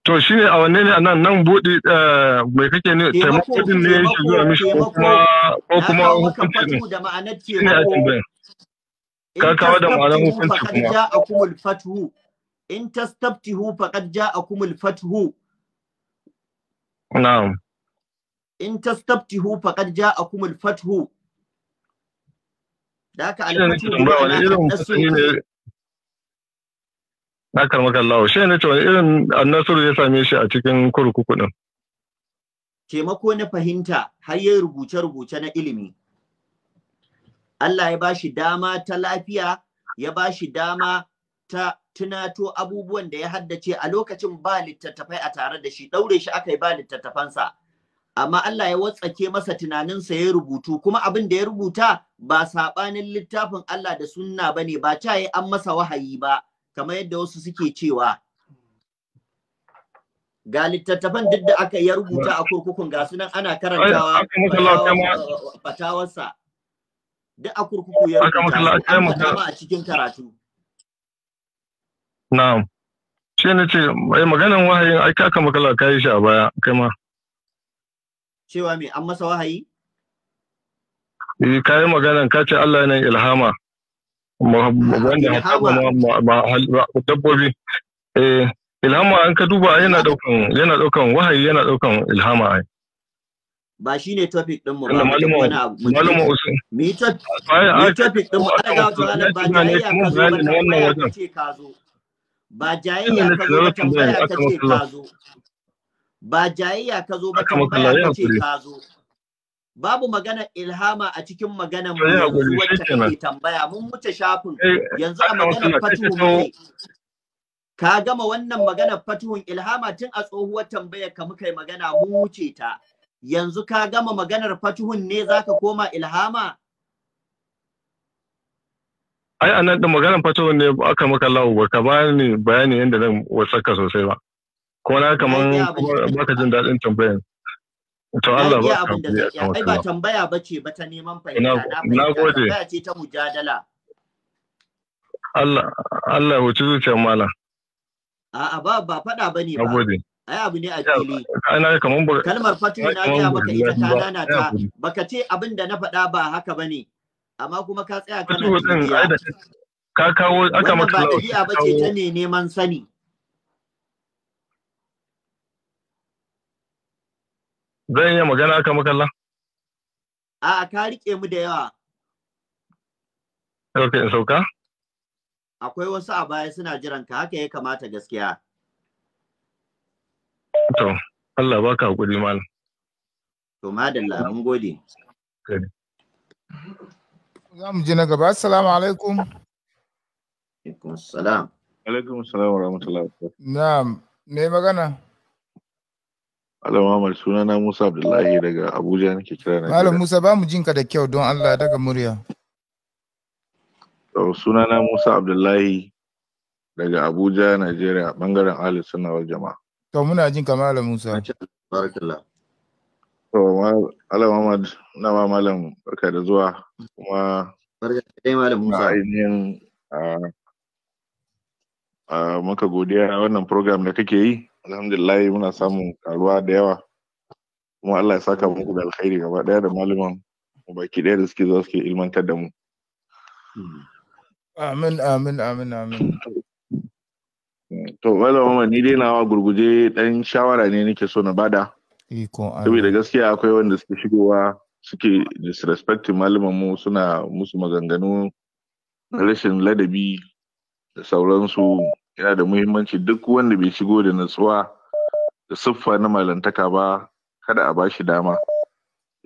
To shi ne a wanne ne a nan nan buɗi eh, mai kake ne taimako din ne yake zuwa mishi ko kuma ko kuma hukunci ne. Shi ne Ka kawo da ma'anar hukunci kuma. In tastaftihu faqad ja'akumul fathu in tastaftihu faqad ja'akumul fathu na'am in tastaftihu faqad ja'akum al-fathu da al-fathu na karmaka Allah shi ne cewa irin annasuru ya same shi a cikin kurkuku din taimako na fahimta har yayi rubuce-rubuce na ilimi Allah ya bashi dama ta lafiya ya bashi dama ta tunato abubuwan da ya haddace a lokacin ba littattafai a tare da shi ɗaure shi aka yi ba littattafansa amma Allah ya watsake masa tunaninsa ya rubutu kuma abin da ya rubuta ba saɓanin littafin Allah da sunna ba ne ba ta yi an masa wahayi ba kamar yadda wasu suke cewa ga littattafan duk da aka ya rubuta a kurkukun ga sunan ana karantawa fatawarsa duk a kurkuku ya rubuta a cikin karatu na'am shi na ce mai eh, maganin wahayin ai kaka makala ka yi shi a baya kai ma cewa me an masa wahayi eh, ka yi maganan ka ce Allah yana ilhama wanda ma dabbobi eh ilhama an ka duba yana daukan yana daukan wahayi yana daukan ilhama ai ba shi ne topic ɗin mu ba malama usul mi topic ɗin mu ana ga wannan ba ne ya ka zo ba jayayya ka zo ba tambaya ka ce ka zo ba jayayya ka zo ba tambaya ka ce ka zo babu magana ilhama a cikin magana mu yanzu wacce ke tambaya mun wuce shafin eh, yanzu a maganar fatuhu ne ka gama wannan maganar fatihun ilhama tun a tsohuwar tambayar ka muka yi magana mun wuce ta yanzu ka gama maganar fatihun ne zaka koma ilhama ai anan da maganar fato ne aka maka lawo ba ka bani bayani yadda zan wasaka sosai ba ko na kaman baka jin daɗin tambayan to Allah ba ka ai ba tambaya bace ba ta neman fahimta na gode tambaya ce ta mujadala Allah Allah huci zuciyar a a'a ba ba fada bane ba nagode ai abu ne a fili ana kaman kalmar fatuwa na ga maka ita ta Nana ta, baka ce abinda na faɗa ba haka bane amma kuma ka tsaya kana tafiya ka kawo aka maka ba tafiya ba ce ta ne neman sani zan iya magana aka makalla a ka rike mu da yawa ok in sauka akwai wasu a baya suna jiran ka haka ya kamata gaskiya to Allah baka hakuri malam to madalla mun gode Good. za mu ji na gaba assalamu alaikum alaikum assalam alaikum wa rahmatullahi na'am me magana Alamu Muhammad suna na Musa Abdullahi daga Abuja nake kira na Malam Musa ba mu jinka da kyau don Allah daga murya suna na Musa Abdullahi daga Abuja Najeriya bangaren Ali Sunna wal Jama'a to muna jinka Malam Musa To, Malam Ahmad, na ma Malam barka da zuwa kuma ainihin maka godiya wannan program da kake yi, alhamdulillah muna samun karuwa da yawa. Kuma Allah ya saka muku da alkhairi gaba ɗaya da malaman mu baki ɗaya da suke zuwa suke ilmantar da mu. Amin, amin, amin, amin. To, Malam Ahmad, ni dai nawa gurguje ɗan shawara ne nake so na bada. Saboda gaskiya akwai wanda suke shigowa suke disrespecting mu suna musu maganganu rashin ladabi da sauransu yana da muhimmanci duk wanda bai shigo da natsuwa da siffa na malantaka ba kada a bashi dama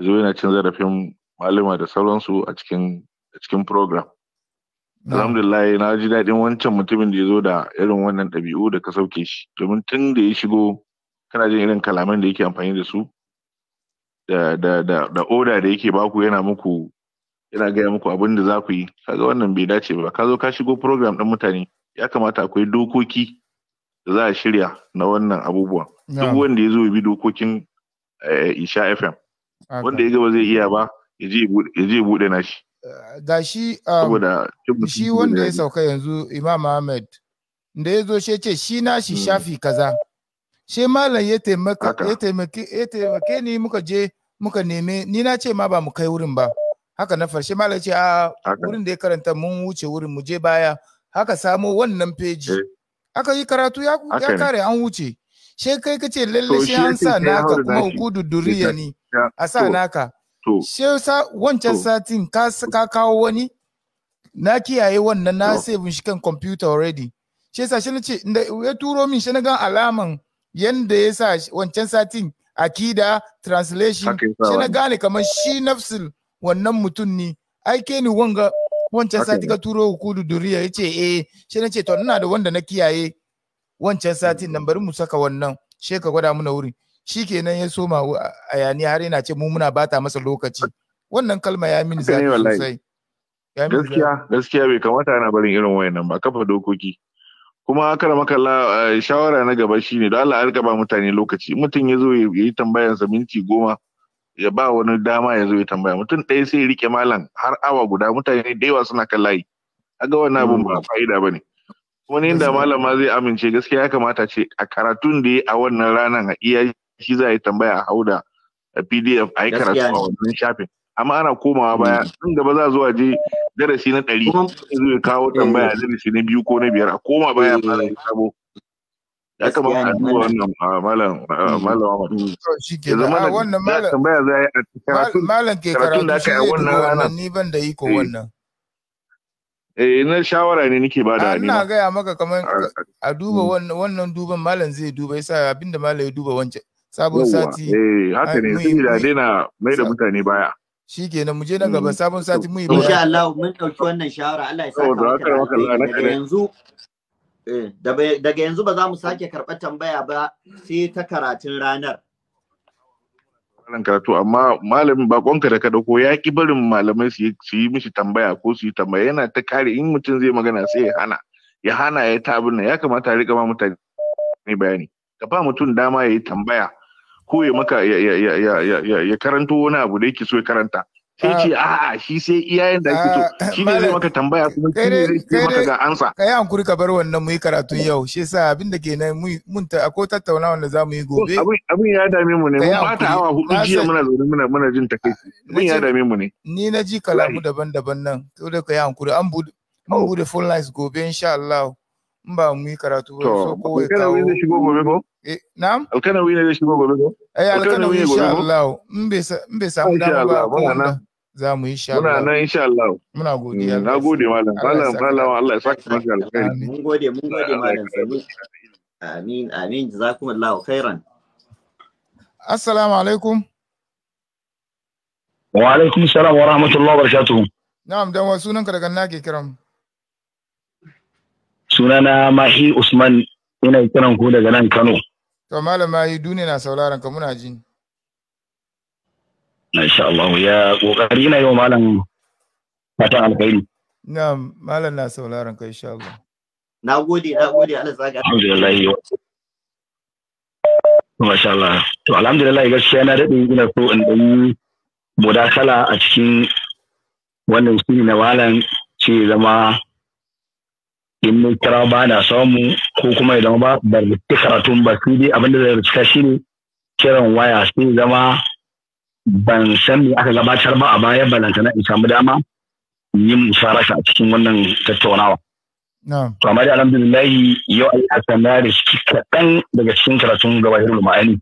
zo yana cin zarafin malama da sauransu a cikin a cikin program alhamdulillah na ji daɗin wancan mutumin da ya zo da irin wannan ɗabi'u da ka sauke shi domin tun da ya shigo kana jin irin kalaman da yake amfani da su da da da da oda da yake baku yana muku yana gaya muku abin da za ku yi kaga wannan bai dace ba ka zo ka shigo program ɗin mutane ya kamata akwai dokoki da za a shirya na wannan abubuwan duk wanda ya zo ya bi dokokin eh, isha fm wanda ya gaba zai iya ba ya je buɗe na shi eh, ga shi um, shi wanda ya sauka yanzu imam ahmed da ya zo shi ce shi na shi hmm. shafi kaza she malam ya taimaka ya taimake ya taimake ni muka je muka neme ni na ce ma ba mu kai wurin ba haka na farshe malam ce a wurin da ya karanta mun wuce wurin mu je baya haka samo wannan peji eh. aka yi karatu ya kare an wuce she kai ka ce lalle shi an sa naka kuma hukudu duriya ni a sa naka she sa wancan satin ka kawo wani na kiyaye wannan na save shi kan computer already she sa shi na ce ya turo min shi na gan alaman yanda ya sa wancan satin akida translation shi na gane kamar shi nafsul wannan mutum ne ai ke ni wanga wancan sati ka turo hukudu duriya ya ce eh shi na ce to ina da wanda na kiyaye wancan satin nan bari mu saka wannan shi ka gwada muna wuri shikenan ya soma a yani har yana ce mu muna bata masa lokaci wannan kalma ya min zafi sosai gaskiya gaskiya bai kamata ana barin irin wayannan ba kafa dokoki kuma da makalla eh, shawara na gaba shine don Allah ba mutane lokaci mutum ya zo ya yi sa minti goma ya ba wani dama ya zo ya tambaya mutum ɗaya sai rike malam har awa guda mutane da yawa suna kan layi aga wannan abun ba mm. fa'ida ba ne kuma ne da malam ma zai amince gaskiya ya kamata ce a karatun da ya a wannan ranar a iya shi za a yi tambaya a hauda a pdf a yi karatu a wannan shafin amma ana komawa baya hmm. nan gaba za zuwa je darasi na ɗari zai kawo tambaya hmm. darasi na biyu ko na biyar a koma baya malam sabo ya kamata a duba wannan ah, malam ah, hmm. malam ya zama ah, wannan malam tambaya za a karatun malam ke karatun da aka yi wannan rana ni ban da iko eh. wannan eh na shawara ne nake ba da ina gaya maka kamar a duba wannan duban malam zai duba yasa abinda malam ya duba wancan sabon sati eh haka ne sai da daina mai da mutane baya shi kenan mu je na gaba mm. sabon sati mu yi insha Allah mun dauki wannan shawara Allah ya saka maka yanzu eh, daga yanzu ba za mu sake karba tambaya ba sai ta karatun ranar wannan karatu amma malamin bakonka da ka dauko ya ki barin malamai su yi mishi tambaya ko su yi tambaya yana ta kare in mutum zai magana sai ya hana ya hana ya ta abin nan ya kamata a rika ma mutane bayani ka ba mutum dama ya yi tambaya ko ya maka ya karanto wani abu da yake so ya karanta sai ce ah. a'a shi sai iyayen da ake so ah, shi ne zai maka tambaya kuma shi ne zai maka ga ansa yi hankuri ka bar wannan mu yi karatu yau shi yasa abin da nan mun ta akwai tattauna wanda zamu yi gobe abin ya dame mu ne mun bata hawa hudu jiya muna zaune muna muna jin takaici ah, abin ya dame mu ne ni na ji kalamu daban-daban nan to da yi hankuri an bude mun oh. bude full lines gobe insha Allah in ba mu yi karatu ba so ko ya kawo zai shigo gobe ko eh na'am alkanawi ne zai shigo gobe ko eh alkanawi insha Allah in bai in bai samu dama ba ko na za mu insha Allah muna nan insha Allah muna godiya mm, na gode malam malam malam Allah ya saki maka alkhairi mun gode mun gode malam amin amin jazakumullahu khairan assalamu alaikum wa alaikum salam wa rahmatullahi wa barakatuh na'am dan wa sunan daga nake kiran sunana Mahi Usman ina kiran ku daga nan Kano. To Malam Mahi duniya na sauraron ka muna ji. Masha Allah ya kokari na yau malam fatan alkhairi. Na'am malam na sauraron ka insha Allah. Na gode na gode Allah zaka. Alhamdulillah. Masha Allah. To alhamdulillah gaskiya na dade ina so in dan mudakala a cikin wannan shiri na malam ce zama in mun kira ba na samu ko kuma idan ba ba rubuta karatun ba sai dai abinda zai rubuta shi ne kiran waya sai zama ban san me aka gabatar ba a baya balanta na in samu dama yin musaraka a cikin wannan tattaunawa. To amma dai alhamdulillah yau ai aka da shi kaɗan daga cikin karatun gabatar ma'ani.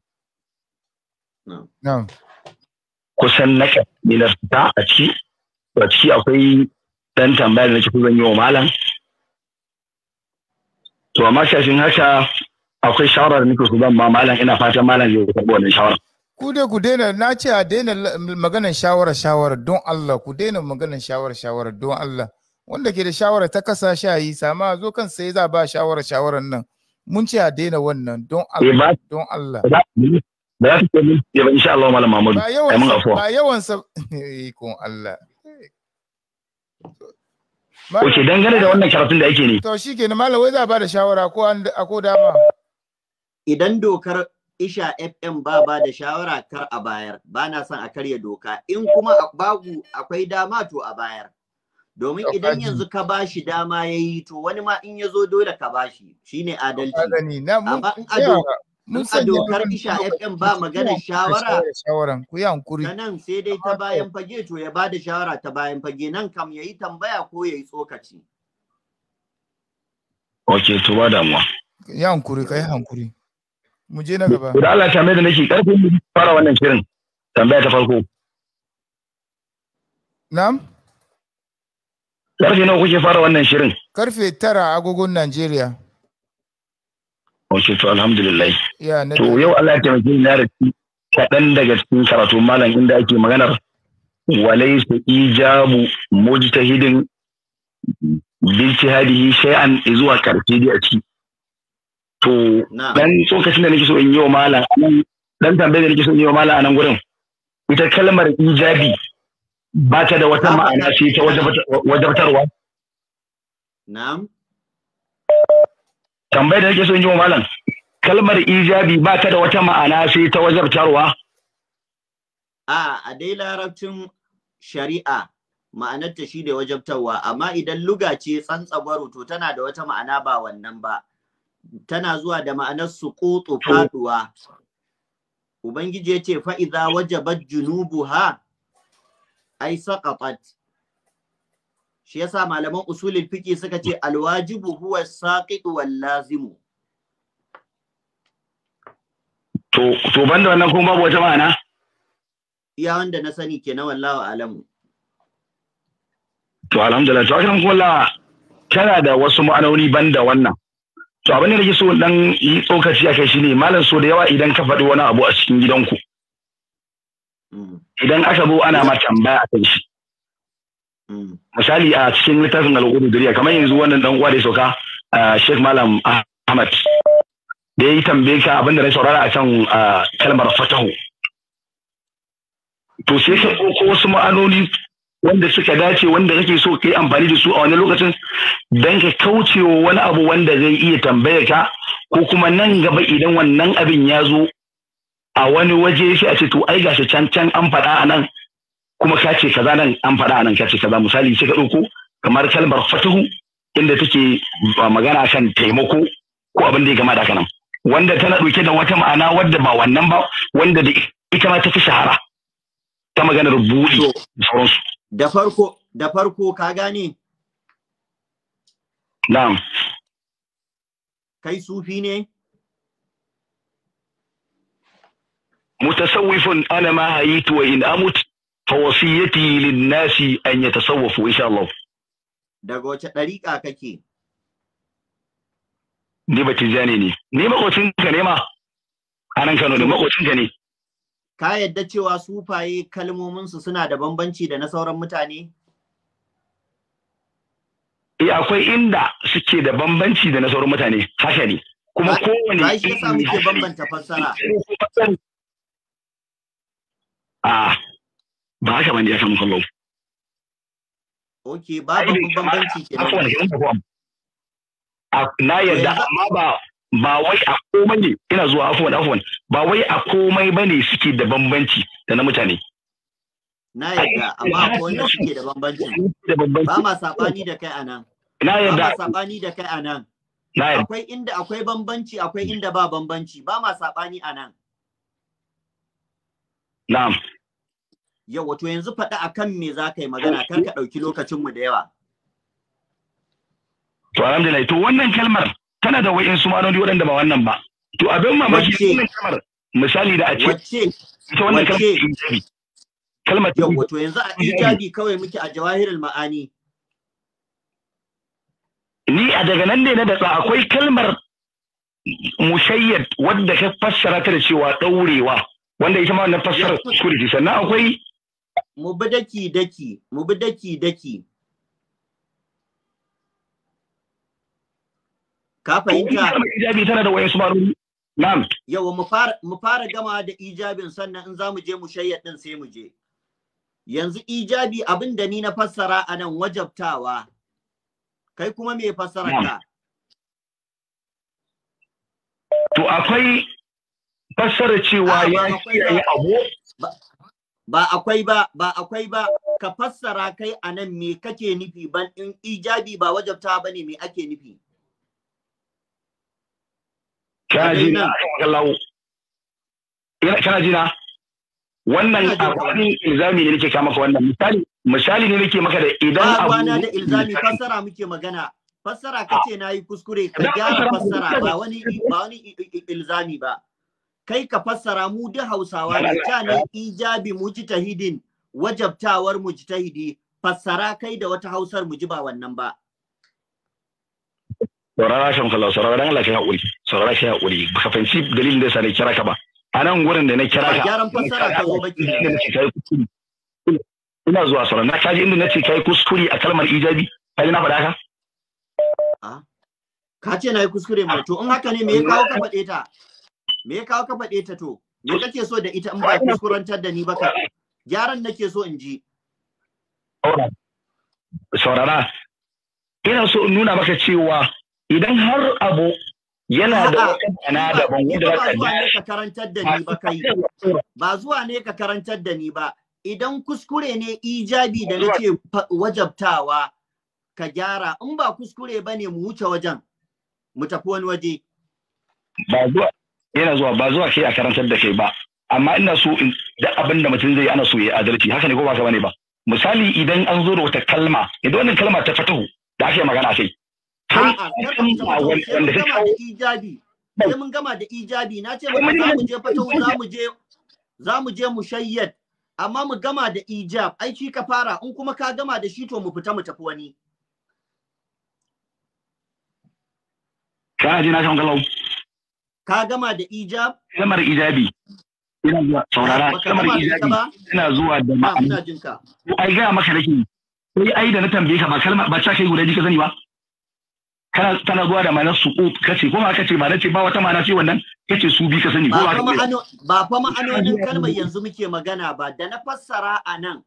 Kusan na ne na fita a ciki, a ciki akwai ɗan tambaya da nake zan yi wa malam. to amma shashin haka akwai shawarar da nake so zan ba malam ina fatan malam zai karɓi wannan shawara ku dai ku daina na ce a daina maganar shawara shawara don Allah ku daina maganar shawara shawara don Allah wanda ke da shawara ta kasa yi sama zo kan sai za ba shawara shawara nan mun ce a daina wannan don eh, Allah don Allah ba za ta ce ba insha Allah malam Muhammadu ba yawan ba yawan sa [laughs] eh, ikon Allah eh. Oke dangane da wannan karatun da ake ne. To shi kenan malam wai za a bada shawara ko an ko dama. Idan dokar Isha FM ba ba da shawara kar a bayar ba na son a karya doka in kuma babu akwai dama to a bayar. Domin idan yanzu ka ba shi dama ya yi to wani ma in ya zo dole ka ba shi shi ne adalci. Amma in a mun a dokar isha fm ba magana shawara shawaran ku yi hankuri nan sai dai ta bayan fage to ya bada shawara ta bayan fage nan kam yayi tambaya ko yayi tsokaci ok to ba damuwa ya hankuri kai hankuri mu je na gaba da Allah ta mai da nake karfin fara wannan shirin tambaya ta farko na'am karfe nawa kuke fara wannan shirin karfe tara agogon Najeriya ok to alhamdulillah to yau Allah ya taimake ni na rafi kaɗan daga cikin karatu malam inda ake maganar walai su ijabu mujtahidin bijtihadihi shay'an zuwa karfi da a ciki to dan tsokacin da nake so in yi wa malam anan dan tambayar da nake so in yi wa malam anan gurin ita kalmar ijabi ba ta da wata ma'ana sai ta wajabtarwa. na'am tambayar da nake so in ji malam kalmar ijabi ba ta da wata ma'ana sai ta wajabtarwa a a dai larabcin shari'a ma'anarta shi da wajabtarwa amma idan luga ce tsantsabaru to tana da wata ma'ana ba wannan ba tana zuwa da ma'anar suqutu faduwa ubangiji ya ce fa'iza wajabat junubuha ai saqatat shi yasa malaman usulin fiqi suka ce alwajibu huwa saqitu wal lazimu to to banda wannan kuma babu wata ma'ana iya wanda na sani kenan wallahi alamu to alhamdulillah to akan kula tana da wasu ma'anoni banda wannan to abin da nake so dan yi tsokaci a kai shine malam so da yawa idan ka faɗi wani abu a cikin gidanku mm. idan aka zo ana ma tambaya kai shi Mm. misali a cikin littafin al'ummar dariya kamar yanzu wannan dan uwa da ya sauka Sheikh Malam Ahmad da ya yi tambaye ka abinda na saurara a kan kalmar fatahu to sai ka ko wasu ma'anoni wanda suka dace wanda kake so ka amfani da su a wani lokacin Dan ka kauce wa wani abu wanda zai iya tambaye ka ko kuma nan gaba idan wannan abin ya zo a wani waje sai a ce to ai gashi can can an faɗa a nan kuma ka ce kaza nan an faɗa nan ka ce kaza misali sai ka ɗauko kamar kalmar fatahu inda take magana kan taimako ko abin da ya gama da haka nan wanda tana ɗauke da wata ma'ana wadda ba wannan ba wanda da ita ma ta fi shahara ta maganar buɗi sauransu. Da farko, da farko ka gane? Na'am. Kai sufi ne? Mutasawwifun ana ma hayi tuwa in amut fawasiyati للناس أن يتصوفوا إن شاء الله daga wace ɗariƙa kake? Ni ba tijani ne, ni ka ne ma, anan Kano ne ka ne. Ka yadda cewa sufaye su suna da bambanci da na sauran mutane? Eh akwai inda suke da bambanci da na sauran mutane, haka ne. Kuma kowane Ba shi yasa muke bambanta fassara. Ah, ba haka bane ya samu sallau Ba babu bambanci kenan na yarda amma ba ba wai a komai ne ina zuwa afuwan afuwan ba wai a komai ba ne suke da bambanci da na mutane na yarda amma akwai wanda suke da bambanci ba ma sabani da kai anan na yarda ba ma sabani da kai anan akwai inda akwai bambanci akwai inda ba bambanci ba ma sabani anan na'am Yau wato yanzu faɗi akan me za ka yi magana kar ka ɗauki lokacinmu da yawa. To alhamdulillah to wannan kalmar tana da su ma'anoni waɗanda ba wannan ba. To abin mamaki wannan kalmar misali da a ce ita wannan kalmar kalmar ta wato yanzu a ijabi kawai muke a jawahirul ma'ani ni a daga nan ne na datsa akwai kalmar mushayyad wadda ka fassara ta da cewa ɗaurewa, wanda ita ma wannan fassarar kuskure sannan akwai mu bi daki daki mu bi daki daki ka fahimta ijabi tana da wayansu barori na'am yawa mu fara mu fara gama da ijabin sannan in zamu je mu shayyad din sai mu je yanzu ijabi abin da ni na fassara anan wajabtawa kai kuma me fassara ka to akwai fassara cewa ya yi abu ba akwai ba ba akwai ba ka fassara kai a nan me kake nufi ban in ijabi ba wajabta ba ne me ake nufi kana jina wannan akwai ilzami ne nake maka wannan misali misali ne nake maka da idan abu ba da ilzami fassara muke magana fassara kace nayi kuskure ka gyara fassara ba wani ba wani ilzami ba kai ka fassara mu duk Hausawa da ta ne ijabi mujtahidin wajabtawar mujtahidi fassara kai da wata Hausar mu ji ba wannan ba saurara shan kallon saurara dan Allah kai hakuri saurara kai hakuri baka fanci dalilin da sai kira ka ba a nan gurin da na kira ka gyaran fassara ka zo baki ina zuwa saurara na kaji inda nace kai kuskure a kalmar ijabi kai na fada ka ka ce na yi kuskure mai to in haka ne me ya kawo ka faɗe ta me ya kawo ka faɗe ta to me kake so da ita in ba kuskurantar da ni ba ka gyaran nake so in ji saurara ina so in nuna maka cewa idan har abu yana da wata ma'ana daban wanda ba zuwa ne ka karantar da ni ba kai ba zuwa ne ka karantar da ni ba idan kuskure ne ijabi da nake wajabtawa ka gyara in ba kuskure ba ne mu wuce wajen mu tafi wani waje ba zuwa yana zuwa ba zuwa kai a karantar da kai ba amma ina so da abin da mutum zai ana so ya adalci haka ne ko ba ka bane ba misali idan an zo da wata kalma idan wannan kalma ta fatahu da ake magana kai wanda ka kawo sai mun gama da ijabi na ce ba za mu je fatahu za mu je za mu je mu shayyad amma mu gama da ijab ai shi ka fara in kuma ka gama da shi to mu fita mu tafi wani kana ji na san galau ka gama da ijab kalmar ijabi ina zuwa saurara kalmar ijabi ina zuwa da ma'ana ai ga maka nake sai ai da na tambaye ka ba kalma ba ta kai guda jika zani ba kana tana zuwa da ma'anar suqut kace ko ma kace ba ce ba wata ma'ana ce wannan kace su bi ka sani ba ba fa ma'anonin kalmar yanzu muke magana ba da na fassara anan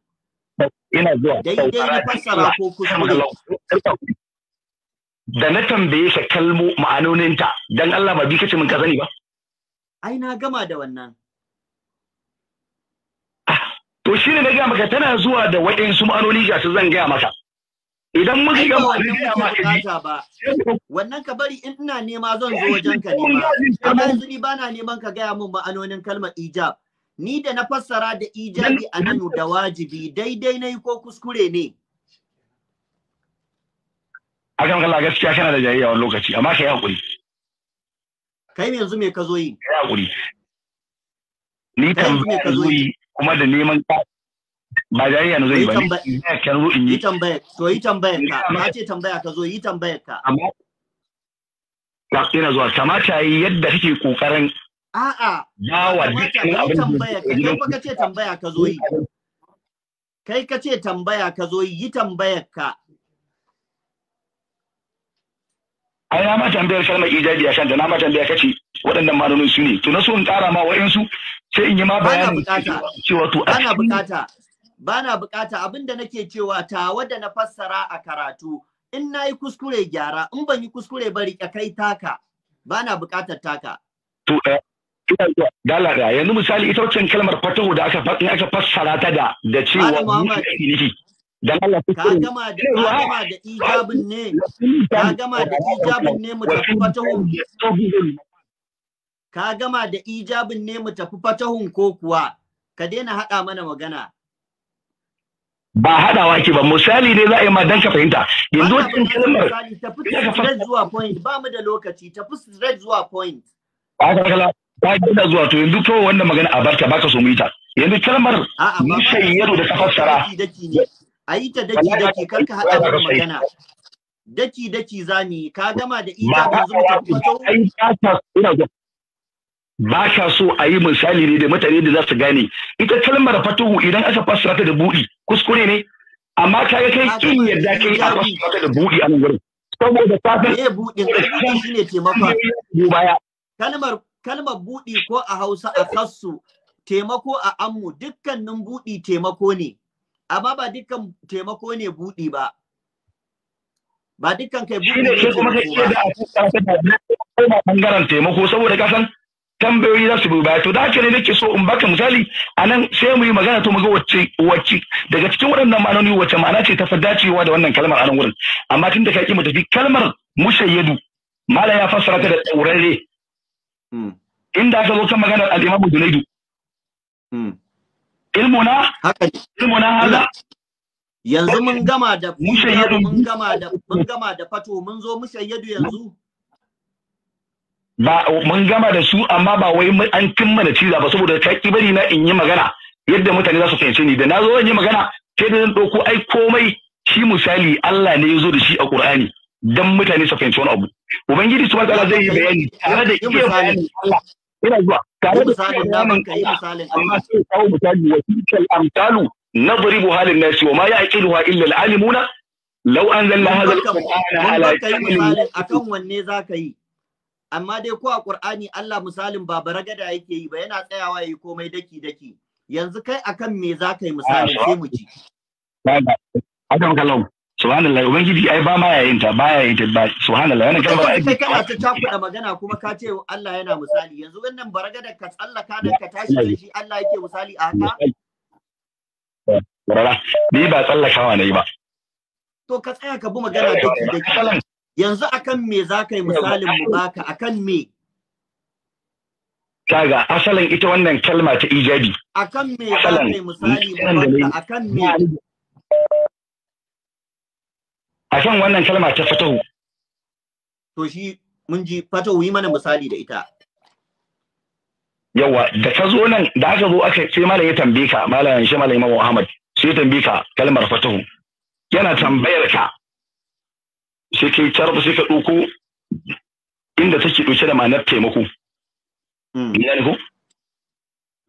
ina zuwa daidai na fassara ko kuskure da na tambaye ka kalmo ma'anoninta dan Allah ba bi kace min ka sani ba ai na gama da wannan ah, to shi ne na gaya maka tana zuwa da waɗansu ma'anoni ga su zan gaya maka idan muka ga ba ni gaya maka ji wannan ka bari in ina nema zan zo wajen ka ne amma yanzu ni bana neman ka gaya min ma'anonin kalmar ijab ni da na fassara da ijabi a nan da wajibi daidai nayi ko kuskure ne akan kalla gaskiya kana da jayayya wani lokaci amma ka yi hakuri kai yanzu me ka zo yi kai yi hakuri ni tambaya ka zo yi kuma da neman ka ba jayayya na zai ba ni kan zo in yi tambaya to yi tambaya ka na ce tambaya ka zo yi tambaya ka amma ka ina zuwa kamata yi yadda kake kokarin a'a yawa dukkan abin da tambaya kai ba ka ce tambaya ka zo yi kai ka ce tambaya ka zo yi tambayar ka ai na mata tambayar kalmar ijabi a shanta na mata tambaya kace waɗannan malamin su ne to na so in ƙara ma wa'insu sai in yi ma bayanin cewa to ana bukata bana bukata abinda nake cewa tawa da na fassara a karatu in na yi kuskure gyara in ban yi kuskure ba riƙe kai taka bana bukatar taka to eh, dala da yanzu misali ita wancan kalmar fatahu da aka aka fassara ta da da cewa ka gama da ijabin ne ka gama da ijabin ne mu tafi fatahun ka gama da ijabin ne mu tafi fatahun ko kuwa ka daina haɗa mana magana ba haɗawa ke ba misali ne za a yi ma dan ka fahimta yanzu wannan kalmar tafi straight zuwa point ba mu da lokaci tafi straight zuwa point Ka kala ka gida zuwa to yanzu to wannan magana a barka ka so mu yi ta yanzu kalmar mushayyadu da ka fassara a yi ta daki daki kar ka haɗa mana magana daki daki zani ka gama da ita yanzu mu tafi ga ba sha so a yi misali ne da mutane da za su gane ita kalmar fatuhu idan aka fassara ta da buɗi kuskure ne amma ka ga kai kin yadda kai a fassara ta da buɗi a nan gurin saboda ta ta eh buɗin buɗi shine taimakon baya kalmar kalmar buɗi ko a Hausa a kassu taimako a ammu dukkanin buɗi taimako ne amma ba dukkan taimako ne buɗi ba ba dukkan kai buɗi ne sai kuma kai da ba bangaren taimako saboda ka san tambayoyi za su bi ba. to da haka ne nake so in baka misali anan sai mu yi magana to mu ga wacce wacce daga cikin waɗannan ma'anoni wacce ma'ana ce ta fi dacewa da wannan kalmar a nan wurin amma tun da ka ki mu tafi kalmar mushayyadu mala ya fassara ta da tsaurare hmm. inda aka zo kan maganar al'imamu imamu junaidu hmm. ilmuna ilmuna haza yanzu mun gama da mun gama da mun gama da fato mun zo mushayyadu yanzu ba mun gama da su amma ba wai an cimma da ciza ba saboda ta ki bari na in yi magana yadda mutane za su fahimce ni da na zo yi magana sai da zan ɗauko ai komai shi misali Allah ne ya zo da shi a Qur'ani dan mutane su fahimci wani abu ubangiji subhanahu wa ta'ala zai yi bayani tare da iya bayani Allah ina zuwa Kawo misalin naman ka misalin amma sai kawo misali wa tilkal amsalu ma illa al-alimuna law anzalna hadha al-qur'ana ala akan wanne zaka yi amma dai ko a Qur'ani Allah misalin ba baragada yake yi ba yana tsayawa yayi komai daki daki yanzu kai akan me zaka yi misali sai mu ji Adam subhanallah ubangiji ai ba ma yayin ta ba yayin ta ba subhanallah wannan kalma ai sai kana ta takuda magana kuma ka ce Allah yana misali yanzu wannan baragadar ka tsallaka dan ka tashi da shi Allah yake misali a haka barara ni ba tsallakawa nayi ba to ka tsaya ka bi magana da ki yanzu akan me za ka yi misalin mu baka akan me kaga asalin ita wannan kalma ta ijabi akan me za ka yi misali mu baka akan me akan wannan kalma ta fatahu to shi mun ji fatahu yi mana misali da ita yawa da ka zo nan da aka zo aka sai malam ya tambaye ka malam yanshi malam Imam Muhammad sai ya tambaye ka kalmar fatahu yana tambayar ka sai kai tarab sai ka ɗauko inda take ɗauke da ma'anar taimako hmm. ne ko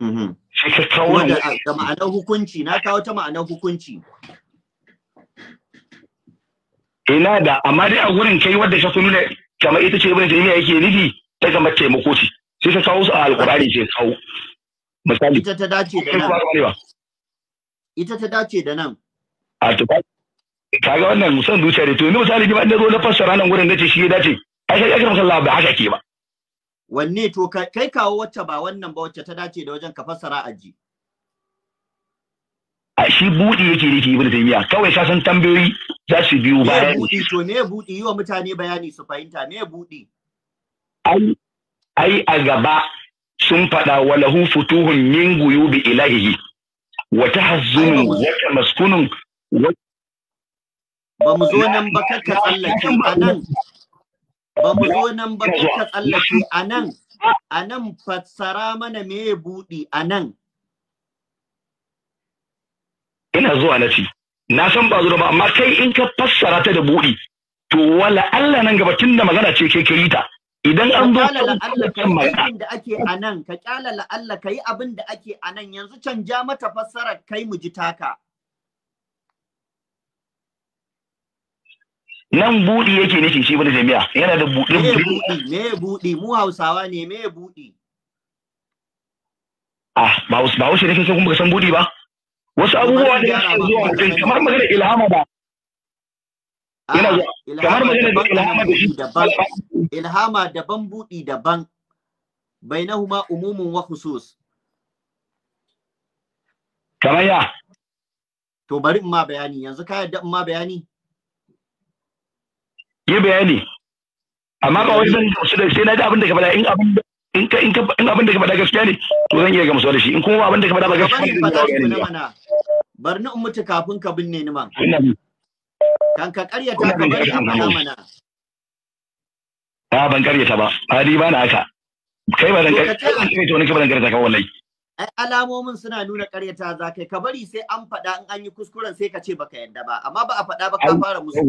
hmm. sai ka kawo da ma'anar hukunci na kawo ta ma'anar hukunci ina da amma dai a gurin kai wadda ka nuna kama ita ce ibn jami'a yake nufi ta kamar mace makoci sai ka kawo su a alqur'ani sai kawo misali ita ta dace da nan ita ta dace da nan a to kaga wannan musan zuciya ne to ni misali ni ba na zo na fassara nan gurin nace shi ya dace ai sai akram musalla ba haka ke ba wanne to kai kawo wacce ba wannan ba wacce ta dace da wajen ka fassara aji a shi buɗi yake da ke ibn taymiya kawai ka san tambayoyi za su biyu ba ya buɗi so ne buɗi yi wa mutane bayani su fahimta ne buɗi ai ai a gaba sun faɗa wa lahu futuhun min guyubi ilahihi wa tahazzunun wa tamaskunun ba mu zo nan ba kakka tsallake a nan ba mu zo nan ba kakka tsallake a nan a nan fassara mana me buɗi a nan ina zuwa na ci na san ba zuwa ba amma kai in ka fassara ta da buɗi to wala Allah nan gaba tunda magana ce ke kai ta idan an zo kan magana da ake anan ka kyala Allah kai abin da ake anan yanzu canja mata fassara kai mu ji taka nan buɗi yake nake shi bane jami'a yana da buɗe buɗi me buɗi mu Hausawa ne me buɗi ah ba ba wuce ne kake kuma san buɗi ba wasu abubuwa da yana zuwa mutum kamar magana ilhama ba ah, yana zuwa kamar magana da ilhama da shi ilhama daban buɗi daban bainahuma umumun wa khusus kamar ya to bari in ma bayani yanzu ka yadda in ma bayani yi bayani amma ba wai zan su da sai na ji abin da ka faɗa in abin da in ka in abin da ka faɗa gaskiya ne to zan iya gamsuwa da shi in kuma abin da ka faɗa ba gaskiya ne bar ni in mutu kafin ka binne ni man kan ka karyata ka bari a mana Ah ban karyata ba hadi ba na haka kai ba dan karyata wani kai ba dan karyata ka wallahi ai alamomin suna nuna karyata za kai ka bari sai an faɗa in an yi kuskuren sai ka ce baka yadda ba amma ba a faɗa ba ka fara musu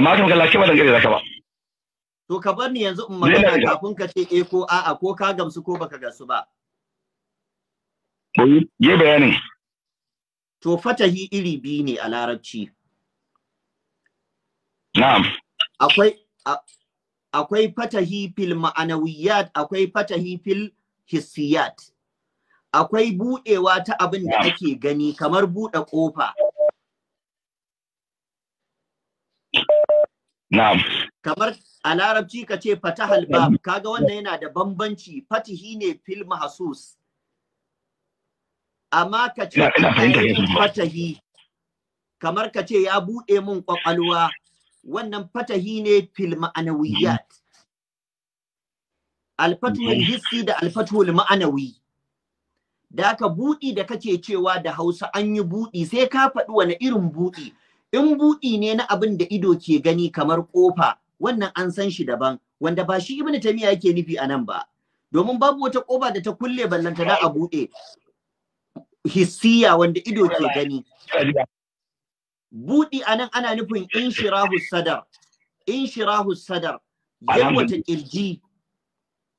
amma kan kallon kai ba dan karyata ka ba to ka bar ni yanzu in magana kafin ka ce e ko a'a ko ka gamsu ko baka gamsu ba yi bayanin to fatahi iri biyu ne a larabci akwai akwai fatahi fil ma'anawiyat akwai fatahi fil hissiyat akwai budewa ta abin da ake gani kamar bude kofa na'am kamar a larabci ka ce fatahal bab kaga wannan yana da bambanci fatihi ne fil mahsus amma ka ce fatahi kamar ka ce ya buɗe mun kwakwalwa wannan fatahi ne fil ma'anawiyat alfatuhul hissi da alfatul ma'anawi da aka buɗi da kake cewa da Hausa an yi buɗi sai ka faɗi wani irin buɗi in buɗi ne na abin da ido ke gani kamar ƙofa wannan an san shi daban wanda ba shi ibnu tamiya yake nufi anan ba domin babu wata ƙofa da ta kulle ballanta da a buɗe hissiya wanda ido ke gani buɗi anan ana nufin inshirahu sadar inshirahu sadar yawata kirji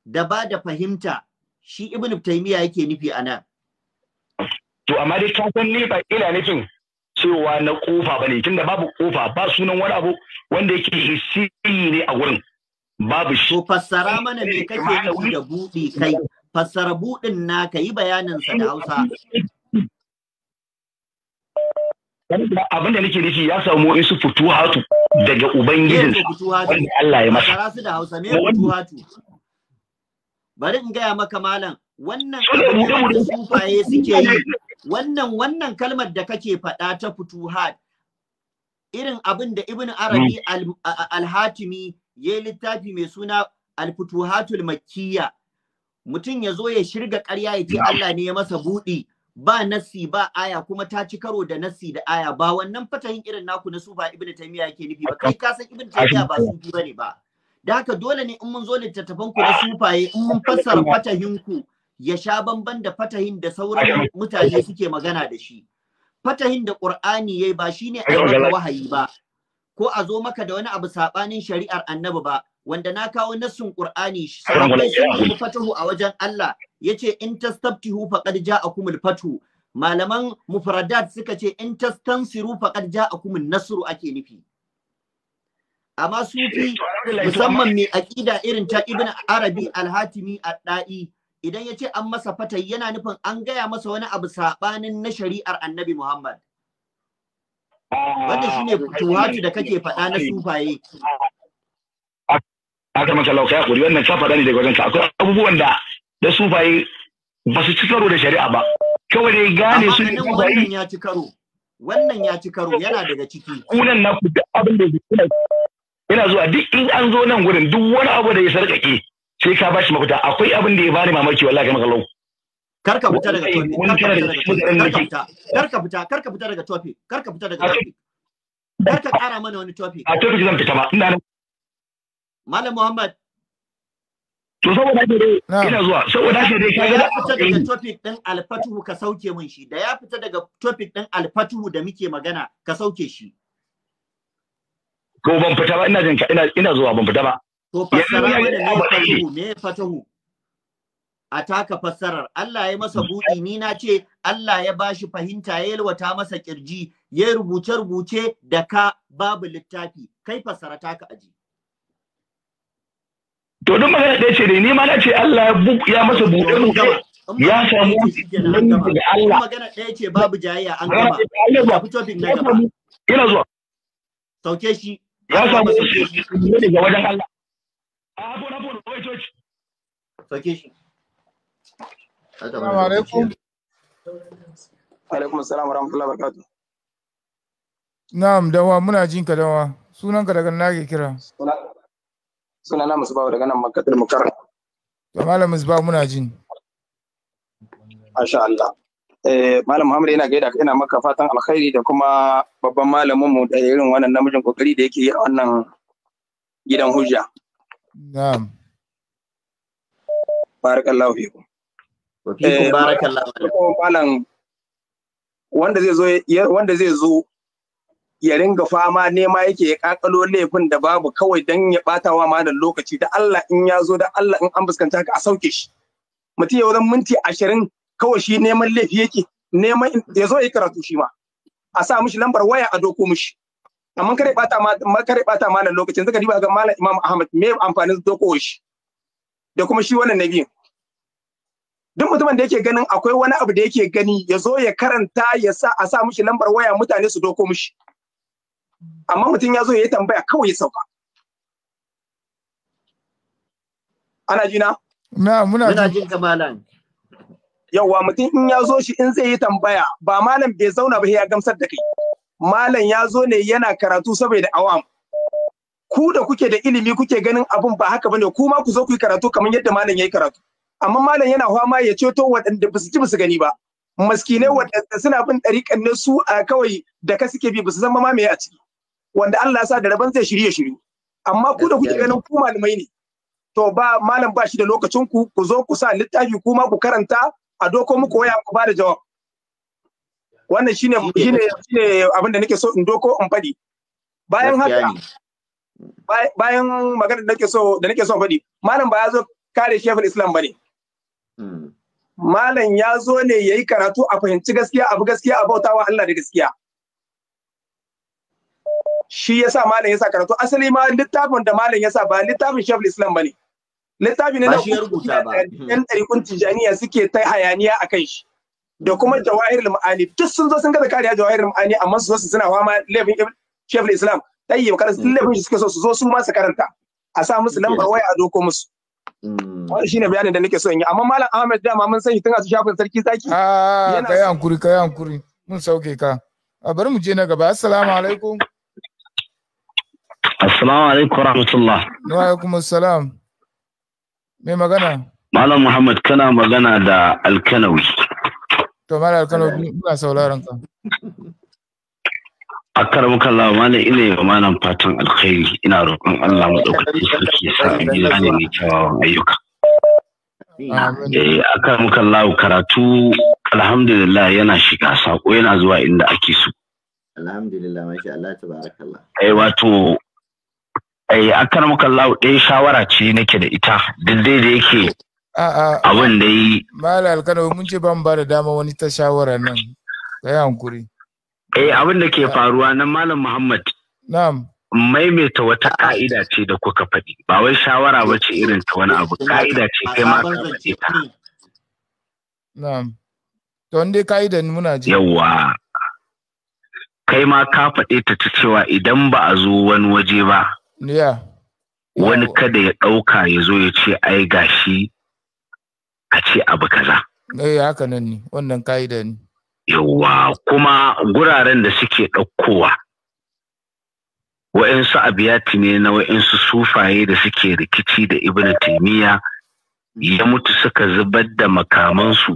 da ba da fahimta shi ibn taymiya yake nufi anan to amma dai ta san ni ba ina nufin cewa na kofa bane tunda babu kofa ba sunan wani abu wanda yake hissi ne a gurin babu shi to fassara mana me kake nufi da buɗi kai fassara buɗin naka yi bayanin sa da Hausa abin da nake nufi ya samu fitu futuhatu daga ubangijin Allah ya masa Karasu da Hausa fitu hatu. bari in gaya maka malam wannan da sufaye suke yi wannan wannan kalmar da kake faɗa ta futuhat irin abin da Ibn Arabi mm. al-Hatimi ya littafi mai suna al-Futuhatul Makkiya, mutum ya zo ya shirga ƙarya ya ce Allah ne ya masa buɗi ba nasi ba aya kuma ta ci karo da nasi da aya ba wannan fatahin irin naku na sufa ibn taymiya yake nufi ba kai ka san ibn taymiya ba sufi bane ba da haka dole ne in mun zo littattafan ku na sufaye in mun fassara fatahin ku ya sha bamban da fatahin da sauran mutane suke magana da shi fatahin da qur'ani yayi ba shine a maka wahayi ba ko a zo maka da wani abu sabanin shari'ar annabi ba wanda na kawo nassun Qur'ani sahabbai sai fatahu a wajen Allah yace in tastabtihu faqad al fathu malaman mufradat suka ce in tastansiru faqad an nasru ake nufi amma sufi eh, musamman mai aqida irin ta Ibn Arabi Al-Hatimi Ad-Da'i idan yace an masa fatai yana nufin an gaya masa wani abu sabanin na shari'ar Annabi Muhammad wanda shine ah, futuhatu da kake faɗa na sufaye aka masa lauka ya kuri wannan safa da ne daga wajenka akwai abubuwan da da sufaye ba su ci karo da shari'a ba kawai dai gane su ne sufaye wannan ya ci karo wannan ya ci karo yana daga ciki kunan na ku duk abin da yake yana zuwa duk in an zo nan gurin duk wani abu da ya sarkake sai ka bashi mafita akwai abin da ya bani mamaki wallahi kai maka lau karka fita daga topic karka fita karka fita daga topic karka fita daga topic karka fita daga topic karka kara mana wani topic a topic zan fita ba ina nan Malam Muhammad. To saboda haka dai ina zuwa saboda haka dai kage da fita daga topic din alfatuhu ka sauke mun shi da ya fita daga topic din alfatuhu da muke magana ka sauke shi. Ko ban fita ba ina jin ka ina ina zuwa ban fita ba. To fassara mana ne fatuhu me fatuhu. A taka fassarar Allah ya masa mm. buɗi ni na ce Allah ya bashi fahimta ya yalwata masa kirji ya rubuce rubuce da ka babu littafi kai fassara taka aji. to duk magana ɗaya ce dai ni ma na ce Allah ya masa buɗe buɗe ya samu da Allah magana ɗaya ce babu jayayya an gama. ya ina zuwa sauke shi ya samu ne ga wajen Allah na wa rahmatullahi wa barakatuh. Na'am dawa muna jinka dawa sunanka daga nage kira. suna na musu bawa daga nan makatul mukar da malam musbahu muna jin masha Allah eh malam Muhammad yana gaida ka ina maka fatan alkhairi da kuma babban malamin mu da irin wannan namijin kokari da yake yi a wannan gidan hujja na'am barakallahu fikum ku. fikum eh, barakallahu malam wanda zai zo wanda zai zo ya ringa fama nema yake ya kakalo laifin da babu kawai dan ya bata wa malam lokaci da Allah in ya zo da Allah in an fuskanta haka a sauke shi mutum ya wurin minti ashirin kawai shi neman laifi yake neman ya zo ya karatu shi ma a sa mishi lambar waya a doko mishi amma kare bata ma kare bata malam lokacin zaka diba ga malam Imam Ahmad me amfanin doko shi da kuma shi wannan nabi duk mutumin da yake ganin akwai wani abu da yake gani ya zo ya karanta ya sa a sa mishi lambar waya mutane su doko mishi amma mutum ya zo ya yi tambaya kawai ya sauka ana jina na muna jin ka malam. mutum in ya zo shi in zai yi tambaya ba malam bai zauna ba ya gamsar da kai malam ya zo ne yana karatu saboda awam ku da kuke da ilimi kuke ganin abun ba haka bane ku ma ku zo ku yi karatu kamar yadda malam ya yi karatu amma malam yana fama ya ceto waɗanda ba su ji ba su gani ba maskinai waɗanda suna bin ɗariƙan ne su a kawai da ka suke bi ba su zama ma me a ciki wanda Allah ya sa da rabon zai shirye shiryu amma ku da kuke ganin ku malamai ne to ba malam ba shi da lokacin ku ku zo ku sa littafi ku ma ku karanta a doko muku waya ku bada jawab wannan shine shine shine abin da nake so in doko in faɗi bayan haka bayan magana da nake so da nake so in faɗi malam ba ya zo kare shefin islam bane hmm. malam ya zo ne yayi karatu a fahimci gaskiya abu gaskiya a bautawa Allah da gaskiya shi yasa malam yasa karatu asali ma littafin da malam yasa ba littafin shafi islam bane Littafin ne na hmm. yan tarikun tijaniya suke ta hayaniya a kan shi da kuma hmm. jawahir ma'ani duk sun zo sun gaza kariya jawahir ma'ani amma su zo su suna fama laifin shafi islam tayyib kada sun hmm. laifin shi suke so su zo su ma su karanta a sa musu lamba waya a doko musu Wani shine bayanin da nake so in yi amma malam Ahmed dama mun sani tun a shafin sarki zaki. Ah kai hankuri kai hankuri mun sauke ka. A bari mu je na gaba assalamu alaikum. Assalamu alaikum Wa alaikum assalam. Me magana? Malam Muhammad kana magana da Alkanawi. To Malam Alkanawi ina sauraron ka. Allah malam ina yi fatan alkhairi ina roƙon Allah maɗaukaki sarki sa a gida ne mai kyawawan ayyuka. Eh Allah karatu alhamdulillah yana shiga sako yana zuwa inda ake so. Alhamdulillah masha Allah tabarakallah. Eh wato kan muka lau ɗaya shawara ce nake da ita duk dai da yake abin da yi mala alkanawi mun ce ban ba da dama wani ta shawara nan kai hankuri eh abin da ke faruwa nan malam muhammad na'am maimaita wata ka'ida ce da kuka faɗi ba wai shawara ba ce irin ta wani abu ka'ida ce kai ma ka faɗi ta na'am to inda ka'ida muna ji yawwa kai ma ka faɗe ta ta cewa idan ba a zo wani waje ba wani kada ya ɗauka ya zo ya ce ai gashi a ce abu kaza. Eh haka nan ne wannan ka'ida ne. Yawwa kuma guraren da suke ɗaukowa wa'insu abiyati ne na wa'insu sufaye da suke rikici da ibn taimiyya ya mutu suka zubar da makamansu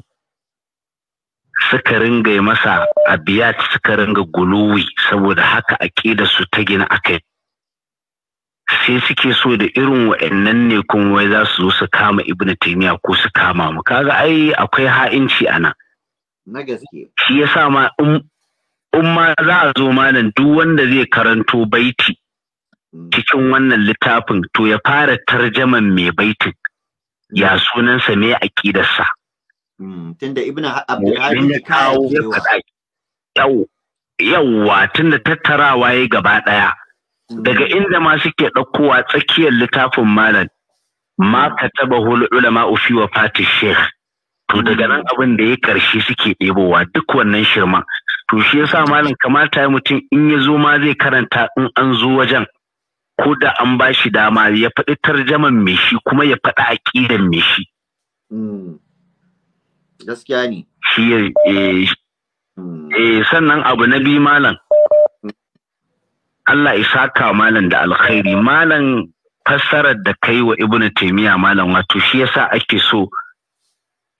suka ringa masa abiyat suka ringa guluwi saboda haka aƙida su ta gina akai. sai suke so da irin wa'annan ne kuma wai za su zo su kama ibnu taymiya ko su kama mu kaga ai akwai ha'inci a nan na gaske shi yasa ma in ma za a zo malam duk wanda zai karanto baiti mm. cikin wannan littafin to ya fara tarjaman mai baitin ya mm. sunansa me a mm. tunda ibnu abdulhadi ya kawo yawwa tunda tattarawa yayi gaba daya daga inda ma suke ɗaukowa tsakiyar littafin malam ma hmm. ka taba ulama ufi wa fati sheikh to hmm. daga nan abin da ya karshe suke ɗebowa duk wannan shirma. to shi yasa malam kamata ya mutum in ya zo ma zai karanta in an zo wajen ko da an ba shi dama ya faɗi tarjaman me shi kuma ya faɗi aƙidan me shi hmm. gaskiya ne shi eh, eh sannan abu na biyu malam Allah isa ka malam da alkhairi malam fassarar da kai wa Ibn Taymiyyah malam wato shi yasa ake so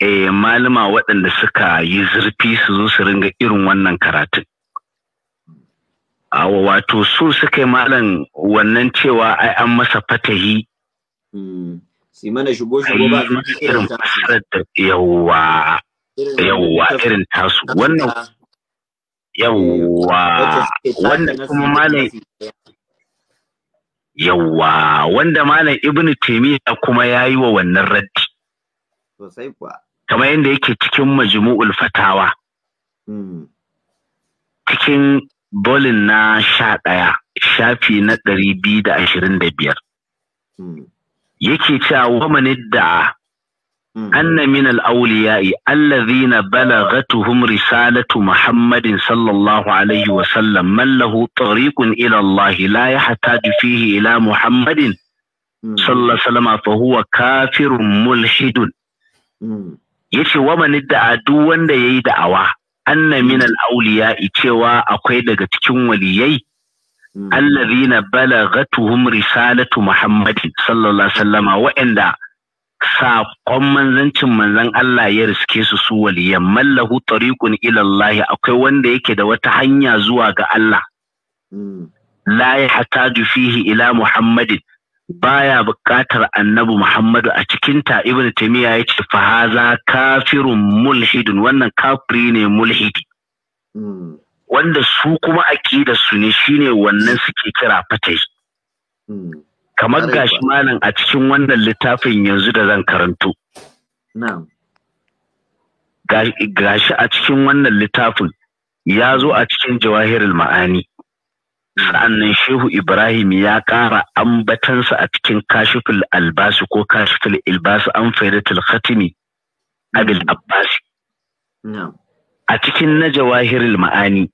eh malama waɗanda suka yi zurfi su zo su ringa irin wannan karatun awa wato su suka yi malam wannan cewa ai an masa fatahi hmm. si mana shigo shigo ba irin fassarar da yawwa yawwa irin tasu wannan yawwa wanda kuma malam yawwa wanda malam ibnu taymiya kuma yayi wa wannan raddi sosai kuwa kamar yadda yake cikin majmu'ul fatawa hmm. cikin bolin na sha ɗaya shafi na ɗari biyu da ashirin da biyar hmm. yake cewa wamanin da Mm. أن من الأولياء الذين بلغتهم رسالة محمد صلى الله عليه وسلم من له طريق إلى الله لا يحتاج فيه إلى محمد mm. صلى الله عليه وسلم فهو كافر ملحد yace wa da'a duk wanda yayi da'awa anna min al cewa akwai daga cikin waliyai allazina balaghatuhum risalatu muhammadin sallallahu alaihi wasallama saƙon manzancin manzan Allah ya riske su su waliyan mallahu tariqun ila Allah akwai wanda yake da wata hanya zuwa ga Allah hmm. la yahtaju fihi ila Muhammadin baya buƙatar Annabi Muhammadu a cikin ta ibnu taymiya yace fa haza kafirun mulhidun wannan kafiri ne mulhidi hmm. wanda su kuma aƙidar su ne shine wannan suke kira fatai hmm. kamar gashi malam a cikin wannan littafin yanzu da zan karanto gashi a cikin wannan littafin ya zo a cikin jawahirul ma'ani sa'annan shehu ibrahim ya ƙara ambatansa a cikin kashiful albasu ko kashiful albasu an faidatul khatimi abil mm. abbasi a cikin na jawahirul ma'ani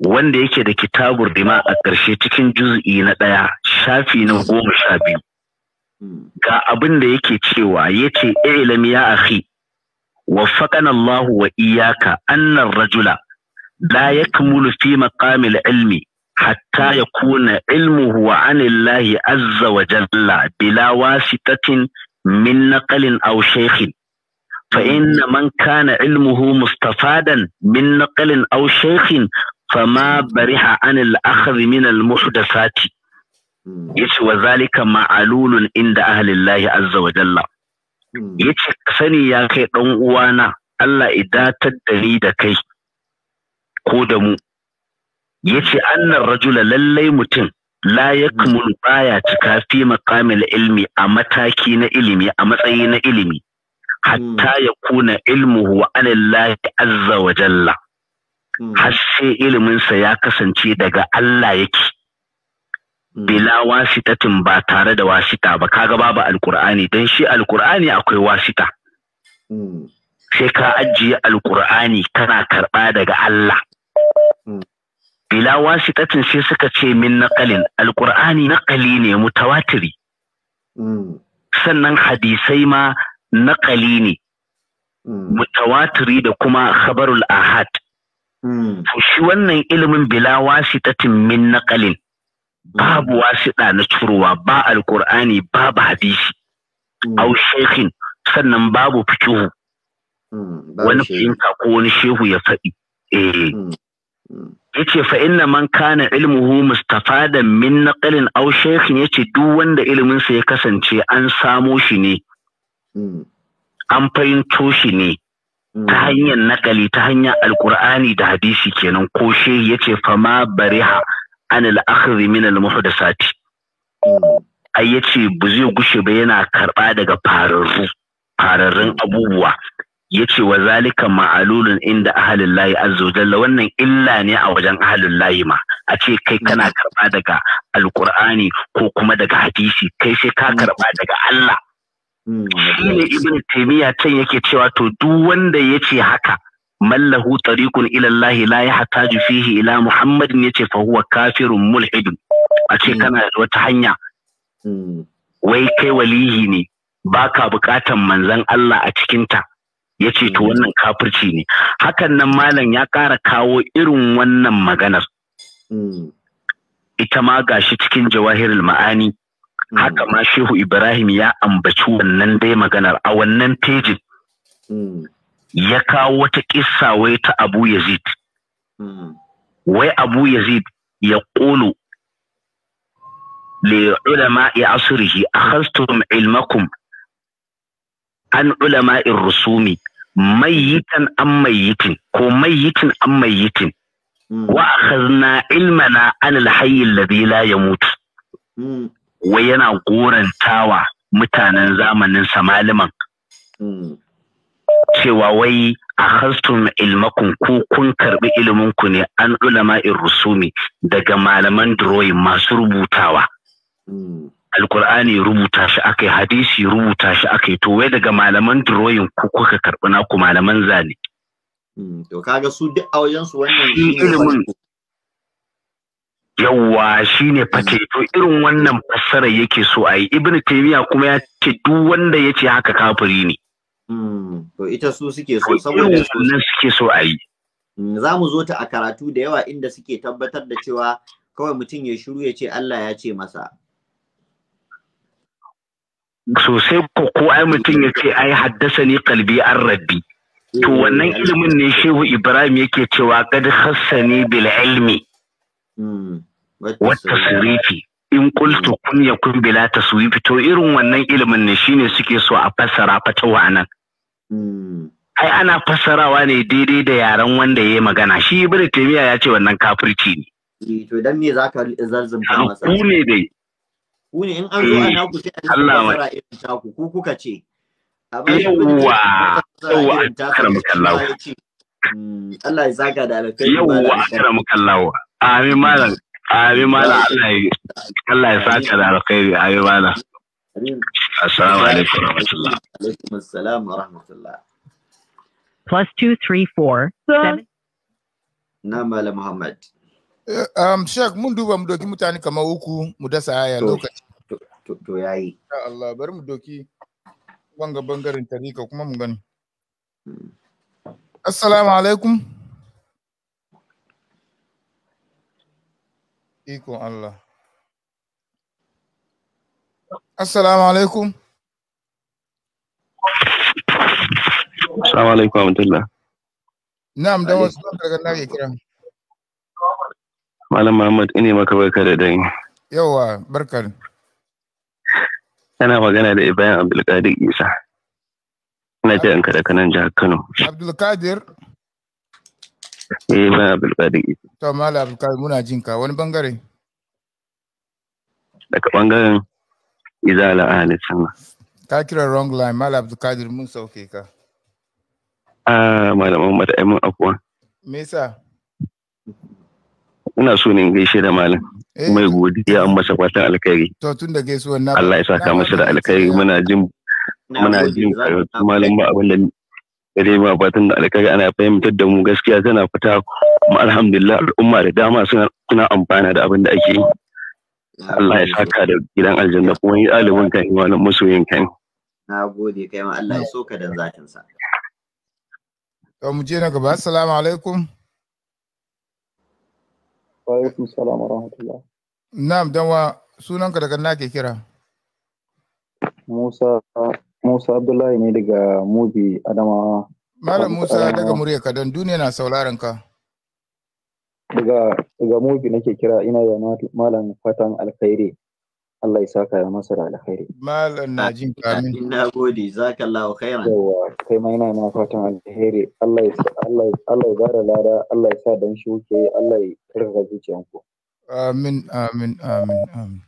wanda yake da kitabur rima a ƙarshe cikin juz'i na ɗaya shafi na goma sha biyu ga abin da yake cewa yace ilm ya akhi waffaqana Allah wa iyyaka anna ar-rajula la yakmulu fi maqami ilmi hatta ya ilmuhu 'an Allah azza jalla bila wasitatin min naqlin aw shaykhin فإن من كان علمه مستفادا من نقل أو fama bariha anil akhdhi min al sati. yace wa zalika ma'alulun inda ahlillahi azza wa jalla yace sani ya kai dan uwana Allah idatar da ni da kai ko da mu yace annar rajula lallai mutum la yakmul baya cika fi maqamil ilmi a mataki na ilimi a matsayi na ilimi hatta ya kuna ilmuhu wa anillahi azza jalla Hmm. har sai iliminsa ya kasance daga Allah yake hmm. bila wasitatin ba tare da wasita ba kaga babu alkur'ani don shi alkur'ani akwai wasita hmm. sai ka ajiye alkur'ani kana karɓa daga Allah bila wasitatin sai suka ce min naƙalin alkur'ani naƙali ne mutawatiri sannan hadisai ma naƙali ne mutawatiri da kuma khabarul ahad Hmm. to shi wannan ilimin bila wasitatin min naqalin hmm. babu wasiɗa na turuwa ba alkur'ani babu hadisi hmm. au shekhin sannan babu fikihu wani fahimta ko wani shehu ya faɗi eh yace fa inna man kana ilmuhu mustafadan min naqalin aw shaykhin yace duk wanda iliminsa ya kasance an samo shi ne an fahimto shi ne Mm. ta hanyar nakali ta hanyar alkur'ani da hadisi kenan ko shehi ce fama bariha an al'akhari min al sati. Mm. ai yace ba zai gushe ba yana karba daga fararru fararrun abubuwa yace wa zalika ma'alulun inda ahlul lahi azza jalla wannan illa ne a wajen ahlul lahi ma a ce kai mm. kana karba daga alkur'ani ko kuma daga hadisi kai sai ka karba daga Allah shi ne ibn taymiya can yake cewa to duk wanda yace haka mallahu tariqun ila Allah la yahtaju fihi ila muhammad yace fa huwa kafirun mulhid a ce hmm. kana da wata hanya hmm. wai kai walihi ne baka bukatan manzon Allah a cikin ta yace to hmm. wannan kafirci ne hakan nan malam ya kara kawo irin wannan maganar ita ma gashi cikin jawahirul ma'ani haka ma shehu ibrahim ya ambaci wannan dai maganar a wannan pejin ya kawo wata ƙisa wai ta abu yazid wai abu yazid ya kolo li ulama ya asirihi a hastum ilmakum an ulama irrusumi mayyitan an mayyitin ko mayyitin an mayyitin wa akhazna ilmana an alhayi alladhi la yamut wai yana gorantawa mutanen zamanin samaliman hmm. cewa wai a hastum ilmakun ko kun karbi iliminku ne an ulama rusumi daga malaman drawing masu rubutawa hmm. alkur'ani rubuta shi yi hadisi rubuta shi yi, to wai daga malaman drawing ku kuka karbi naku malaman zane hmm. to kaga su duk a wajen su wannan ilimin yawwa shine fateto mm. irin wannan fassara yake so a yi ibn taymiya kuma ya ce duk wanda ya ce haka kafiri ne mm. to ita su suke so saboda su suke so a yi mm, za mu zo ta a karatu da yawa inda suke tabbatar da cewa kawai mutum ya shiru ya ce Allah ya ce masa sosai ko ko ai mutum ya ce ai haddasa ni kalbi an rabbi to eh, wannan ilimin ne shehu ibrahim yake cewa kad hassani bil ilmi Wata surifi, in kunya kun yakun bila taswifi to irin wannan ilimin ne shine suke so a fassara wa nan. Hmm. ai ana fassarawa ne daidai da yaren wanda ya yi magana shi ibnu taymiya ya ce wannan kafirci ne eh, to dan me zaka zarzumta masa ku ne dai ku ne in an zo ana eh, ku sai a fassara irin taku ku kuka ce yawwa yawwa akaramu kallawa Allah ya zaga hmm. da alkai yawwa akaramu kallawa amin malam Amin mana Allah ya saka da alkhairi amin mana. Assalamu alaikum warahmatullah. Alaikum assalam Plus Na Malam Muhammad. Eh, um, Sheikh mun duba mu doki mutane kamar uku mu dasa aya lokaci. To yayi. Ya Allah bari mu doki wanga bangaren tarika kuma mu gani. Hmm. Assalamu alaikum. Ikon Allah. Assalamu alaikum. Assalamu alaikum wa rahmatullah. Na'am da wasu daga nake kira. Malam Muhammad ina maka barka da dai. Yawwa, barka. Ana magana da Ibrahim Abdulkadir Isa. Ina ce an kada kanan jihar Kano. Abdulkadir. eh ba abdulkadir to muna wani bangare daga bangaren ka kira wrong line mun sauke ah, ina so ne gaishe da malam eh, mai godiya an masa fatan alkhairi to da gaisuwar na Allah ya saka masa da alkhairi muna jin muna jin malam ba abin da gare mu fatan da alkaga ana fahimtar da mu gaskiya tana fita kuma alhamdulillah al'umma da dama suna amfana da abin da ake yi Allah ya saka da gidan aljanna kuma yi alimin kan yi wani masoyin kan na gode kai ma Allah ya so ka dan zatin sa to mu je na gaba assalamu alaikum wa alaikum salam wa rahmatullah na'am dan wa sunanka daga nake kira Musa Musa Abdullahi ne daga Mubi Adama. Malam Musa daga murya Kadon duniya na sauraron ka. Daga daga Mubi nake kira ina yawa malam fatan alkhairi. Allah ya saka ya masa da alkhairi. Malam na jin kamin. Ina gode zakallahu khairan. Yawwa kai ma ina na fatan alkhairi. Allah ya Allah Allah ya gara lada, Allah ya sa dan shuke, Allah ya karfafa zuciyanku. Amin amin amin amin.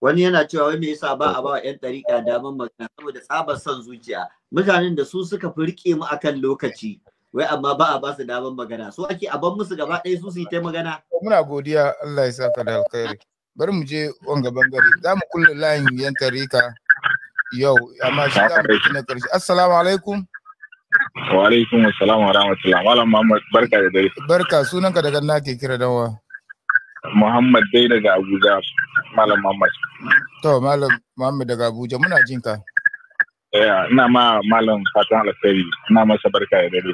wani yana cewa wai me yasa ba a ba wa yan dariƙa damar magana saboda tsabar son zuciya mutanen da su suka fi riƙe mu akan lokaci wai amma ba a ba su daman magana so ake a ban musu gaba ɗaya su su yi ta magana muna godiya Allah ya saka da alkhairi bari mu je wanga bangare za mu kulle layin yan tarika yau amma shi za mu na ƙarshe assalamu alaikum wa alaikum assalam wa rahmatullah malam Muhammad barka da dare barka sunanka daga nake kira dawa Muhammad dai daga Abuja, Malam Muhammad. To, Malam Muhammad daga Abuja, muna jin ka. Yeah, ina ma Malam Fatan Alfari, ina masa barka da dare.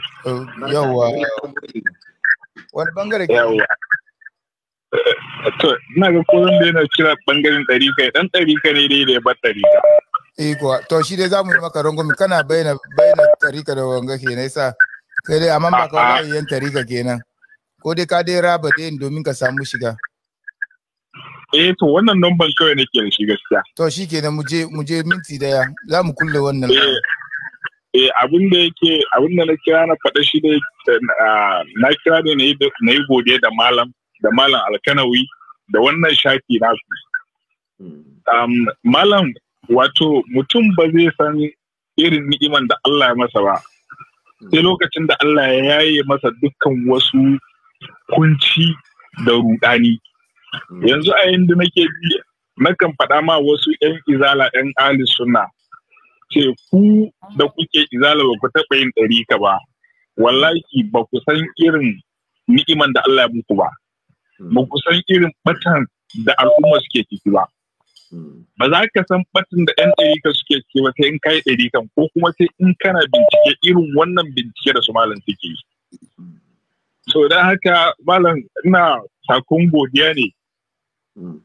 Yawwa. Wani bangare ke? Yawwa. Eh, to, ina ga ko zan daina kira bangaren ɗarika, ɗan ɗarika ne dai da ya bar ɗarika. Eh kuwa, to shi dai za mu yi maka rungumi kana bayyana ɗarika da wanga ke nesa. Sai dai amma ba ka wani yan ɗarika kenan. ko dai ka dai raba dai domin ka samu shiga eh to wannan numban kawai nake da shi gaskiya to shi kenan mu je mu je minti daya za mu kulle wannan eh, eh abin da yake abin da na kira na faɗa shi dai eh, na kira ne na yi godiya da malam da malam alkanawi da wannan shafi na um, malam wato mutum ba zai san irin ni'iman da Allah ya masa ba sai lokacin da Allah ya yaye masa dukkan wasu kunci da rudani yanzu a yadda nake bi nakan faɗa ma wasu 'yan izala 'yan ali suna ce ku da kuke izala ba ku taɓa yin ka ba wallahi ba ku san irin ni'iman da Allah ya muku ba ba ku san irin batan da al'umma suke ciki ba ba za ka san batan da 'yan ka suke ciki ba sai in kai kan ko kuma sai in kana bincike irin wannan bincike da su malam suke yi so don haka malam ina sakon godiya ne mm.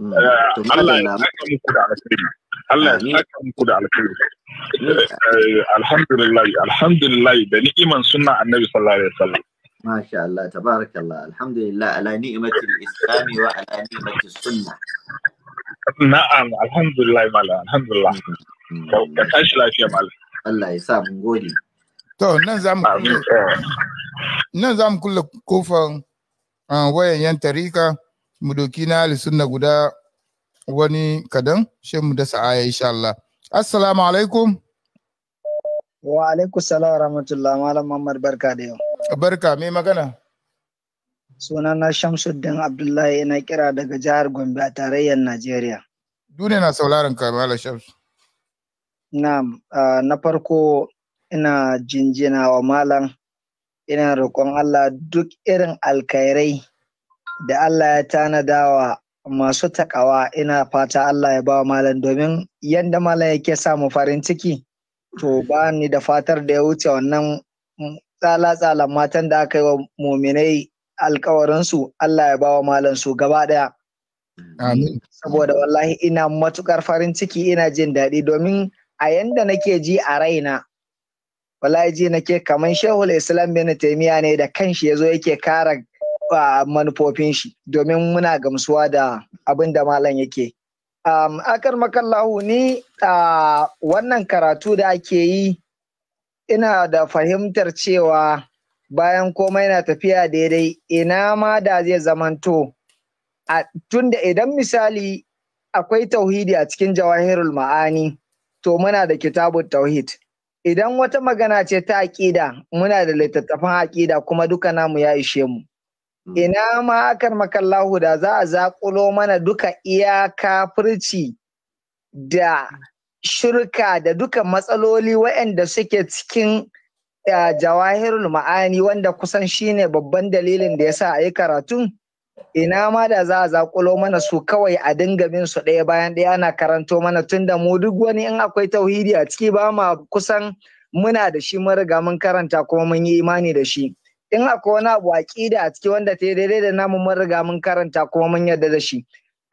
Mm. Eh, Allah ya saka muku da alkhairi Allah ya saka muku da alkhairi eh, alhamdulillah alhamdulillah da ni'iman sunna annabi sallallahu alaihi wasallam Masha Allah, tabarakallah, alhamdulillah, ala ni'imatul Na'am, alhamdulillah, mm, Ka tashi lafiya, malam. Allah ya sa mun gode. To nan za mu nan za mu kulle kofan ah, wayan yan tarika mu doki na sunna guda wani kadan shi mu dasa aya insha Allah. Assalamu alaikum. Wa alaikum salam wa rahmatullah Malam Muhammad barka da yau. Barka mai magana. Sunana Shamsuddin Abdullahi ina kira daga jihar Gombe a tarayyar Najeriya. Duniya na sauraron ka Malam Shamsu. Ah, na farko ina jinjina wa malam ina roƙon Allah duk irin alkairai da Allah ya tanada wa masu takawa ina fata Allah ya ba malam domin yadda malam yake samu farin ciki to ba ni da fatar da ya wuce wannan tsala-tsalan matan da aka yi wa muminai alkawarinsu Allah ya ba wa malam su gaba ɗaya. Amin. Saboda wallahi ina matukar farin ciki ina jin daɗi domin a yanda nake ji a raina wallahi ji nake kamar shehul islam bin taimiya ne da kanshi yazo yake kara manufofin shi domin muna gamsuwa da abin da malam yake um, akar makallahu ni a wannan karatu da ake yi ina da fahimtar cewa bayan komai na tafiya daidai ina ma da zai zamanto a tunda idan misali akwai tauhidi a cikin jawahirul ma'ani to muna da kitabun tauhid Idan wata magana ce ta aƙida, muna da littattafan aƙida kuma duka namu ya ishe mu. Hmm. Ina ma akar makallahu da za a zaƙulo mana duka iyaka kafirci da shirka da duka matsaloli waɗanda suke cikin eh, jawahirul ma'ani wanda kusan shine babban dalilin da yasa sa a yi karatun. ina ma da za a zakulo mana su kawai a dinga bin su ɗaya bayan ɗaya ana karanto mana tun da mu duk wani in akwai tauhidi a ciki ba ma kusan muna da shi mun riga mun karanta kuma mun yi imani da shi in akwai wani abu a ƙida a ciki wanda ta yi daidai da namu mun riga mun karanta kuma mun yarda da shi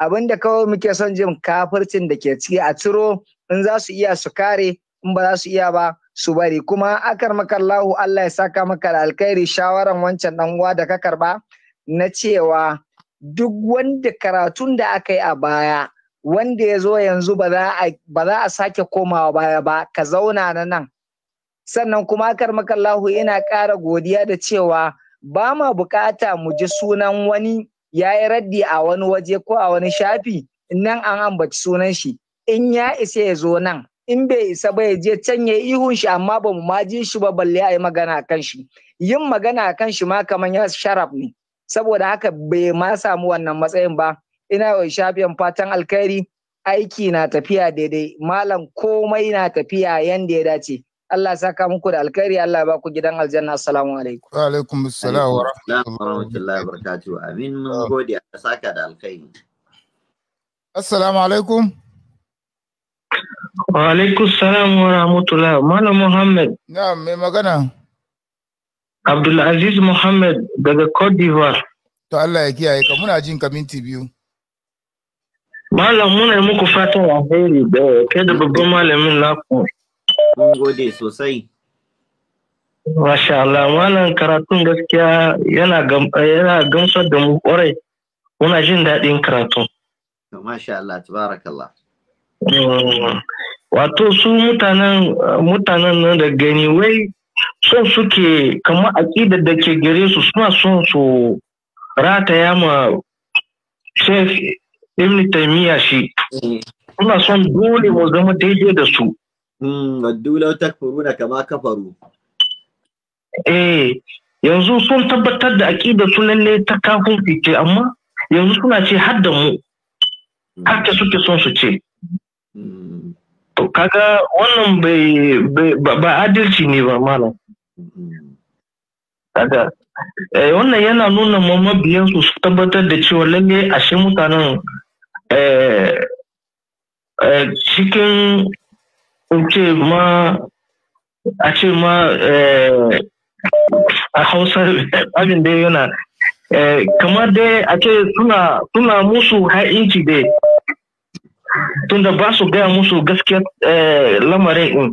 abin da kawai muke son jin kafircin da ke ciki a ciro in za su iya su kare in ba za su iya ba su bari kuma akar maka Allahu Allah ya saka maka da alkhairi shawaran wancan dan uwa da ka karba na cewa duk wanda karatun da aka yi a baya wanda ya zo yanzu ba za a sake komawa baya ba ka zauna na nan sannan kuma karmakallahu ina ƙara godiya da cewa ba ma bukata mu ji sunan wani ya yi raddi a wani waje ko a wani shafi nan an ambaci sunan shi in ya isa ya zo nan in bai isa ba ya je can ya ihun shi amma ba mu ma ji shi ba balle a yi magana kan shi yin magana kan shi ma kamar ya sharaf ne saboda haka bai ma samu wannan matsayin ba ina wa shafiyan fatan alkhairi aiki na tafiya daidai malam komai na tafiya yanda ya dace Allah saka muku da alkhairi Allah ba ku gidan aljanna assalamu alaikum wa alaikum assalam wa rahmatullahi wa barakatuhu amin mun ah. gode Allah saka da alkhairi assalamu alaikum wa alaikum salam wa rahmatullahi malam muhammad na'am mai magana Abdulaziz Muhammad daga Cote d'Ivoire. To Allah ya kiyaye ka muna jin ka minti biyu. Malam muna muku fatan alheri da kai da babban malamin naku. Mun gode sosai. Masha Allah, malam karatun gaskiya yana gamsar da mu kwarai. Muna jin daɗin karatun. Masha Allah, tabarakallah. Wato su mutanen nan da gani wai son suke kamar aƙidar da ke gare su suna son su rataya ma chef Ibn taimiyya shi eh. suna son dole mu zama daidai da su waddu hmm, law takfuruna kama kafaru eh yanzu sun tabbatar da aƙidar su lalle ta kafin fice, amma yanzu suna ce har da mu hmm. haka suke son su ce hmm. to kaga wannan bai ba adalci ne ba malam Kaga, eh, wannan yana nuna ma mabiyansu su tabbatar da cewa lalle ashe mutanen eh, eh, cikin ce ma a ce ma a hausa abin da yana kamar dai a ce suna musu ha'inci dai tunda ba su gaya musu gaskiya lamarin in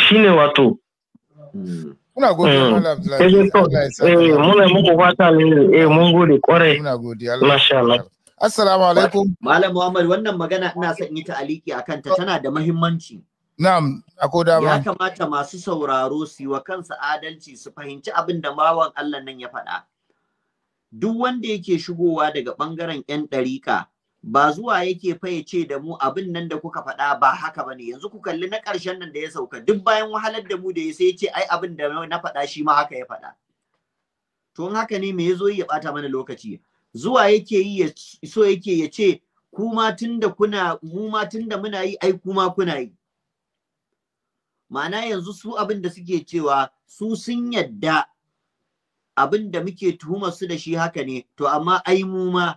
shine wato Muna godiya Malam Abdullahi. Muna muku fata ne eh, mun gode kwarai. Muna godiya Allah. Masha Allah. Assalamu alaikum. Malam Muhammad wannan magana ina son yi ta aliki akan ta tana da muhimmanci. Na'am, ako dama. Ya kamata masu sauraro su yi wa kansa adalci su fahimci abin da bawan Allah nan ya faɗa. Duk wanda yake shigowa daga ɓangaren 'yan ɗarika ba zuwa yake ce da mu abin nan da kuka faɗa ba haka bane yanzu ku kalli na ƙarshen nan da ya sauka duk bayan wahalar da mu da ya sai ya ce ai abin da na faɗa shi ma haka ya faɗa to in haka ne me ya zo ya ɓata mana lokaci zuwa yake yi so yake ya ce ku ma tunda kuna mu ma tunda muna yi ai kuma kuna yi ma'ana yanzu su abin da suke cewa su sun yadda abin da muke tuhumar su da shi haka ne to amma ai mu ma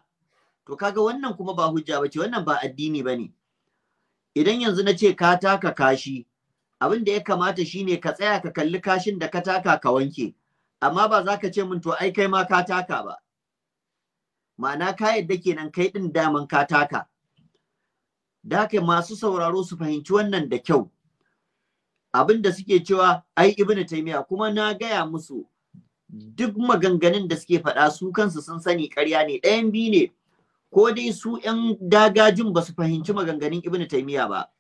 to kaga wannan kuma ba hujja bace wannan ba addini bane idan yanzu na ce ka taka kashi abin da ya kamata shine ka tsaya ka kalli kashin da ka taka ka wanke amma ba za ka ce min to ai kai ma ka taka ba ma'ana ka yadda kenan kai din daman ka taka da haka masu sauraro su fahimci wannan da kyau abin da suke cewa ai ibnu taymiya kuma na gaya musu duk maganganun da suke faɗa su kansu sun sani ƙarya ne ɗayan biyu ne ko dai su ƴan dagajin ba su fahimci maganganun ibn taimiya ba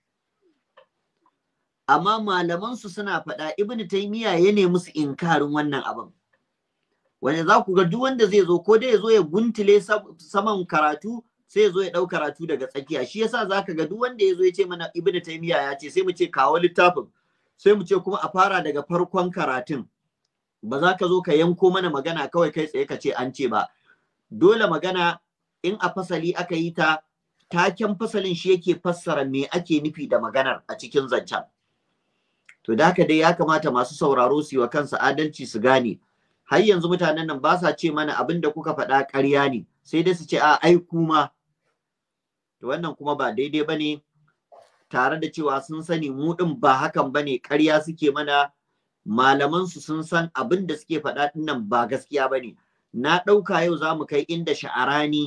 amma malamansu suna faɗa ibn taimiya ya nemi su inkarin wannan abin wanda za ku ga duk wanda zai zo ko dai ya zo ya guntule saman karatu sai ya zo ya ɗau karatu daga tsakiya shi yasa za ka ga duk wanda ya zo ya ce mana ibn taimiya ya ce sai mu ce kawo littafin sai mu ce kuma a fara daga farkon karatun ba za ka zo ka yanko mana magana kawai kai tsaye ka ce an ce ba dole magana in a fasali aka yi ta taken fasalin shi yake fassara me ake nufi da maganar a cikin zancen to da haka dai ya kamata masu sauraro su yi wa kansu adalci su gane har yanzu mutanen nan ba sa ce mana abin da kuka faɗa ƙarya ne sai dai su ce a ai kuma to wannan kuma ba daidai ba ne tare da cewa sun sani mu ɗin ba hakan ba ne ƙarya suke mana malamansu sun san abin da suke faɗa ɗin ba gaskiya ba ne na ɗauka yau za mu kai inda sha'arani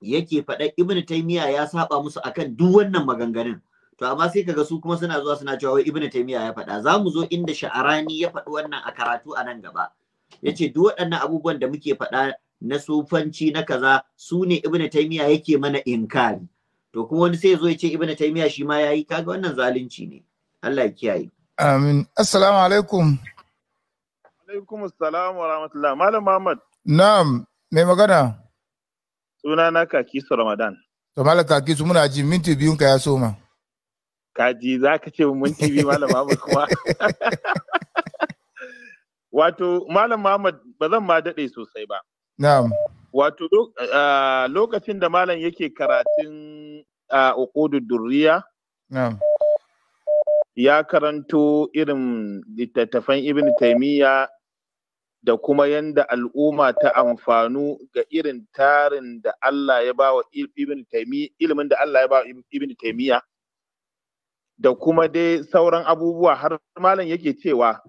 yake faɗa ibn taymiya ya saba musu akan duk wannan maganganun to amma sai kaga su kuma suna zuwa suna cewa wai ibn taymiya ya faɗa za mu zo inda sha'arani ya faɗi wannan a karatu a nan gaba yace duk waɗannan abubuwan da muke faɗa na sufanci na kaza su ne ibn taymiya yake mana inkari to kuma wani sai ya zo ya ce ibn taymiya shi ma yayi kaga wannan zalunci ne Allah ya kiyaye amin assalamu alaikum alaikum assalam wa rahmatullah malam muhammad na'am mai magana Suna na Kakisu Ramadan. To Malam Kakisu muna ji minti biyun ka ya soma. Kaji za ka ce minti biyu Malam Muhammad kuma. [laughs] Wato Malam Muhammad ba zan ma daɗe sosai ba. Na'am. Wato lokacin da Malam yake karatun a Okudu Durriya. Na'am. Ya karanto irin littattafan Ibn Taimiyya da kuma yanda al'umma ta amfanu ga irin tarin da Allah ya ba wa ibn taimiyya ilimin da Allah ya ba ibn taimiyya da kuma dai sauran abubuwa har malam yake cewa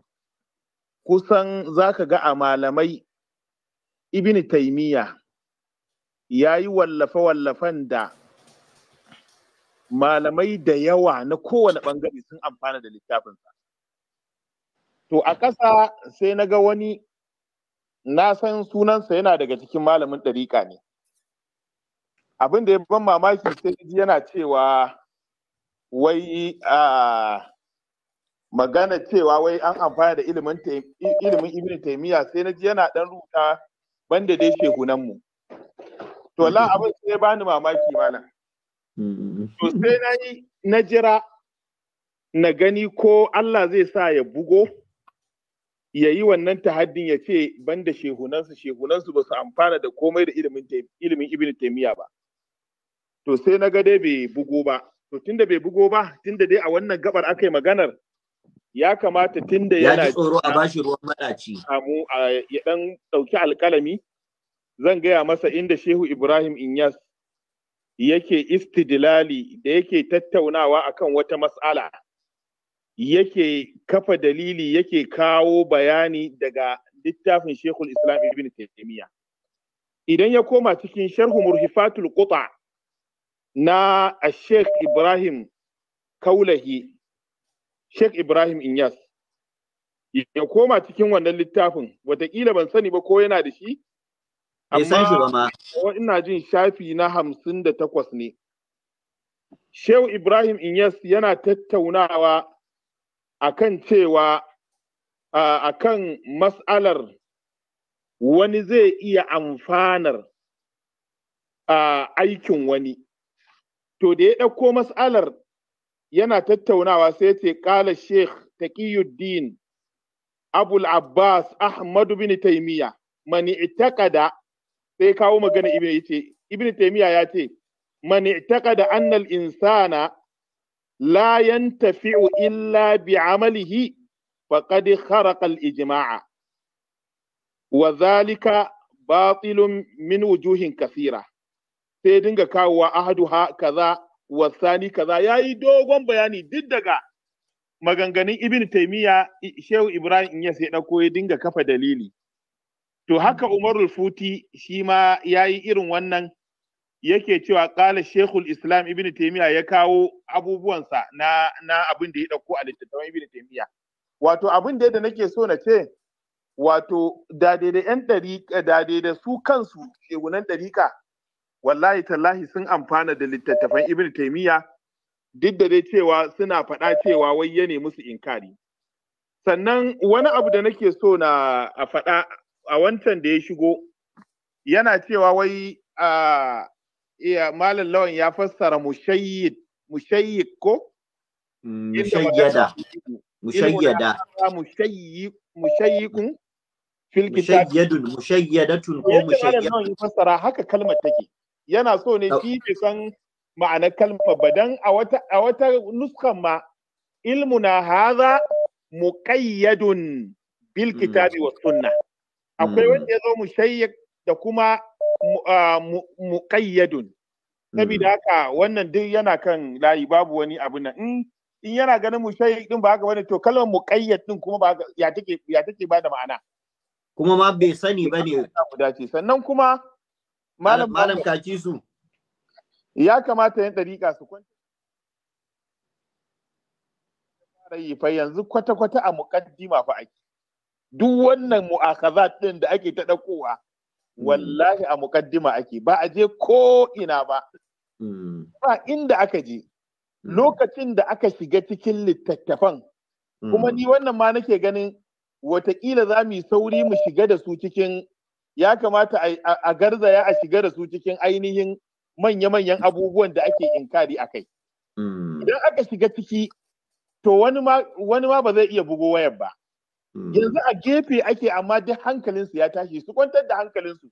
kusan zaka ga a malamai ibn taimiyya ya yi wallafe-wallafen da malamai da yawa na kowane bangare sun amfana da littafinsa. To a ƙasa sai na ga wani na san sunansa yana daga cikin malamin ɗariƙa ne abin da ya ban mamaki sai yana cewa wai a magana cewa wai an amfana da ilimin ilimin ibn sai na ji yana ɗan rubuta banda dai shehunan to la mm-hmm. abin sai bani mamaki malam mm-hmm. to sai na yi na jira na gani ko Allah zai sa ya bugo ya yi wannan tahaddin ya ce ban da shehunansu shehunansu ba su amfana da komai da ilimin ibn taimiyya ba to sai na ga dai bai bugo ba to tunda bai bugo ba tunda dai a wannan gabar aka yi maganar ya kamata tunda yana ya tsoro a bashi ruwan madaci samu ya dan dauki alkalami zan gaya masa inda shehu ibrahim inyas yake istidlali da yake tattaunawa akan wata mas'ala yake kafa dalili yake kawo bayani daga littafin shekul Islam Ibn Taymiyyah idan ya koma cikin sharhu murhifatul quta na Sheikh Ibrahim Kaulahi Sheikh Ibrahim Inyas ya koma cikin wannan littafin watakila ban sani ba ko yana da shi amma ina jin shafi na hamsin da takwas ne Shehu Ibrahim Inyas yana tattaunawa akan cewa a kan mas'alar wani zai iya amfanar aikin wani to da ya ɗauko mas'alar yana tattaunawa sai ce ƙala sheikh taqiyuddin abul abbas ahmadu bin taimiya mani itakada sai kawo magana ibn taimiya ya ce mani itakada annal insana la yantafi'u illa bi amalihi faqad kharaqa al-ijma'a wa zalika batilun min wujuhin kasira sai dinga kawowa ahaduha kaza wasani kaza yayi dogon bayani duk daga maganganun ibn taimiyya shehu ibrahim ya sai ɗauko ya dinga kafa dalili to haka umarul futi shi ma ya yi irin wannan yake cewa ƙala shekul islam ibn taimiya ya kawo abubuwansa na na abin da ya ɗauko a littattafan ibn taimiya wato abin da nake so na ce wato da da yan ɗariƙa da da su kansu shegunan ɗariƙa wallahi tallahi sun amfana da littattafan ibn taimiya duk da dai cewa suna faɗa cewa wai ya nemi su inkari sannan wani abu da nake so na faɗa a wancan da ya shigo yana cewa wai a ah, iya malam lawan ya fassara mushayyid mushayyid ko mm, mushayyada mushayyada mushayyikun fil mushayyadatun ko haka kalmar take yana so ne shi bai san ba a wata a wata nuskan ma ilmuna hadha muqayyadun bil mm. kitabi sunna akwai mm. wanda ya zo mushayyik da kuma muƙayyadun. Saboda haka wannan duk yana kan layi babu wani abu nan. In yana ganin mushai din ba haka wani to kalmar muƙayyad din kuma ba ya take ya take ba da ma'ana. Kuma ma bai sani ba ne. Sannan kuma malam malam kaki su. Ya kamata yin ɗariƙa su kwanta. yanzu kwata-kwata a muƙaddima fa ake. Duk wannan mu'akazat ɗin da ake ta ɗaukowa Mm. wallahi a mukaddima ake ba a je ko ina ba mm. ba inda aka je mm. lokacin da aka shiga cikin littattafan kuma ni wannan ma nake ganin watakila za mu yi sauri mu shiga da su cikin ya kamata a garzaya a shiga da su cikin ainihin manya-manyan abubuwan da ake inkari a kai. Idan aka shiga ciki, to wani ma ba zai iya bugo wayar ba. Hmm. yanzu a gefe ake amma duk hankalinsu ya tashi su kwantar da hankalinsu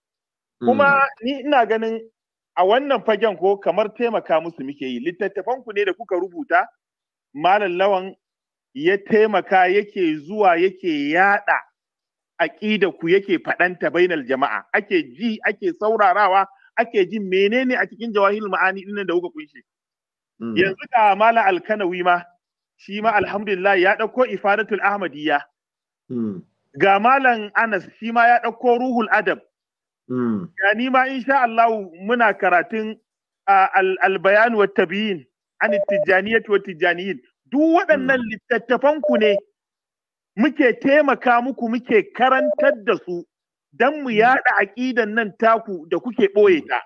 kuma hmm. ni ina ganin a wannan fagen ko kamar taimaka musu muke yi littattafanku ne da kuka rubuta malam lawan ya taimaka yake zuwa yake yada aƙida ku yake faɗanta bainal jama'a ake ji ake saurarawa ake jin menene a cikin jawahil ma'ani dinnan da kuka kunshi hmm. yanzu ga malam alkanawi ma shi ma alhamdulillah ya ɗauko ifadatul ahmadiyya Hmm. ga malam Anas shi ma ya ɗauko ruhul adab hmm. ya ni ma insha Allah muna karatun albayan wa tabiyin an tijjaniyat wa tijjaniyin duk waɗannan hmm. littattafan ku ne muke taimaka muku muke karantar da su don mu yaɗa aƙidan nan taku da kuke ɓoye ta.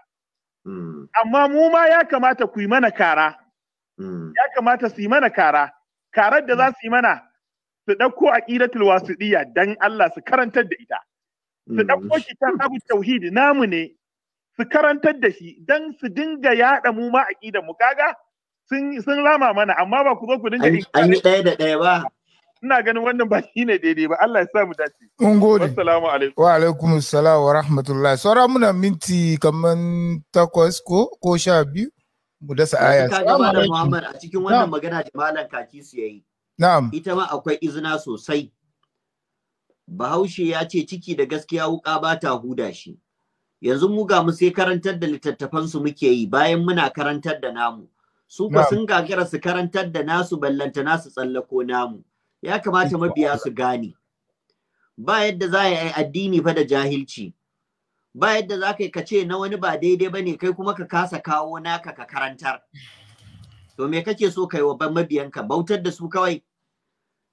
Amma mu ma ya kamata ku yi mana kara, ya kamata su yi mana kara, karar da za su yi mana su ɗauko wasu ɗiya dan Allah su karantar da ita su mm. ɗauko abu tauhidi namu ne su karantar da shi dan su dinga yaɗa mu ma aqidar mu kaga sun lama rama mana amma ba ku zo ku dinga an yi ɗaya da ɗaya ba ina ganin wannan ba shi ne daidai ba Allah ya sa mu dace mun gode assalamu alaikum wa alaikum assalam wa rahmatullahi sauran muna minti kaman takwas ko ko sha biyu mu dasa aya assalamu alaikum Muhammad a cikin wannan magana malam kaki su yayi Ita ma akwai izina sosai. Bahaushe ya ce ciki da gaskiya wuƙa ba ta huda shi. Yanzu mu ga mu sai karantar da littattafan su muke yi bayan muna karantar da namu. Su ba sun gagara su karantar da nasu ballanta nasu tsallako namu. Ya kamata mabiya su gane. Ba yadda za a yi addini fa da jahilci. Ba yadda za ka ka ce na wani ba daidai ba ne kai kuma ka kasa kawo naka ka karantar. to me kake so kai wa mabiyanka bautar da su kawai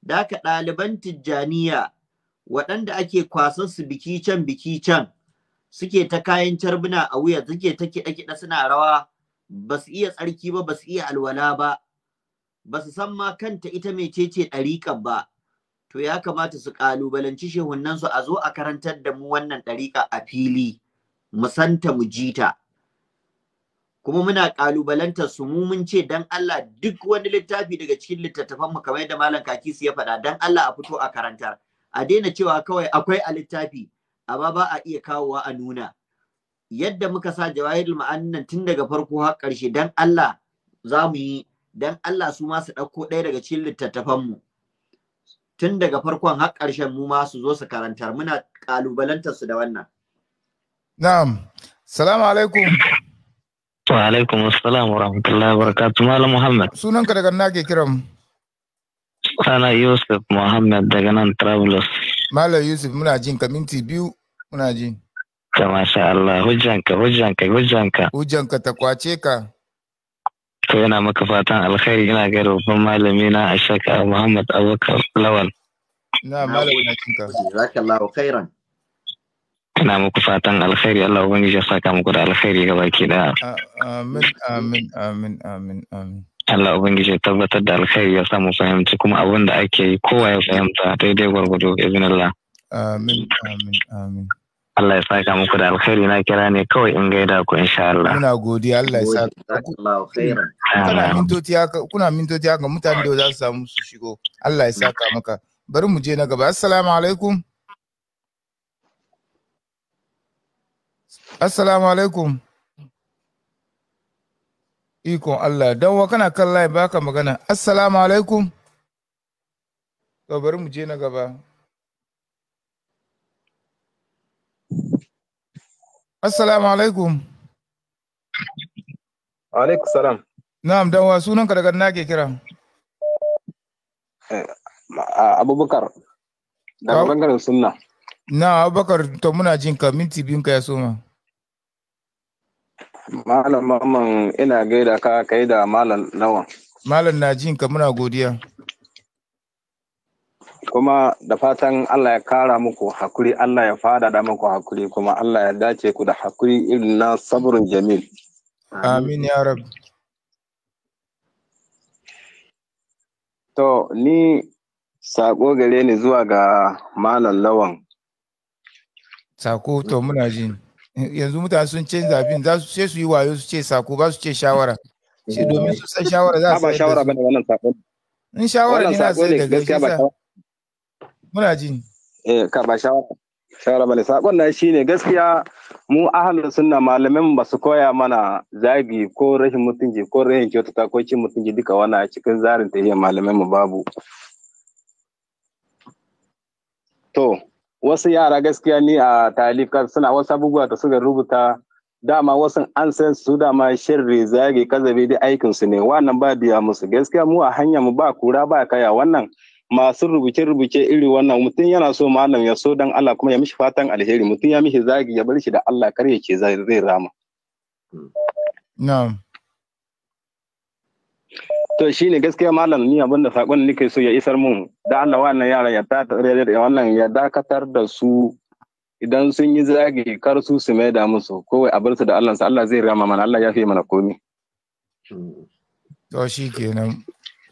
da ka ɗaliban tijjaniya waɗanda ake kwasan su biki can biki can suke ta kayan carbuna a wuya suke ta kiɗa-kiɗa suna rawa ba su iya tsarki ba ba su iya alwala ba ba su san ma kanta ita mai cece ɗariƙar ba to ya kamata su ƙalubalanci shehunnansu su a zo a karantar da mu wannan ɗariƙa a fili mu santa mu jita kuma muna kalubalantar su mu mun ce dan Allah duk wani littafi daga cikin littattafan mu kamar yadda malam kakisi ya faɗa dan Allah a fito a karantar a daina cewa kawai akwai a littafi amma ba a iya kawowa a nuna yadda muka sa jawahirul ma'annan tun daga farko har ƙarshe dan Allah za mu yi dan Allah su ma su ɗauko ɗaya daga cikin littattafan mu tun daga farkon har ƙarshen mu ma su zo su karantar muna kalubalantar su da wannan na'am salamu alaikum Wa alaikum assalam wa rahmatullahi wa barakatuh. Malam Muhammad. Sunanka daga na ke kiran? Sana Yusuf Muhammad daga nan Travelers. Malam Yusuf muna jin ka minti biyu muna ji. Ka masha Allah hujjanka hujjanka hujjanka. Hujjanka ta kwace ka. To yana maka fatan alkhairi yana ga rubun malami na Abubakar Na na ka. ina muku fatan alkhairi Allah ubangiji ya saka muku da alkhairi ga baki da amin amin amin amin amin Allah ubangiji ya tabbatar da alkhairi ya samu fahimci kuma abin da ake yi kowa ya fahimta daidai gwargwado izin Allah amin amin amin Allah ya saka muku da alkhairi na kira ne kawai in gaida ku insha Allah. kuna godiya Allah ya saka muku Kuna mintoti kuna mintoti haka mutane da za su samu su shigo. Allah ya saka maka. Bari mu je na gaba. Assalamu alaikum. Assalamu alaikum. Ikon Allah, don wa kana kan layi baka magana. Assalamu alaikum. To bari mu je na gaba. Assalamu alaikum. Alaikum salam. Na'am, don wa sunan ka daga nake kira. Eh, Abubakar. Daga bangaren sunna. Na Abubakar, to muna jin ka minti biyun ka ya soma. Malam Mamman ina gaida ka kai da Malam Lawan. Malam na jin ka muna godiya. Kuma da fatan Allah ya kara muku hakuri, Allah ya fadada muku hakuri, kuma Allah ya dace ku da hakuri irin na saburin jamil. Amin ya rabu. To, ni sako gare ni zuwa ga Malam Lawan. Sako, to muna jin. yanzu mutane sun canza abin za su ce su yi wayo su ce sako ba su ce shawara shi domin su san shawara za su shawara bane wannan sako in shawara ne na sai da gaskiya ba muna ji eh ka ba shawara shawara bane sakon nan shine gaskiya mu ahlus sunna malamin ba su koya mana zagi ko rashin mutunci ko rashin kyautata ko cin mutunci duka wani a cikin zarin tafiya malamin mu babu to wasu yara gaskiya ni a talifkar suna wasu abubuwa da suka rubuta dama wasu an san su dama shirri zage kazabe da aikin su ne wannan ba biya musu gaskiya mu a hanya mu ba kura ba kaya wannan masu rubuce rubuce iri wannan mutum yana so malam ya so dan Allah kuma ya mishi fatan alheri mutum ya mishi zagi ya bar shi da Allah kar ya ce zai rama na'am to ne gaskiya malam ni abinda sakon nike so ya isar mun da Allah wannan yaran ya wannan ya dakatar da su idan sun yi zagi kar su su mai da musu kowai abin su da Allah Allah zai rama mana Allah ya fi mana komi to shi kenan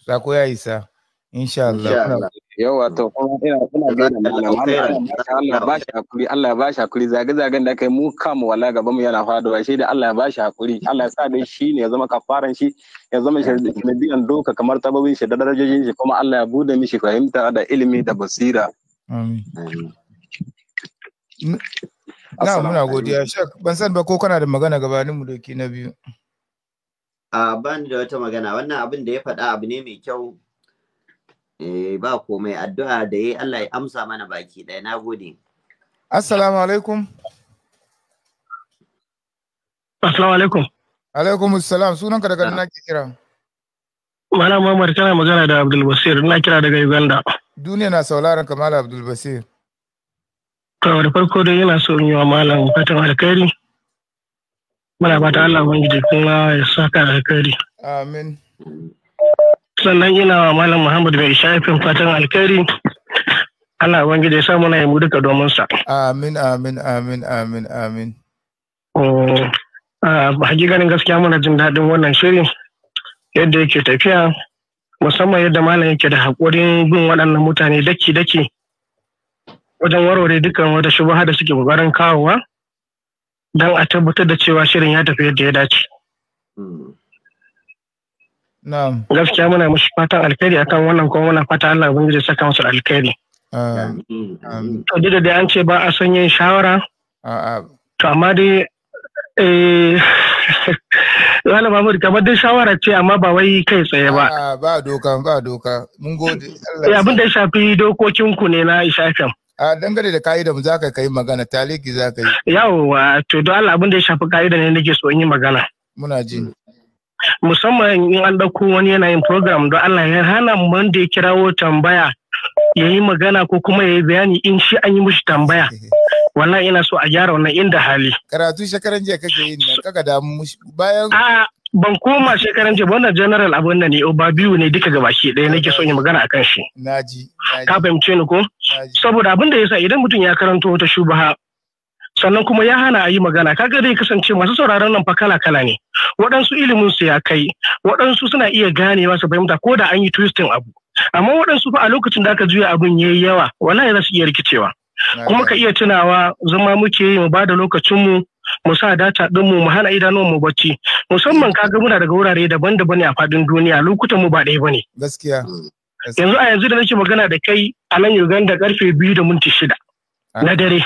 sako ya isa insha Allah yawa to ina gaida malam Allah ba shi hakuri Allah ba shi hakuri zage zagen da kai mu kamu wala gaban mu yana faduwa shi da Allah ba shi hakuri Allah ya sa dai shi ne ya zama kafaran shi ya zama shirdiyan doka kamar tababin shi da darajojin shi kuma Allah ya bude mishi fahimta da ilimi da basira amin na muna godiya shek ban san ba ko kana da magana gabanin mu doki na biyu a ban da wata magana wannan abin da ya faɗa abu ne mai kyau Eh ba komai addu'a da yayi Allah ya amsa mana baki ɗaya. Na gode. Assalamu alaikum. Assalamu alaikum. Alaikum assalam. Sunanka daga ina ke kira? Mala Muhammad kana magana da Abdul Basir. Ina kira daga Uganda. Duniya na sauraron ka Mala Abdul Basir. To da farko dai yana so yi wa malam fatan alkhairi. Muna bata Allah wani jikin ya saka alkhairi. Amin. sannan ina wa Malam Muhammad mai shafin fatan alkhairi. Allah gida ya samu na mu duka domin sa. Amin amin amin amin amin. Mm. Hakikanin gaskiya muna jin daɗin wannan shirin yadda yake tafiya musamman yadda malam yake da haƙurin bin waɗannan mutane daki-daki wajen warware dukkan wata shubaha da suke barin kawowa don a tabbatar da cewa shirin ya tafi yadda ya dace. Mm. Gaskiya muna mushi fatan alkhairi akan wannan kuma muna fata Allah ubangiji saka musu alkhairi. To duk da dai an ce ba a son yin shawara. To amma dai Wala eh, [laughs] Mahmud kamar dai shawara ce amma ba wai kai tsaye ba. Ba doka ba doka mun gode. Eh, abin da ya shafi dokokinku ne na ishafin. a dangane da ka'idan za ka kai magana taliki za yi. Yawwa to don Allah abin da ya shafi ka'ida ne nake so in yi magana. Muna ji. musamman in an ɗauko wani yanayin program don Allah ya hana wanda ya kirawo tambaya ya yi magana ko kuma ya yi bayani in shi an yi mushi tambaya [laughs] wannan ina so a gyara wannan inda hali karatu shekaran jiya kake yin nan kaka da bayan ban koma shekaran jiya wannan general abin da ne ba biyu ne duka gaba shi ɗaya nake son yi magana akan shi ka fahimce ni ko saboda abin da yasa idan mutum ya karanto wata shubaha sannan kuma ya hana a yi magana kaga zai kasance masu sauraron nan fa kala kala ne waɗansu ilimin su ya kai waɗansu suna iya ganewa su fahimta ko da an yi twisting abu amma waɗansu fa a lokacin da aka juya abin yi yawa wallahi za su iya rikicewa kuma ka iya tunawa zama muke yi mu bada lokacin mu mu sa data ɗinmu mu mu hana idanuwan mu bacci musamman kaga muna daga wurare daban-daban ne a fadin duniya lokutan mu ba ɗaya bane mm. gaskiya yanzu a yanzu da nake magana da kai a nan Uganda karfe biyu da minti shida na dare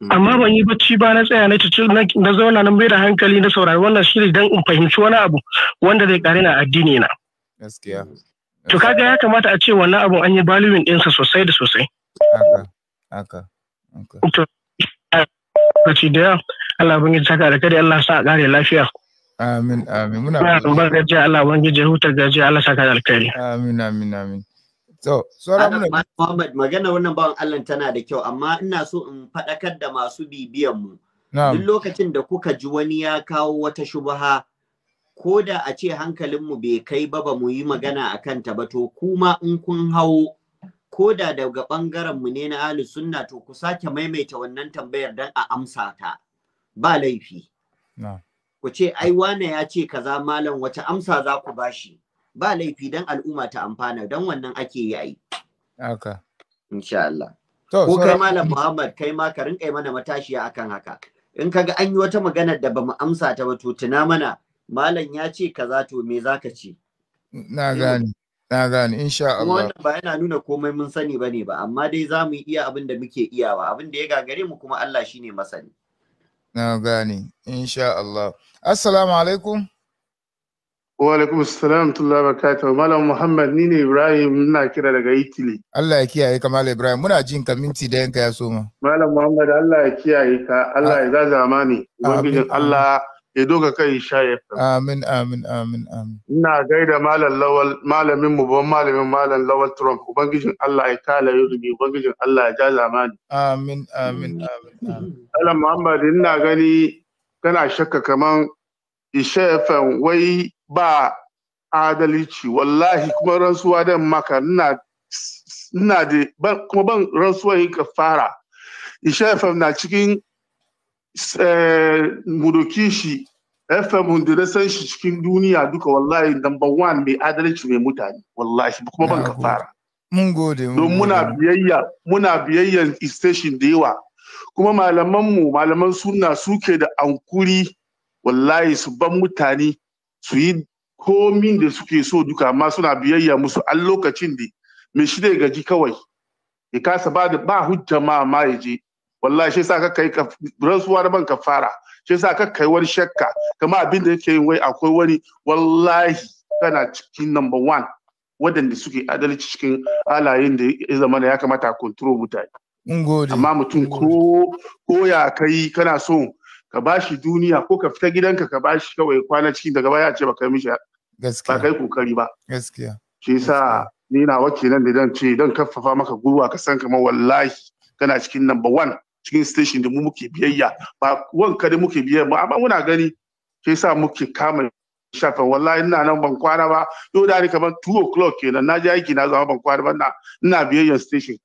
Mm. amma ban yi bacci ba na tsaya na cici na zauna na mai da hankali na saurari wannan shirin, don in fahimci wani abu wanda zai kare na addini na gaskiya to kaga ya kamata a ce wannan abun an yi baliwin ɗinsa sosai da sosai haka haka to lokaci da yawa Allah bin saka da kada Allah sa a kare lafiya amin amin muna ba gajiya Allah bin hutar gajiya Allah saka da alkhairi amin amin amin To, sauran Muhammad magana wannan bawan Allah tana da kyau amma ina so in faɗakar da masu bibiyan mu. Duk lokacin da kuka ji wani ya kawo wata shubaha ko da a ce hankalin mu bai kai ba ba mu yi magana a kanta ba to kuma in kun hau ko da daga ɓangaren mu ne na ahli sunna to ku sake maimaita wannan tambayar dan a amsa ta ba laifi. Ku ce ai wane ya ce kaza malam wace amsa za ku bashi. ba laifi don al'umma ta amfana don wannan ake yi Aka. insha Allah ko kai malam Muhammad kai ma ka rinka mana matashiya akan haka in kaga an yi wata magana da bamu amsa ta ba to tuna mana malam ya ce kaza to me za ka ce na gane Na gane, insha Allah. Kuma wannan ba yana nuna komai mun sani ba ne ba, amma dai za mu iya abin da muke iyawa, abin da ya gagare mu kuma Allah shi ne masani. Na gane, insha Allah. Assalamu alaikum. Wa alaikum assalam tullahi barakatuhu. Malam Muhammad ni ne Ibrahim muna kira daga Italy. Allah ya kiyaye ka Malam Ibrahim muna jin ka minti da yanka ya so mu. Malam Muhammad Allah ya kiyaye ka Allah ya ah. zaza mani. Ubangijin Allah ya doga kai shayar. Amin amin amin amin. Ina gaida malam Lawal malamin mu ban malamin malam Lawal Trump ubangijin Allah ya kala ya rubi ubangijin Allah ya jaza mani. Amin amin amin amin. Malam Muhammad ina gani kana shakka kaman Isha wai ba adalici wallahi kuma rantsuwa dan maka ina ina da kuma ban rantsuwa yin kafara isha fm na cikin eh, mudoki shi fm hundura san shi cikin duniya duka wallahi number one mai adalci mai mutane wallahi kuma ban kafara mun gode mun muna biyayya muna biyayya station da yawa kuma malaman mu malaman sunna suke da ankuri wallahi su ban mutane su yi komin da suke so duka amma suna biyayya musu a lokacin da mai shi gaji kawai ya kasa ba da ba hujja ma ma ya je wallahi shi sa ka kai rasuwa da ban kafara shi sa ka kai wani shakka kamar abin da yake wai akwai wani wallahi kana cikin number one waɗanda suke adalci cikin halayen da ya zama da ya kamata a control mutane amma mutum ko ya kai kana so ka bashi duniya ko ka fita gidanka ka bashi kawai kwana cikin daga baya ce baka mishi ba kai kokari ba gaskiya shi yasa ni na wace nan da dan ce dan kaffafa maka gurwa ka san kamar wallahi kana cikin number one cikin station da mu muke biyayya ba wanka da muke biyayya ba amma muna gani shi yasa muke kama shafa wallahi ina nan ban kwana ba yau da ni kamar 2 o'clock kenan na ji aiki na zama ban kwana ba ina ina biyayyan station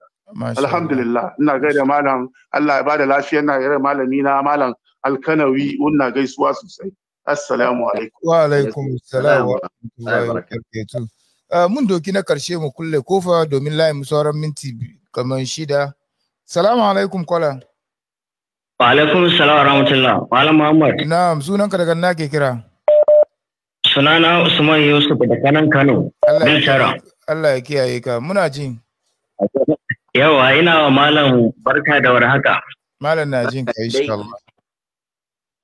alhamdulillah ina gaida malam Allah ya bada lafiya na yare malami na malam alkanawi wannan gaisuwa sosai assalamu alaikum wa alaikum assalam wa rahmatullahi wa barakatuh ah, mun doki na karshe mu kulle kofa domin layin mu sauran minti kamar shida salamu alaikum kwala wa alaikum assalam wa rahmatullah malam muhammad na'am sunan ka daga nake kira sunana usman yusuf da kanan kano Allah Allah ya kiyaye ka muna jin yawa ina wa malam barka da warhaka malam na jin ka insha Allah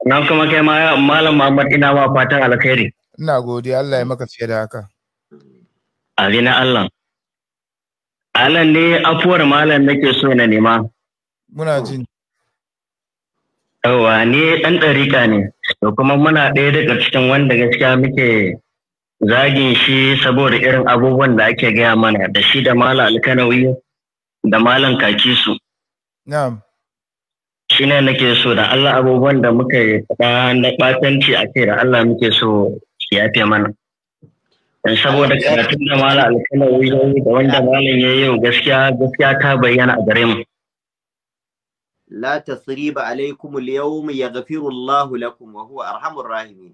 Na kuma kai ma Malam Muhammad ina ma fatan alkhairi. Ina godiya Allah ya maka fiye da haka. Ali na Allah. Alan ne afuwar malam nake so na nema. Muna jin. Yawwa ni ɗan ɗarika ne, to kuma muna ɗaya daga cikin wanda gaskiya muke zagin shi saboda irin abubuwan da ake gaya mana da shi da malam alkanawi da malam kakisu. Na'am. shine nake so da Allah abubuwan da muka yi faɗa na ɓatanci a kai da Allah muke so ya fi mana. saboda karatun da mala alkalawi da wanda malam ya yau gaskiya gaskiya ta bayyana a gare mu. La tasriba alaikum al-yawm yaghfiru Allahu lakum wa huwa arhamur rahimin.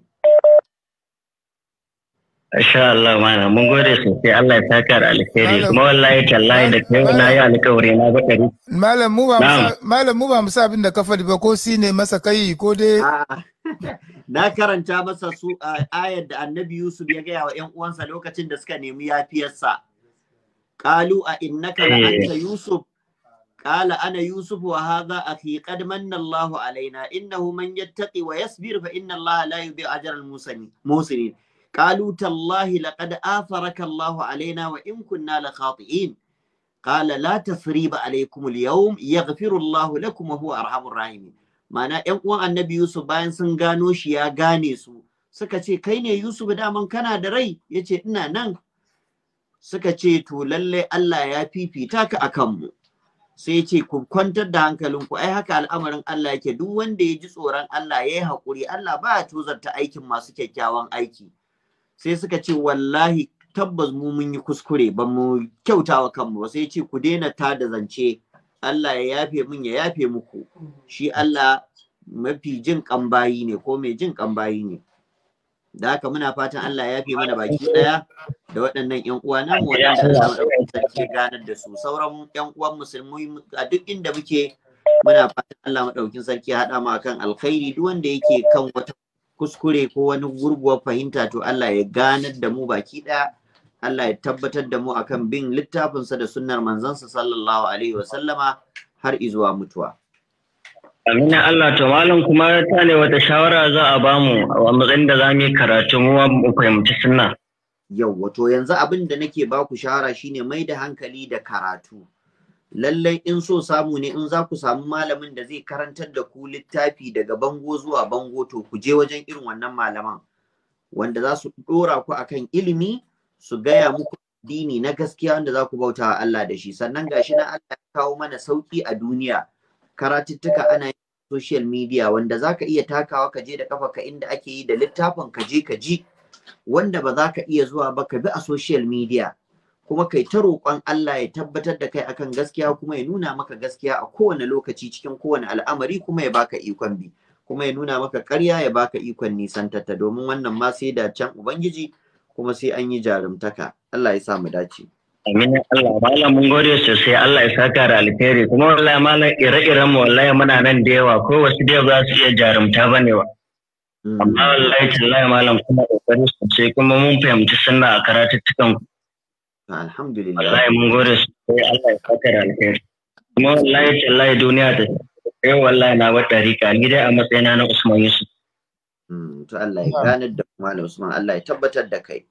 Insha Allah mana mun gode sosai Allah ya saka da alheri kuma wallahi tallahi da kai na yi alƙawari na ga dari. Malam mu ba malam mu ba musa abin da ka ba ko si ne masa kai ko dai ah, [laughs] Na karanta masa su ayar da Annabi Yusuf ya gaya wa ƴan uwansa lokacin da suka nemi yafiyarsa. Qalu a innaka la eh. anta Yusuf ana Yusuf قال أنا يوسف وهذا أخي قد من الله علينا إنه من يتقي ويصبر فإن الله لا يضيع أجر المحسنين Kalutallahi تالله لقد آثرك الله علينا وإن كنا لخاطئين قال لا تثريب عليكم اليوم يغفر الله لكم وهو أرحم الراحمين ma'ana ‘yan uwan annabi Yusuf bayan sun gano shi ya gane su suka ce kai ne Yusuf daman kana da rai ya ce ina nan suka ce to lallai Allah ya fifita ka a kanmu sai ce ku kwantar da hankalin ku. ai haka al'amarin Allah yake duk wanda ya ji tsoron Allah ya yi haƙuri Allah baya ya tozarta aikin masu kyakkyawan aiki sai suka ce wallahi tabbas mu mun yi kuskure ba mu kyautawa kanmu ba sai ce ku daina ta da zance Allah ya yafe min ya yafe muku shi Allah mafi jin kambayi ne ko mai jin kambayi ne da haka muna fatan Allah ya yafe mana baki daya da waɗannan ƴan uwa na mu da Allah ganar da su sauran ƴan uwan musulmi a duk inda muke muna fatan Allah madaukin sarki ya haɗa mu akan alkhairi duk wanda yake kan wata kuskure ko wani gurguwar fahimta to Allah ya ganar da mu baki ɗaya Allah ya tabbatar da mu akan bin littafinsa da sunnar manzansa sallallahu alaihi wasallama har izuwa mutuwa. Amina Allah to malam kuma ta ne wata shawara za a ba mu, a matsayin da za mu yi karatu mu mu fahimci sunna. Yau wato yanzu abin da nake baku ku shawara shine mai da hankali da karatu. lallai in so samu ne in za ku samu malamin da zai karantar da ku littafi daga bango zuwa bango to ku je wajen irin wannan malaman wanda za su dora ku akan ilimi su gaya muku dini na gaskiya wanda za ku bauta wa Allah da shi sannan gashi na Allah ya kawo mana sauki a duniya karatuttuka ana yin social media wanda za ka iya takawa ka je da ka inda ake yi da littafin kaje je wanda ba za ka iya zuwa ba ka bi a social media kuma kai ta roƙon Allah ya tabbatar da kai akan gaskiya kuma ya nuna maka gaskiya a kowane lokaci cikin kowane al'amari kuma ya baka ikon bi kuma ya nuna maka ƙarya ya baka ikon tatta domin wannan ma sai da can ubangiji kuma sai an yi jarumtaka Allah ya sa mu dace Amin Allah malam mun gode sosai Allah ya saka da alheri kuma wallahi malam ire-iren mu wallahi muna nan da yawa ko wasu da za su iya jarumta bane wa hmm. amma wallahi tallahi malam kuma kokari sosai kuma mun fahimci sunna a karatuttukan ku alhamdulillah wallahi mun gode Allah ya fata da kuma eh, na a matsayina na Usman Yusuf mm, Allah ya tabbatar da kai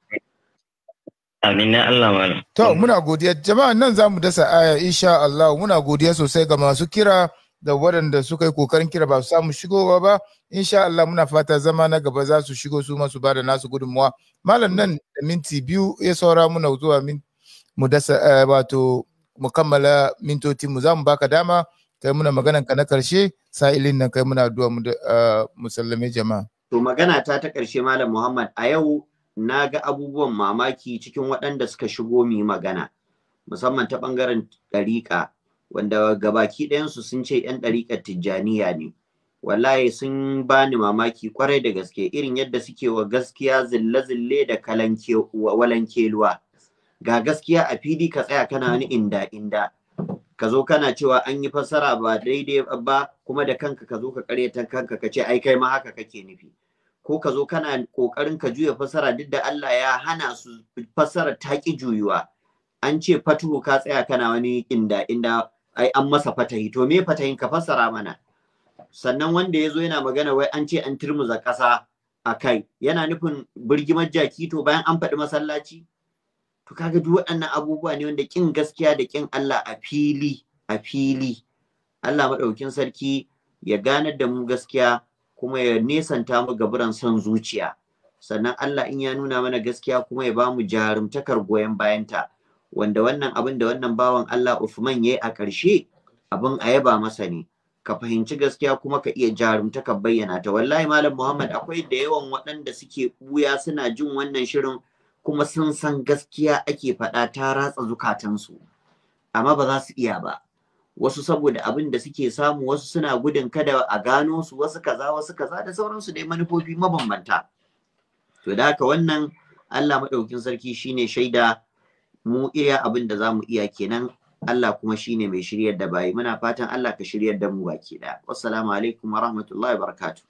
Amin na Allah malam. To muna godiya jama'a nan za mu dasa aya insha Allah muna godiya sosai ga masu kira da waɗanda suka yi kokarin kira ba su samu shigowa ba insha Allah muna fata zama na gaba za su shigo su masu ba nasu gudunmuwa malam nan da minti biyu ya saura muna zuwa mu dasa eh, wato mu kammala mintoci mu za mu baka dama kai muna maganan ka na karshe sa'ilin nan kai muna addu'a eh, mu sallame jama'a to magana ta ta karshe malam Muhammad a yau na ga abubuwan mamaki cikin waɗanda suka shigo mu magana musamman ta ɓangaren ɗariƙa wanda gabaki ɗayansu sun ce 'yan ɗariƙar tijjaniya ne wallahi sun bani mamaki kwarai da gaske irin yadda suke wa gaskiya zille-zille da kalanke walankeluwa ga gaskiya a fili ka tsaya kana wani inda inda ka zo kana cewa an yi fassara ba daidai ba kuma da kanka ka zo ka ta kanka ka ce ai kai ma haka kake nufi ko ka zo kana kokarin ka juya fasara duk da Allah ya hana su fassara ta ki juyuwa an ce fatuhu ka tsaya kana wani inda inda ai an masa fatahi to me fatahin ka fassara mana sannan wanda ya zo yana magana wai an ce an turmuza ƙasa a kai yana nufin birgimar jaki to bayan an faɗi masallaci to kaga duk waɗannan abubuwa ne wanda kin gaskiya da kin Allah a fili a fili Allah maɗaukin sarki ya ganar da mu gaskiya kuma ya nesanta mu gaburan son zuciya sannan Allah in ya nuna mana gaskiya kuma ya ba mu jarumtakar goyon bayanta wanda wannan abin da wannan bawan Allah Uthman yayi a ƙarshe abin a yaba masa ne ka fahimci gaskiya kuma ka iya jarumta ka bayyana ta wallahi malam Muhammad akwai da yawan waɗanda suke buya suna jin wannan shirin kuma sun san gaskiya ake faɗa ta ratsa zukatansu amma ba za su iya ba wasu saboda abin da suke samu wasu suna gudun kada a gano su wasu kaza wasu kaza da sauransu dai manufofi mabambanta to da haka wannan Allah maɗaukin sarki shine shaida mu iya abin da zamu iya kenan Allah kuma shine mai shiryar da bayi muna fatan Allah ka shiryar da mu baki ɗaya wassalamu alaikum wa rahmatullahi wa barakatuh